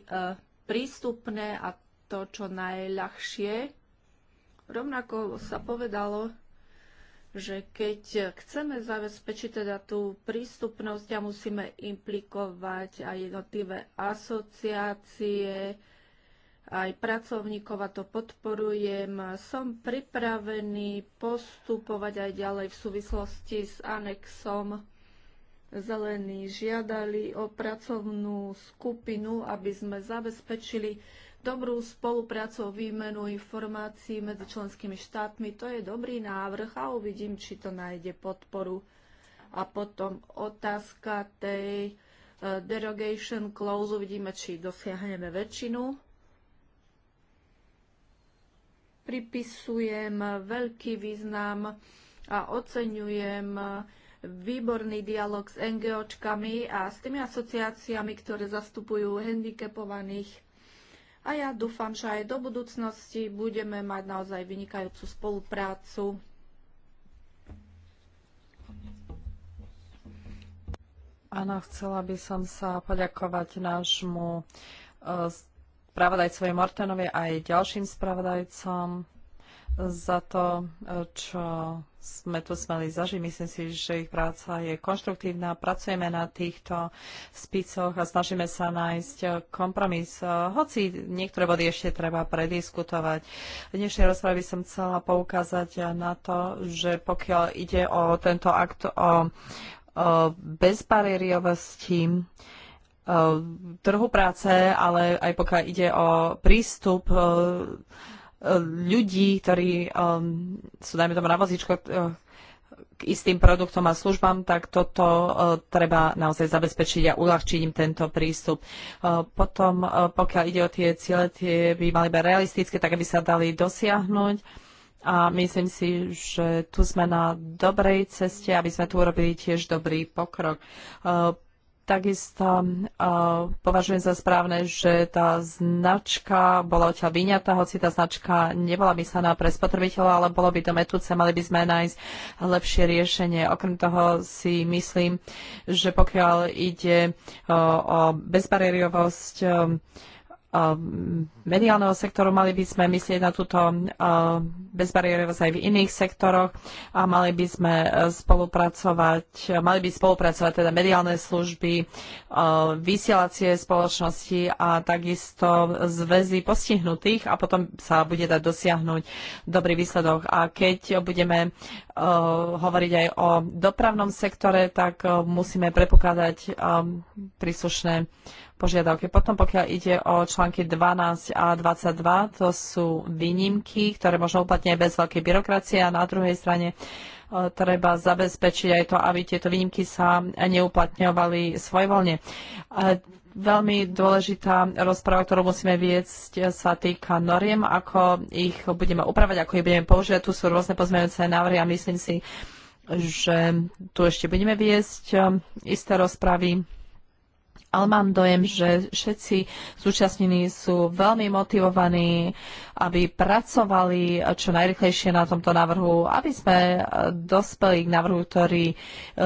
prístupné a to čo najľahšie. Rovnako sa povedalo, že keď chceme zabezpečiť teda tú prístupnosť a musíme implikovať aj jednotlivé asociácie, aj pracovníkov a to podporujem. Som pripravený postupovať aj ďalej v súvislosti s anexom zelení žiadali o pracovnú skupinu, aby sme zabezpečili dobrú spoluprácu o výmenu informácií medzi členskými štátmi. To je dobrý návrh a uvidím, či to nájde podporu. A potom otázka tej e, derogation clause, uvidíme, či dosiahneme väčšinu. Pripisujem veľký význam a oceňujem výborný dialog s NGOčkami a s tými asociáciami, ktoré zastupujú handicapovaných. A ja dúfam, že aj do budúcnosti budeme mať naozaj vynikajúcu spoluprácu. Áno, chcela by som sa poďakovať nášmu eh, spravodajcovi Mortenovi aj ďalším spravodajcom za to, čo sme tu smeli zažiť. Myslím si, že ich práca je konštruktívna. Pracujeme na týchto spicoch a snažíme sa nájsť kompromis. Hoci niektoré body ešte treba prediskutovať. V dnešnej rozprave by som chcela poukázať na to, že pokiaľ ide o tento akt o, o bezbariériovosti, e, trhu práce, ale aj pokiaľ ide o prístup e, ľudí, ktorí um, sú, dajme tomu, na vozíčko uh, k istým produktom a službám, tak toto uh, treba naozaj zabezpečiť a uľahčiť im tento prístup. Uh, potom, uh, pokiaľ ide o tie ciele, tie by mali byť realistické, tak aby sa dali dosiahnuť. A myslím si, že tu sme na dobrej ceste, aby sme tu urobili tiež dobrý pokrok. Uh, Takisto eh, považujem za správne, že tá značka bola ťa vyňatá, hoci tá značka nebola myslená pre spotrebiteľa, ale bolo by to metúce, mali by sme nájsť lepšie riešenie. Okrem toho si myslím, že pokiaľ ide eh, o bezbariérovosť, eh, Eh, mediálneho sektoru, mali by sme myslieť na túto eh, bezbariérovosť aj v iných sektoroch a mali by sme eh, spolupracovať, mali by spolupracovať teda mediálne služby, vysielacie spoločnosti a takisto zväzy postihnutých a potom sa bude dať dosiahnuť dobrý výsledok. A keď budeme Eh, hovoriť aj o dopravnom sektore, tak eh, musíme prepokladať eh, príslušné požiadavky. Potom pokiaľ ide o články 12 a 22, to sú výnimky, ktoré možno uplatniť bez veľkej byrokracie a na druhej strane treba zabezpečiť aj to, aby tieto výnimky sa neuplatňovali svojvoľne. Veľmi dôležitá rozpráva, ktorú musíme viesť, eh, sa týka noriem, ako ich budeme upravať, ako ich budeme používať. Tu sú rôzne pozmeňujúce návrhy a myslím si, že tu ešte budeme viesť eh, isté rozpravy ale mám dojem, že všetci zúčastnení sú veľmi motivovaní, aby pracovali čo najrychlejšie na tomto návrhu, aby sme e, dospeli k návrhu, ktorý e,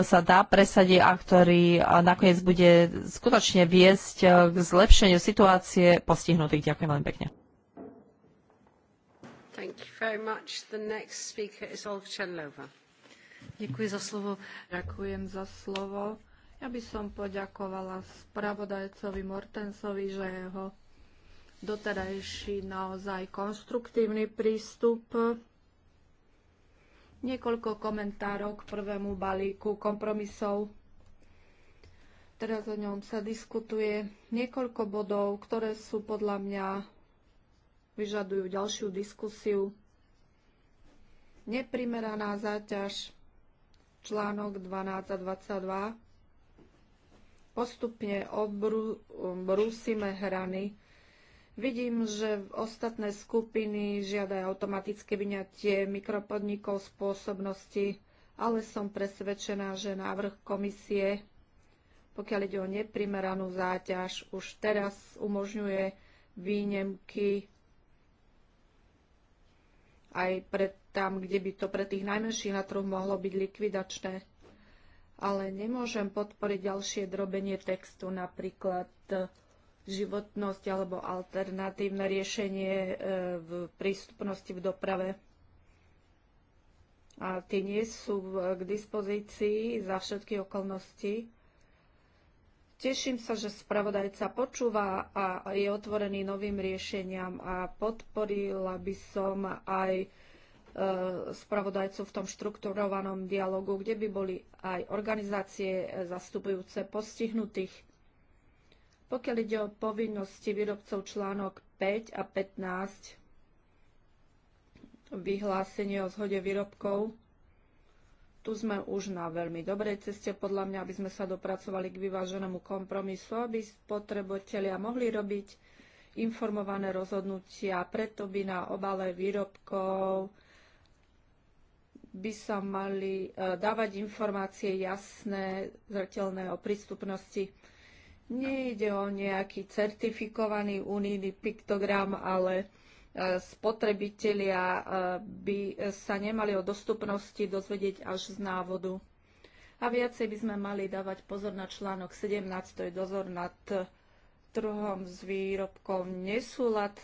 sa dá presadiť a ktorý e, nakoniec bude skutočne viesť k zlepšeniu situácie postihnutých. Ďakujem veľmi pekne. Za slovo. Ďakujem za slovo. Ja by som poďakovala spravodajcovi Mortensovi, že jeho doterajší naozaj konstruktívny prístup. Niekoľko komentárov k prvému balíku kompromisov. Teraz o ňom sa diskutuje niekoľko bodov, ktoré sú podľa mňa vyžadujú ďalšiu diskusiu. Neprimeraná záťaž, článok 12 a 22 postupne obrúsime hrany. Vidím, že ostatné skupiny žiadajú automatické vyňatie mikropodnikov z pôsobnosti, ale som presvedčená, že návrh komisie, pokiaľ ide o neprimeranú záťaž, už teraz umožňuje výnemky aj pre tam, kde by to pre tých najmenších na trhu mohlo byť likvidačné ale nemôžem podporiť ďalšie drobenie textu, napríklad e, životnosť alebo alternatívne riešenie e, v prístupnosti v doprave. A tie nie sú e, k dispozícii za všetky okolnosti. Teším sa, že spravodajca počúva a je otvorený novým riešeniam a podporila by som aj E, spravodajcu v tom štrukturovanom dialogu, kde by boli aj organizácie zastupujúce postihnutých. Pokiaľ ide o povinnosti výrobcov článok 5 a 15 vyhlásenie o zhode výrobkov, tu sme už na veľmi dobrej ceste, podľa mňa, aby sme sa dopracovali k vyváženému kompromisu, aby spotrebotelia mohli robiť informované rozhodnutia, preto by na obale výrobkov by sa mali e, dávať informácie jasné, zretelné o prístupnosti. Nejde o nejaký certifikovaný unijný piktogram, ale e, spotrebitelia e, by sa nemali o dostupnosti dozvedieť až z návodu. A viacej by sme mali dávať pozor na článok 17, to je dozor nad trhom s výrobkom. Nesúlad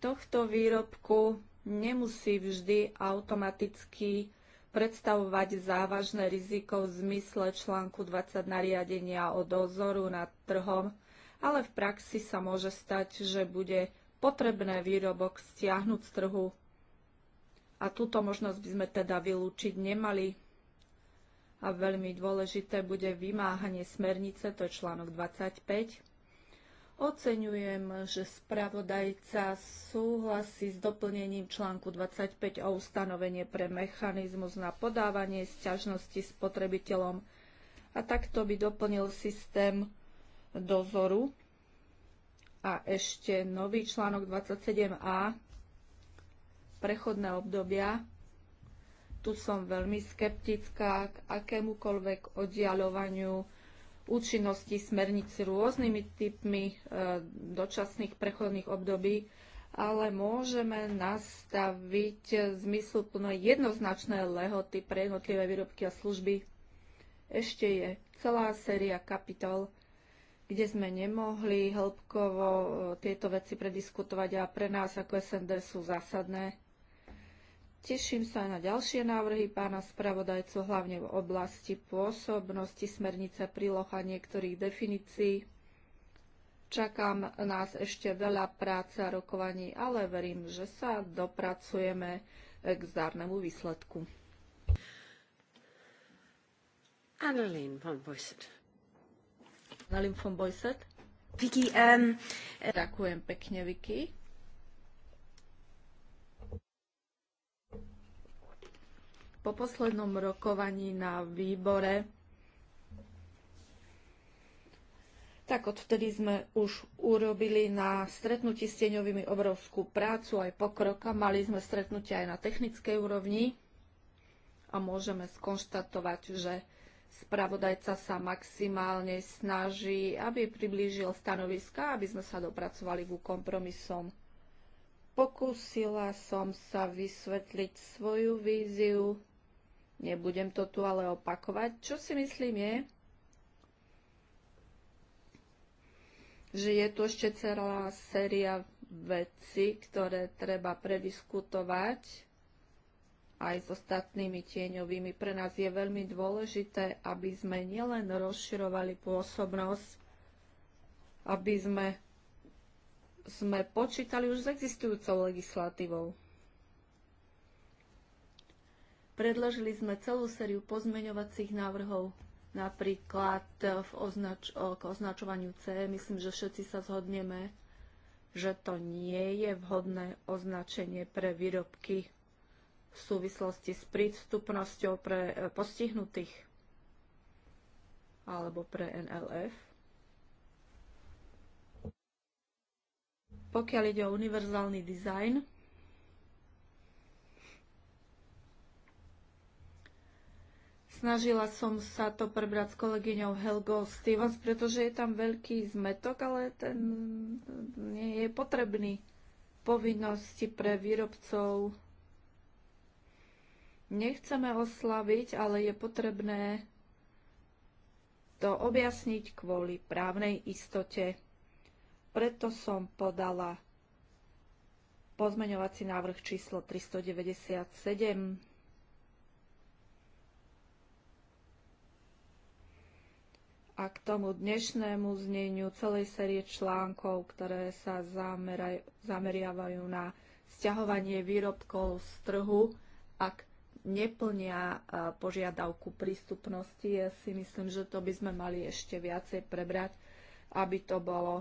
tohto výrobku nemusí vždy automaticky predstavovať závažné riziko v zmysle článku 20 nariadenia o dozoru nad trhom, ale v praxi sa môže stať, že bude potrebné výrobok stiahnuť z trhu. A túto možnosť by sme teda vylúčiť nemali. A veľmi dôležité bude vymáhanie smernice, to je článok 25 Oceňujem, že spravodajca súhlasí s doplnením článku 25 o ustanovenie pre mechanizmus na podávanie sťažnosti spotrebiteľom a takto by doplnil systém dozoru a ešte nový článok 27a prechodné obdobia. Tu som veľmi skeptická k akémukoľvek oddialovaniu účinnosti smerníc rôznymi typmi e, dočasných prechodných období, ale môžeme nastaviť zmysluplné jednoznačné lehoty pre jednotlivé výrobky a služby. Ešte je celá séria kapitol, kde sme nemohli hĺbkovo e, tieto veci prediskutovať a pre nás ako SND sú zásadné Teším sa na ďalšie návrhy pána spravodajcu, hlavne v oblasti pôsobnosti smernice príloh niektorých definícií. Čakám nás ešte veľa práce a rokovaní, ale verím, že sa dopracujeme k zdárnemu výsledku. Annelien von Boyset. Annelien von Boyset. Vicky, um... Ďakujem pekne, Vicky. Po poslednom rokovaní na výbore, tak odvtedy sme už urobili na stretnutí s tieňovými obrovskú prácu aj pokroka. Mali sme stretnutia aj na technickej úrovni a môžeme skonštatovať, že spravodajca sa maximálne snaží, aby priblížil stanoviska, aby sme sa dopracovali ku kompromisom. Pokúsila som sa vysvetliť svoju víziu Nebudem to tu ale opakovať. Čo si myslím je, že je tu ešte celá séria veci, ktoré treba prediskutovať aj s ostatnými tieňovými. Pre nás je veľmi dôležité, aby sme nielen rozširovali pôsobnosť, aby sme, sme počítali už s existujúcou legislatívou. Predložili sme celú sériu pozmeňovacích návrhov, napríklad eh, v označ- k označovaniu C. Myslím, že všetci sa zhodneme, že to nie je vhodné označenie pre výrobky v súvislosti s prístupnosťou pre eh, postihnutých alebo pre NLF. Pokiaľ ide o univerzálny dizajn, Snažila som sa to prebrať s kolegyňou Helgo Stevens, pretože je tam veľký zmetok, ale ten nie je potrebný. Povinnosti pre výrobcov nechceme oslaviť, ale je potrebné to objasniť kvôli právnej istote. Preto som podala pozmeňovací návrh číslo 397. a k tomu dnešnému zneniu celej série článkov, ktoré sa zameraj, zameriavajú na stiahovanie výrobkov z trhu, ak neplnia požiadavku prístupnosti. Ja si myslím, že to by sme mali ešte viacej prebrať, aby to bolo,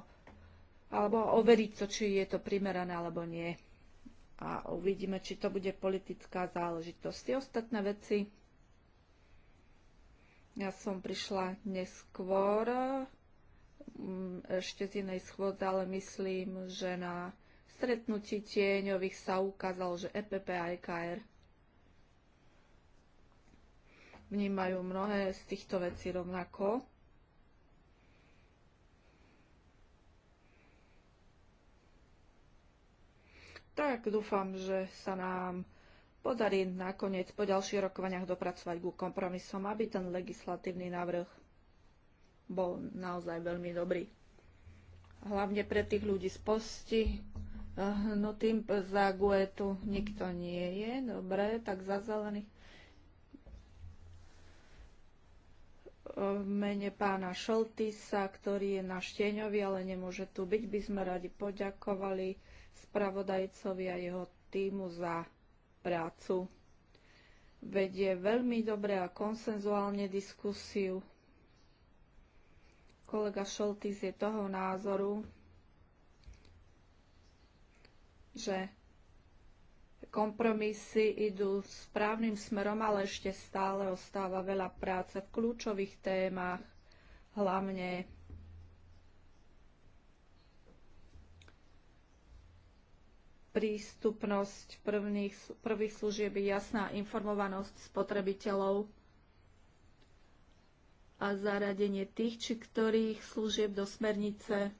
alebo overiť to, či je to primerané alebo nie. A uvidíme, či to bude politická záležitosť. Tie ostatné veci ja som prišla neskôr, mm, ešte z inej schôdze, ale myslím, že na stretnutí tieňových sa ukázalo, že EPP a EKR vnímajú mnohé z týchto vecí rovnako. Tak dúfam, že sa nám podarí nakoniec po ďalších rokovaniach dopracovať ku kompromisom, aby ten legislatívny návrh bol naozaj veľmi dobrý. Hlavne pre tých ľudí z posti, eh, no tým za guetu nikto nie je, dobre, tak za zelený. Eh, mene pána Šoltisa, ktorý je na šteňovi, ale nemôže tu byť, by sme radi poďakovali spravodajcovi a jeho týmu za prácu. Vedie veľmi dobre a konsenzuálne diskusiu. Kolega Šoltis je toho názoru, že kompromisy idú správnym smerom, ale ešte stále ostáva veľa práce v kľúčových témach, hlavne prístupnosť prvných, prvých služieb je jasná informovanosť spotrebiteľov a zaradenie tých či ktorých služieb do smernice.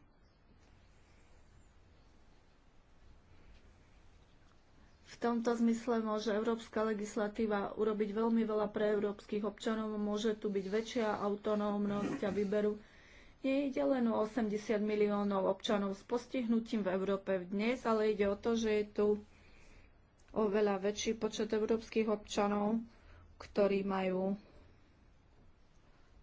V tomto zmysle môže európska legislatíva urobiť veľmi veľa pre európskych občanov, môže tu byť väčšia autonómnosť a výberu nie ide len o 80 miliónov občanov s postihnutím v Európe dnes, ale ide o to, že je tu oveľa väčší počet európskych občanov, ktorí majú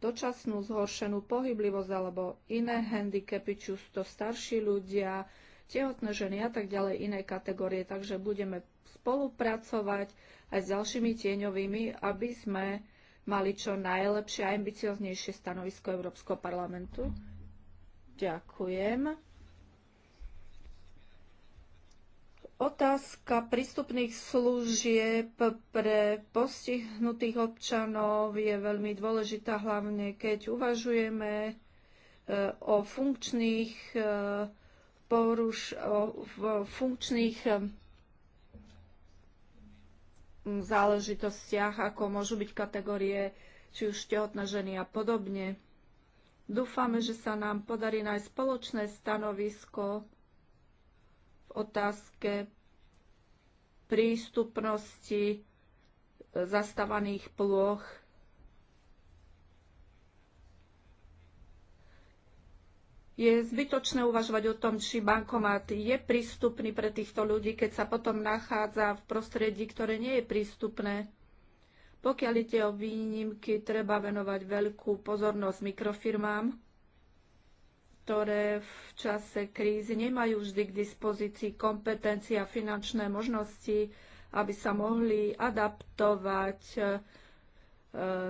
dočasnú zhoršenú pohyblivosť alebo iné handicapy, či už to starší ľudia, tehotné ženy a tak ďalej, iné kategórie. Takže budeme spolupracovať aj s ďalšími tieňovými, aby sme mali čo najlepšie a ambicioznejšie stanovisko Európskeho parlamentu. Ďakujem. Otázka prístupných služieb pre postihnutých občanov je veľmi dôležitá, hlavne keď uvažujeme e, o funkčných e, poruš, o funkčných e, záležitostiach, ako môžu byť kategórie, či už tehotné ženy a podobne. Dúfame, že sa nám podarí nájsť spoločné stanovisko v otázke prístupnosti zastávaných ploch je zbytočné uvažovať o tom, či bankomat je prístupný pre týchto ľudí, keď sa potom nachádza v prostredí, ktoré nie je prístupné. Pokiaľ ide o výnimky, treba venovať veľkú pozornosť mikrofirmám, ktoré v čase krízy nemajú vždy k dispozícii kompetencie a finančné možnosti, aby sa mohli adaptovať e,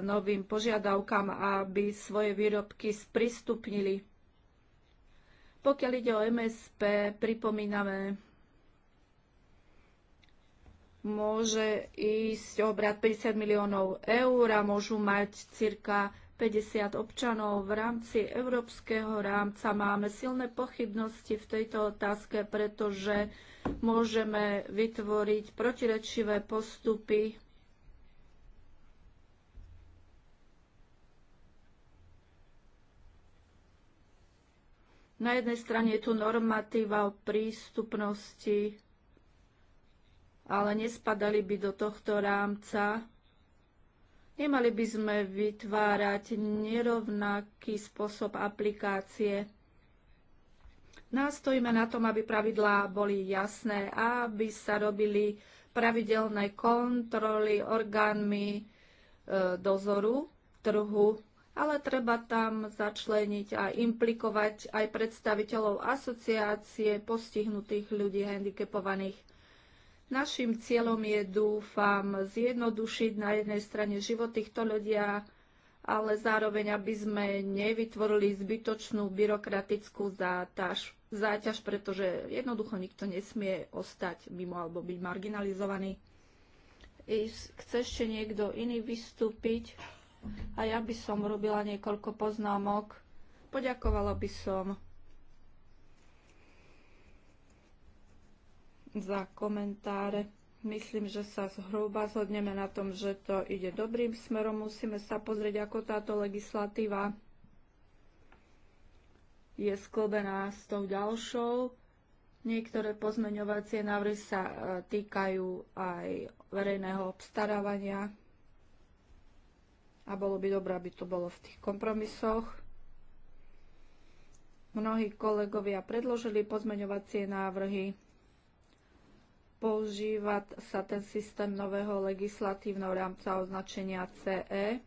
novým požiadavkám, aby svoje výrobky sprístupnili pokiaľ ide o MSP, pripomíname, môže ísť o obrat 50 miliónov eur a môžu mať cirka 50 občanov v rámci európskeho rámca. Máme silné pochybnosti v tejto otázke, pretože môžeme vytvoriť protirečivé postupy Na jednej strane je tu normatíva o prístupnosti, ale nespadali by do tohto rámca. Nemali by sme vytvárať nerovnaký spôsob aplikácie. Nástojíme na tom, aby pravidlá boli jasné aby sa robili pravidelné kontroly orgánmi e, dozoru trhu ale treba tam začleniť a implikovať aj predstaviteľov asociácie postihnutých ľudí handicapovaných. Našim cieľom je, dúfam, zjednodušiť na jednej strane život týchto ľudia, ale zároveň, aby sme nevytvorili zbytočnú byrokratickú zátaž, záťaž, pretože jednoducho nikto nesmie ostať mimo alebo byť marginalizovaný. chce ešte niekto iný vystúpiť? A ja by som robila niekoľko poznámok. Poďakovala by som za komentáre. Myslím, že sa zhruba zhodneme na tom, že to ide dobrým smerom. Musíme sa pozrieť, ako táto legislatíva je sklobená s tou ďalšou. Niektoré pozmeňovacie návrhy sa e, týkajú aj verejného obstarávania a bolo by dobré, aby to bolo v tých kompromisoch. Mnohí kolegovia predložili pozmeňovacie návrhy. Používať sa ten systém nového legislatívneho rámca označenia CE,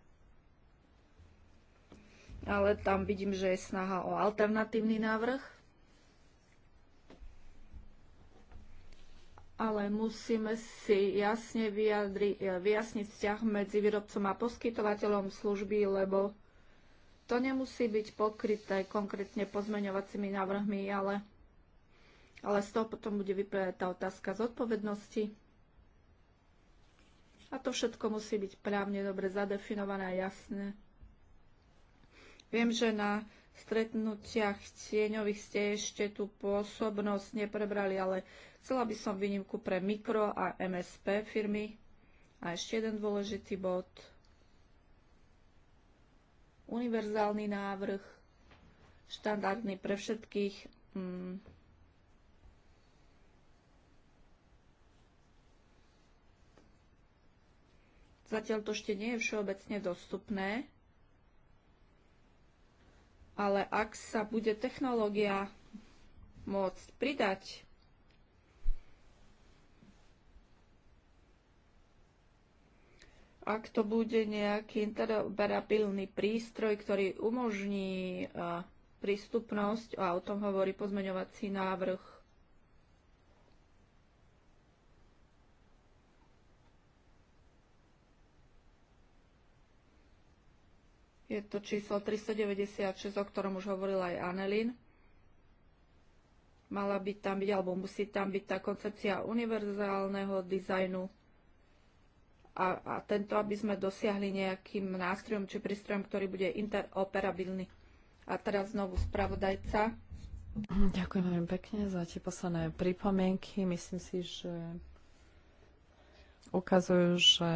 ale tam vidím, že je snaha o alternatívny návrh. ale musíme si jasne vyjadri, vyjasniť vzťah medzi výrobcom a poskytovateľom služby, lebo to nemusí byť pokryté konkrétne pozmeňovacími návrhmi, ale, ale z toho potom bude vyplývať tá otázka zodpovednosti. A to všetko musí byť právne dobre zadefinované a jasné. Viem, že na stretnutiach tieňových ste ešte tú pôsobnosť neprebrali, ale chcela by som výnimku pre mikro a MSP firmy. A ešte jeden dôležitý bod. Univerzálny návrh, štandardný pre všetkých. Hmm. Zatiaľ to ešte nie je všeobecne dostupné, ale ak sa bude technológia môcť pridať ak to bude nejaký interoperabilný prístroj, ktorý umožní prístupnosť, a o tom hovorí pozmeňovací návrh Je to číslo 396, o ktorom už hovorila aj Anelin. Mala by tam byť, alebo musí tam byť tá koncepcia univerzálneho dizajnu a, a tento, aby sme dosiahli nejakým nástrojom či prístrojom, ktorý bude interoperabilný. A teraz znovu spravodajca. Ďakujem veľmi pekne za tie posledné pripomienky. Myslím si, že ukazujú, že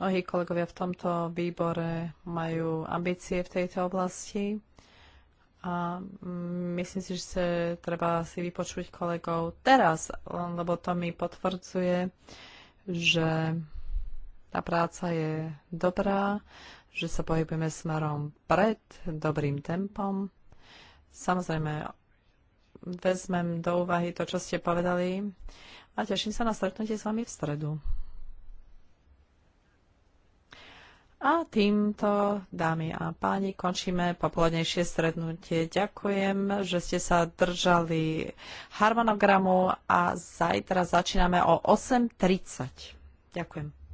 Mnohí kolegovia v tomto výbore majú ambície v tejto oblasti a myslím si, že sa treba si vypočuť kolegov teraz, lebo to mi potvrdzuje, že tá práca je dobrá, že sa pohybujeme smerom pred dobrým tempom. Samozrejme, vezmem do úvahy to, čo ste povedali a teším sa na stretnutie s vami v stredu. A týmto, dámy a páni, končíme popolednejšie strednutie. Ďakujem, že ste sa držali harmonogramu a zajtra začíname o 8.30. Ďakujem.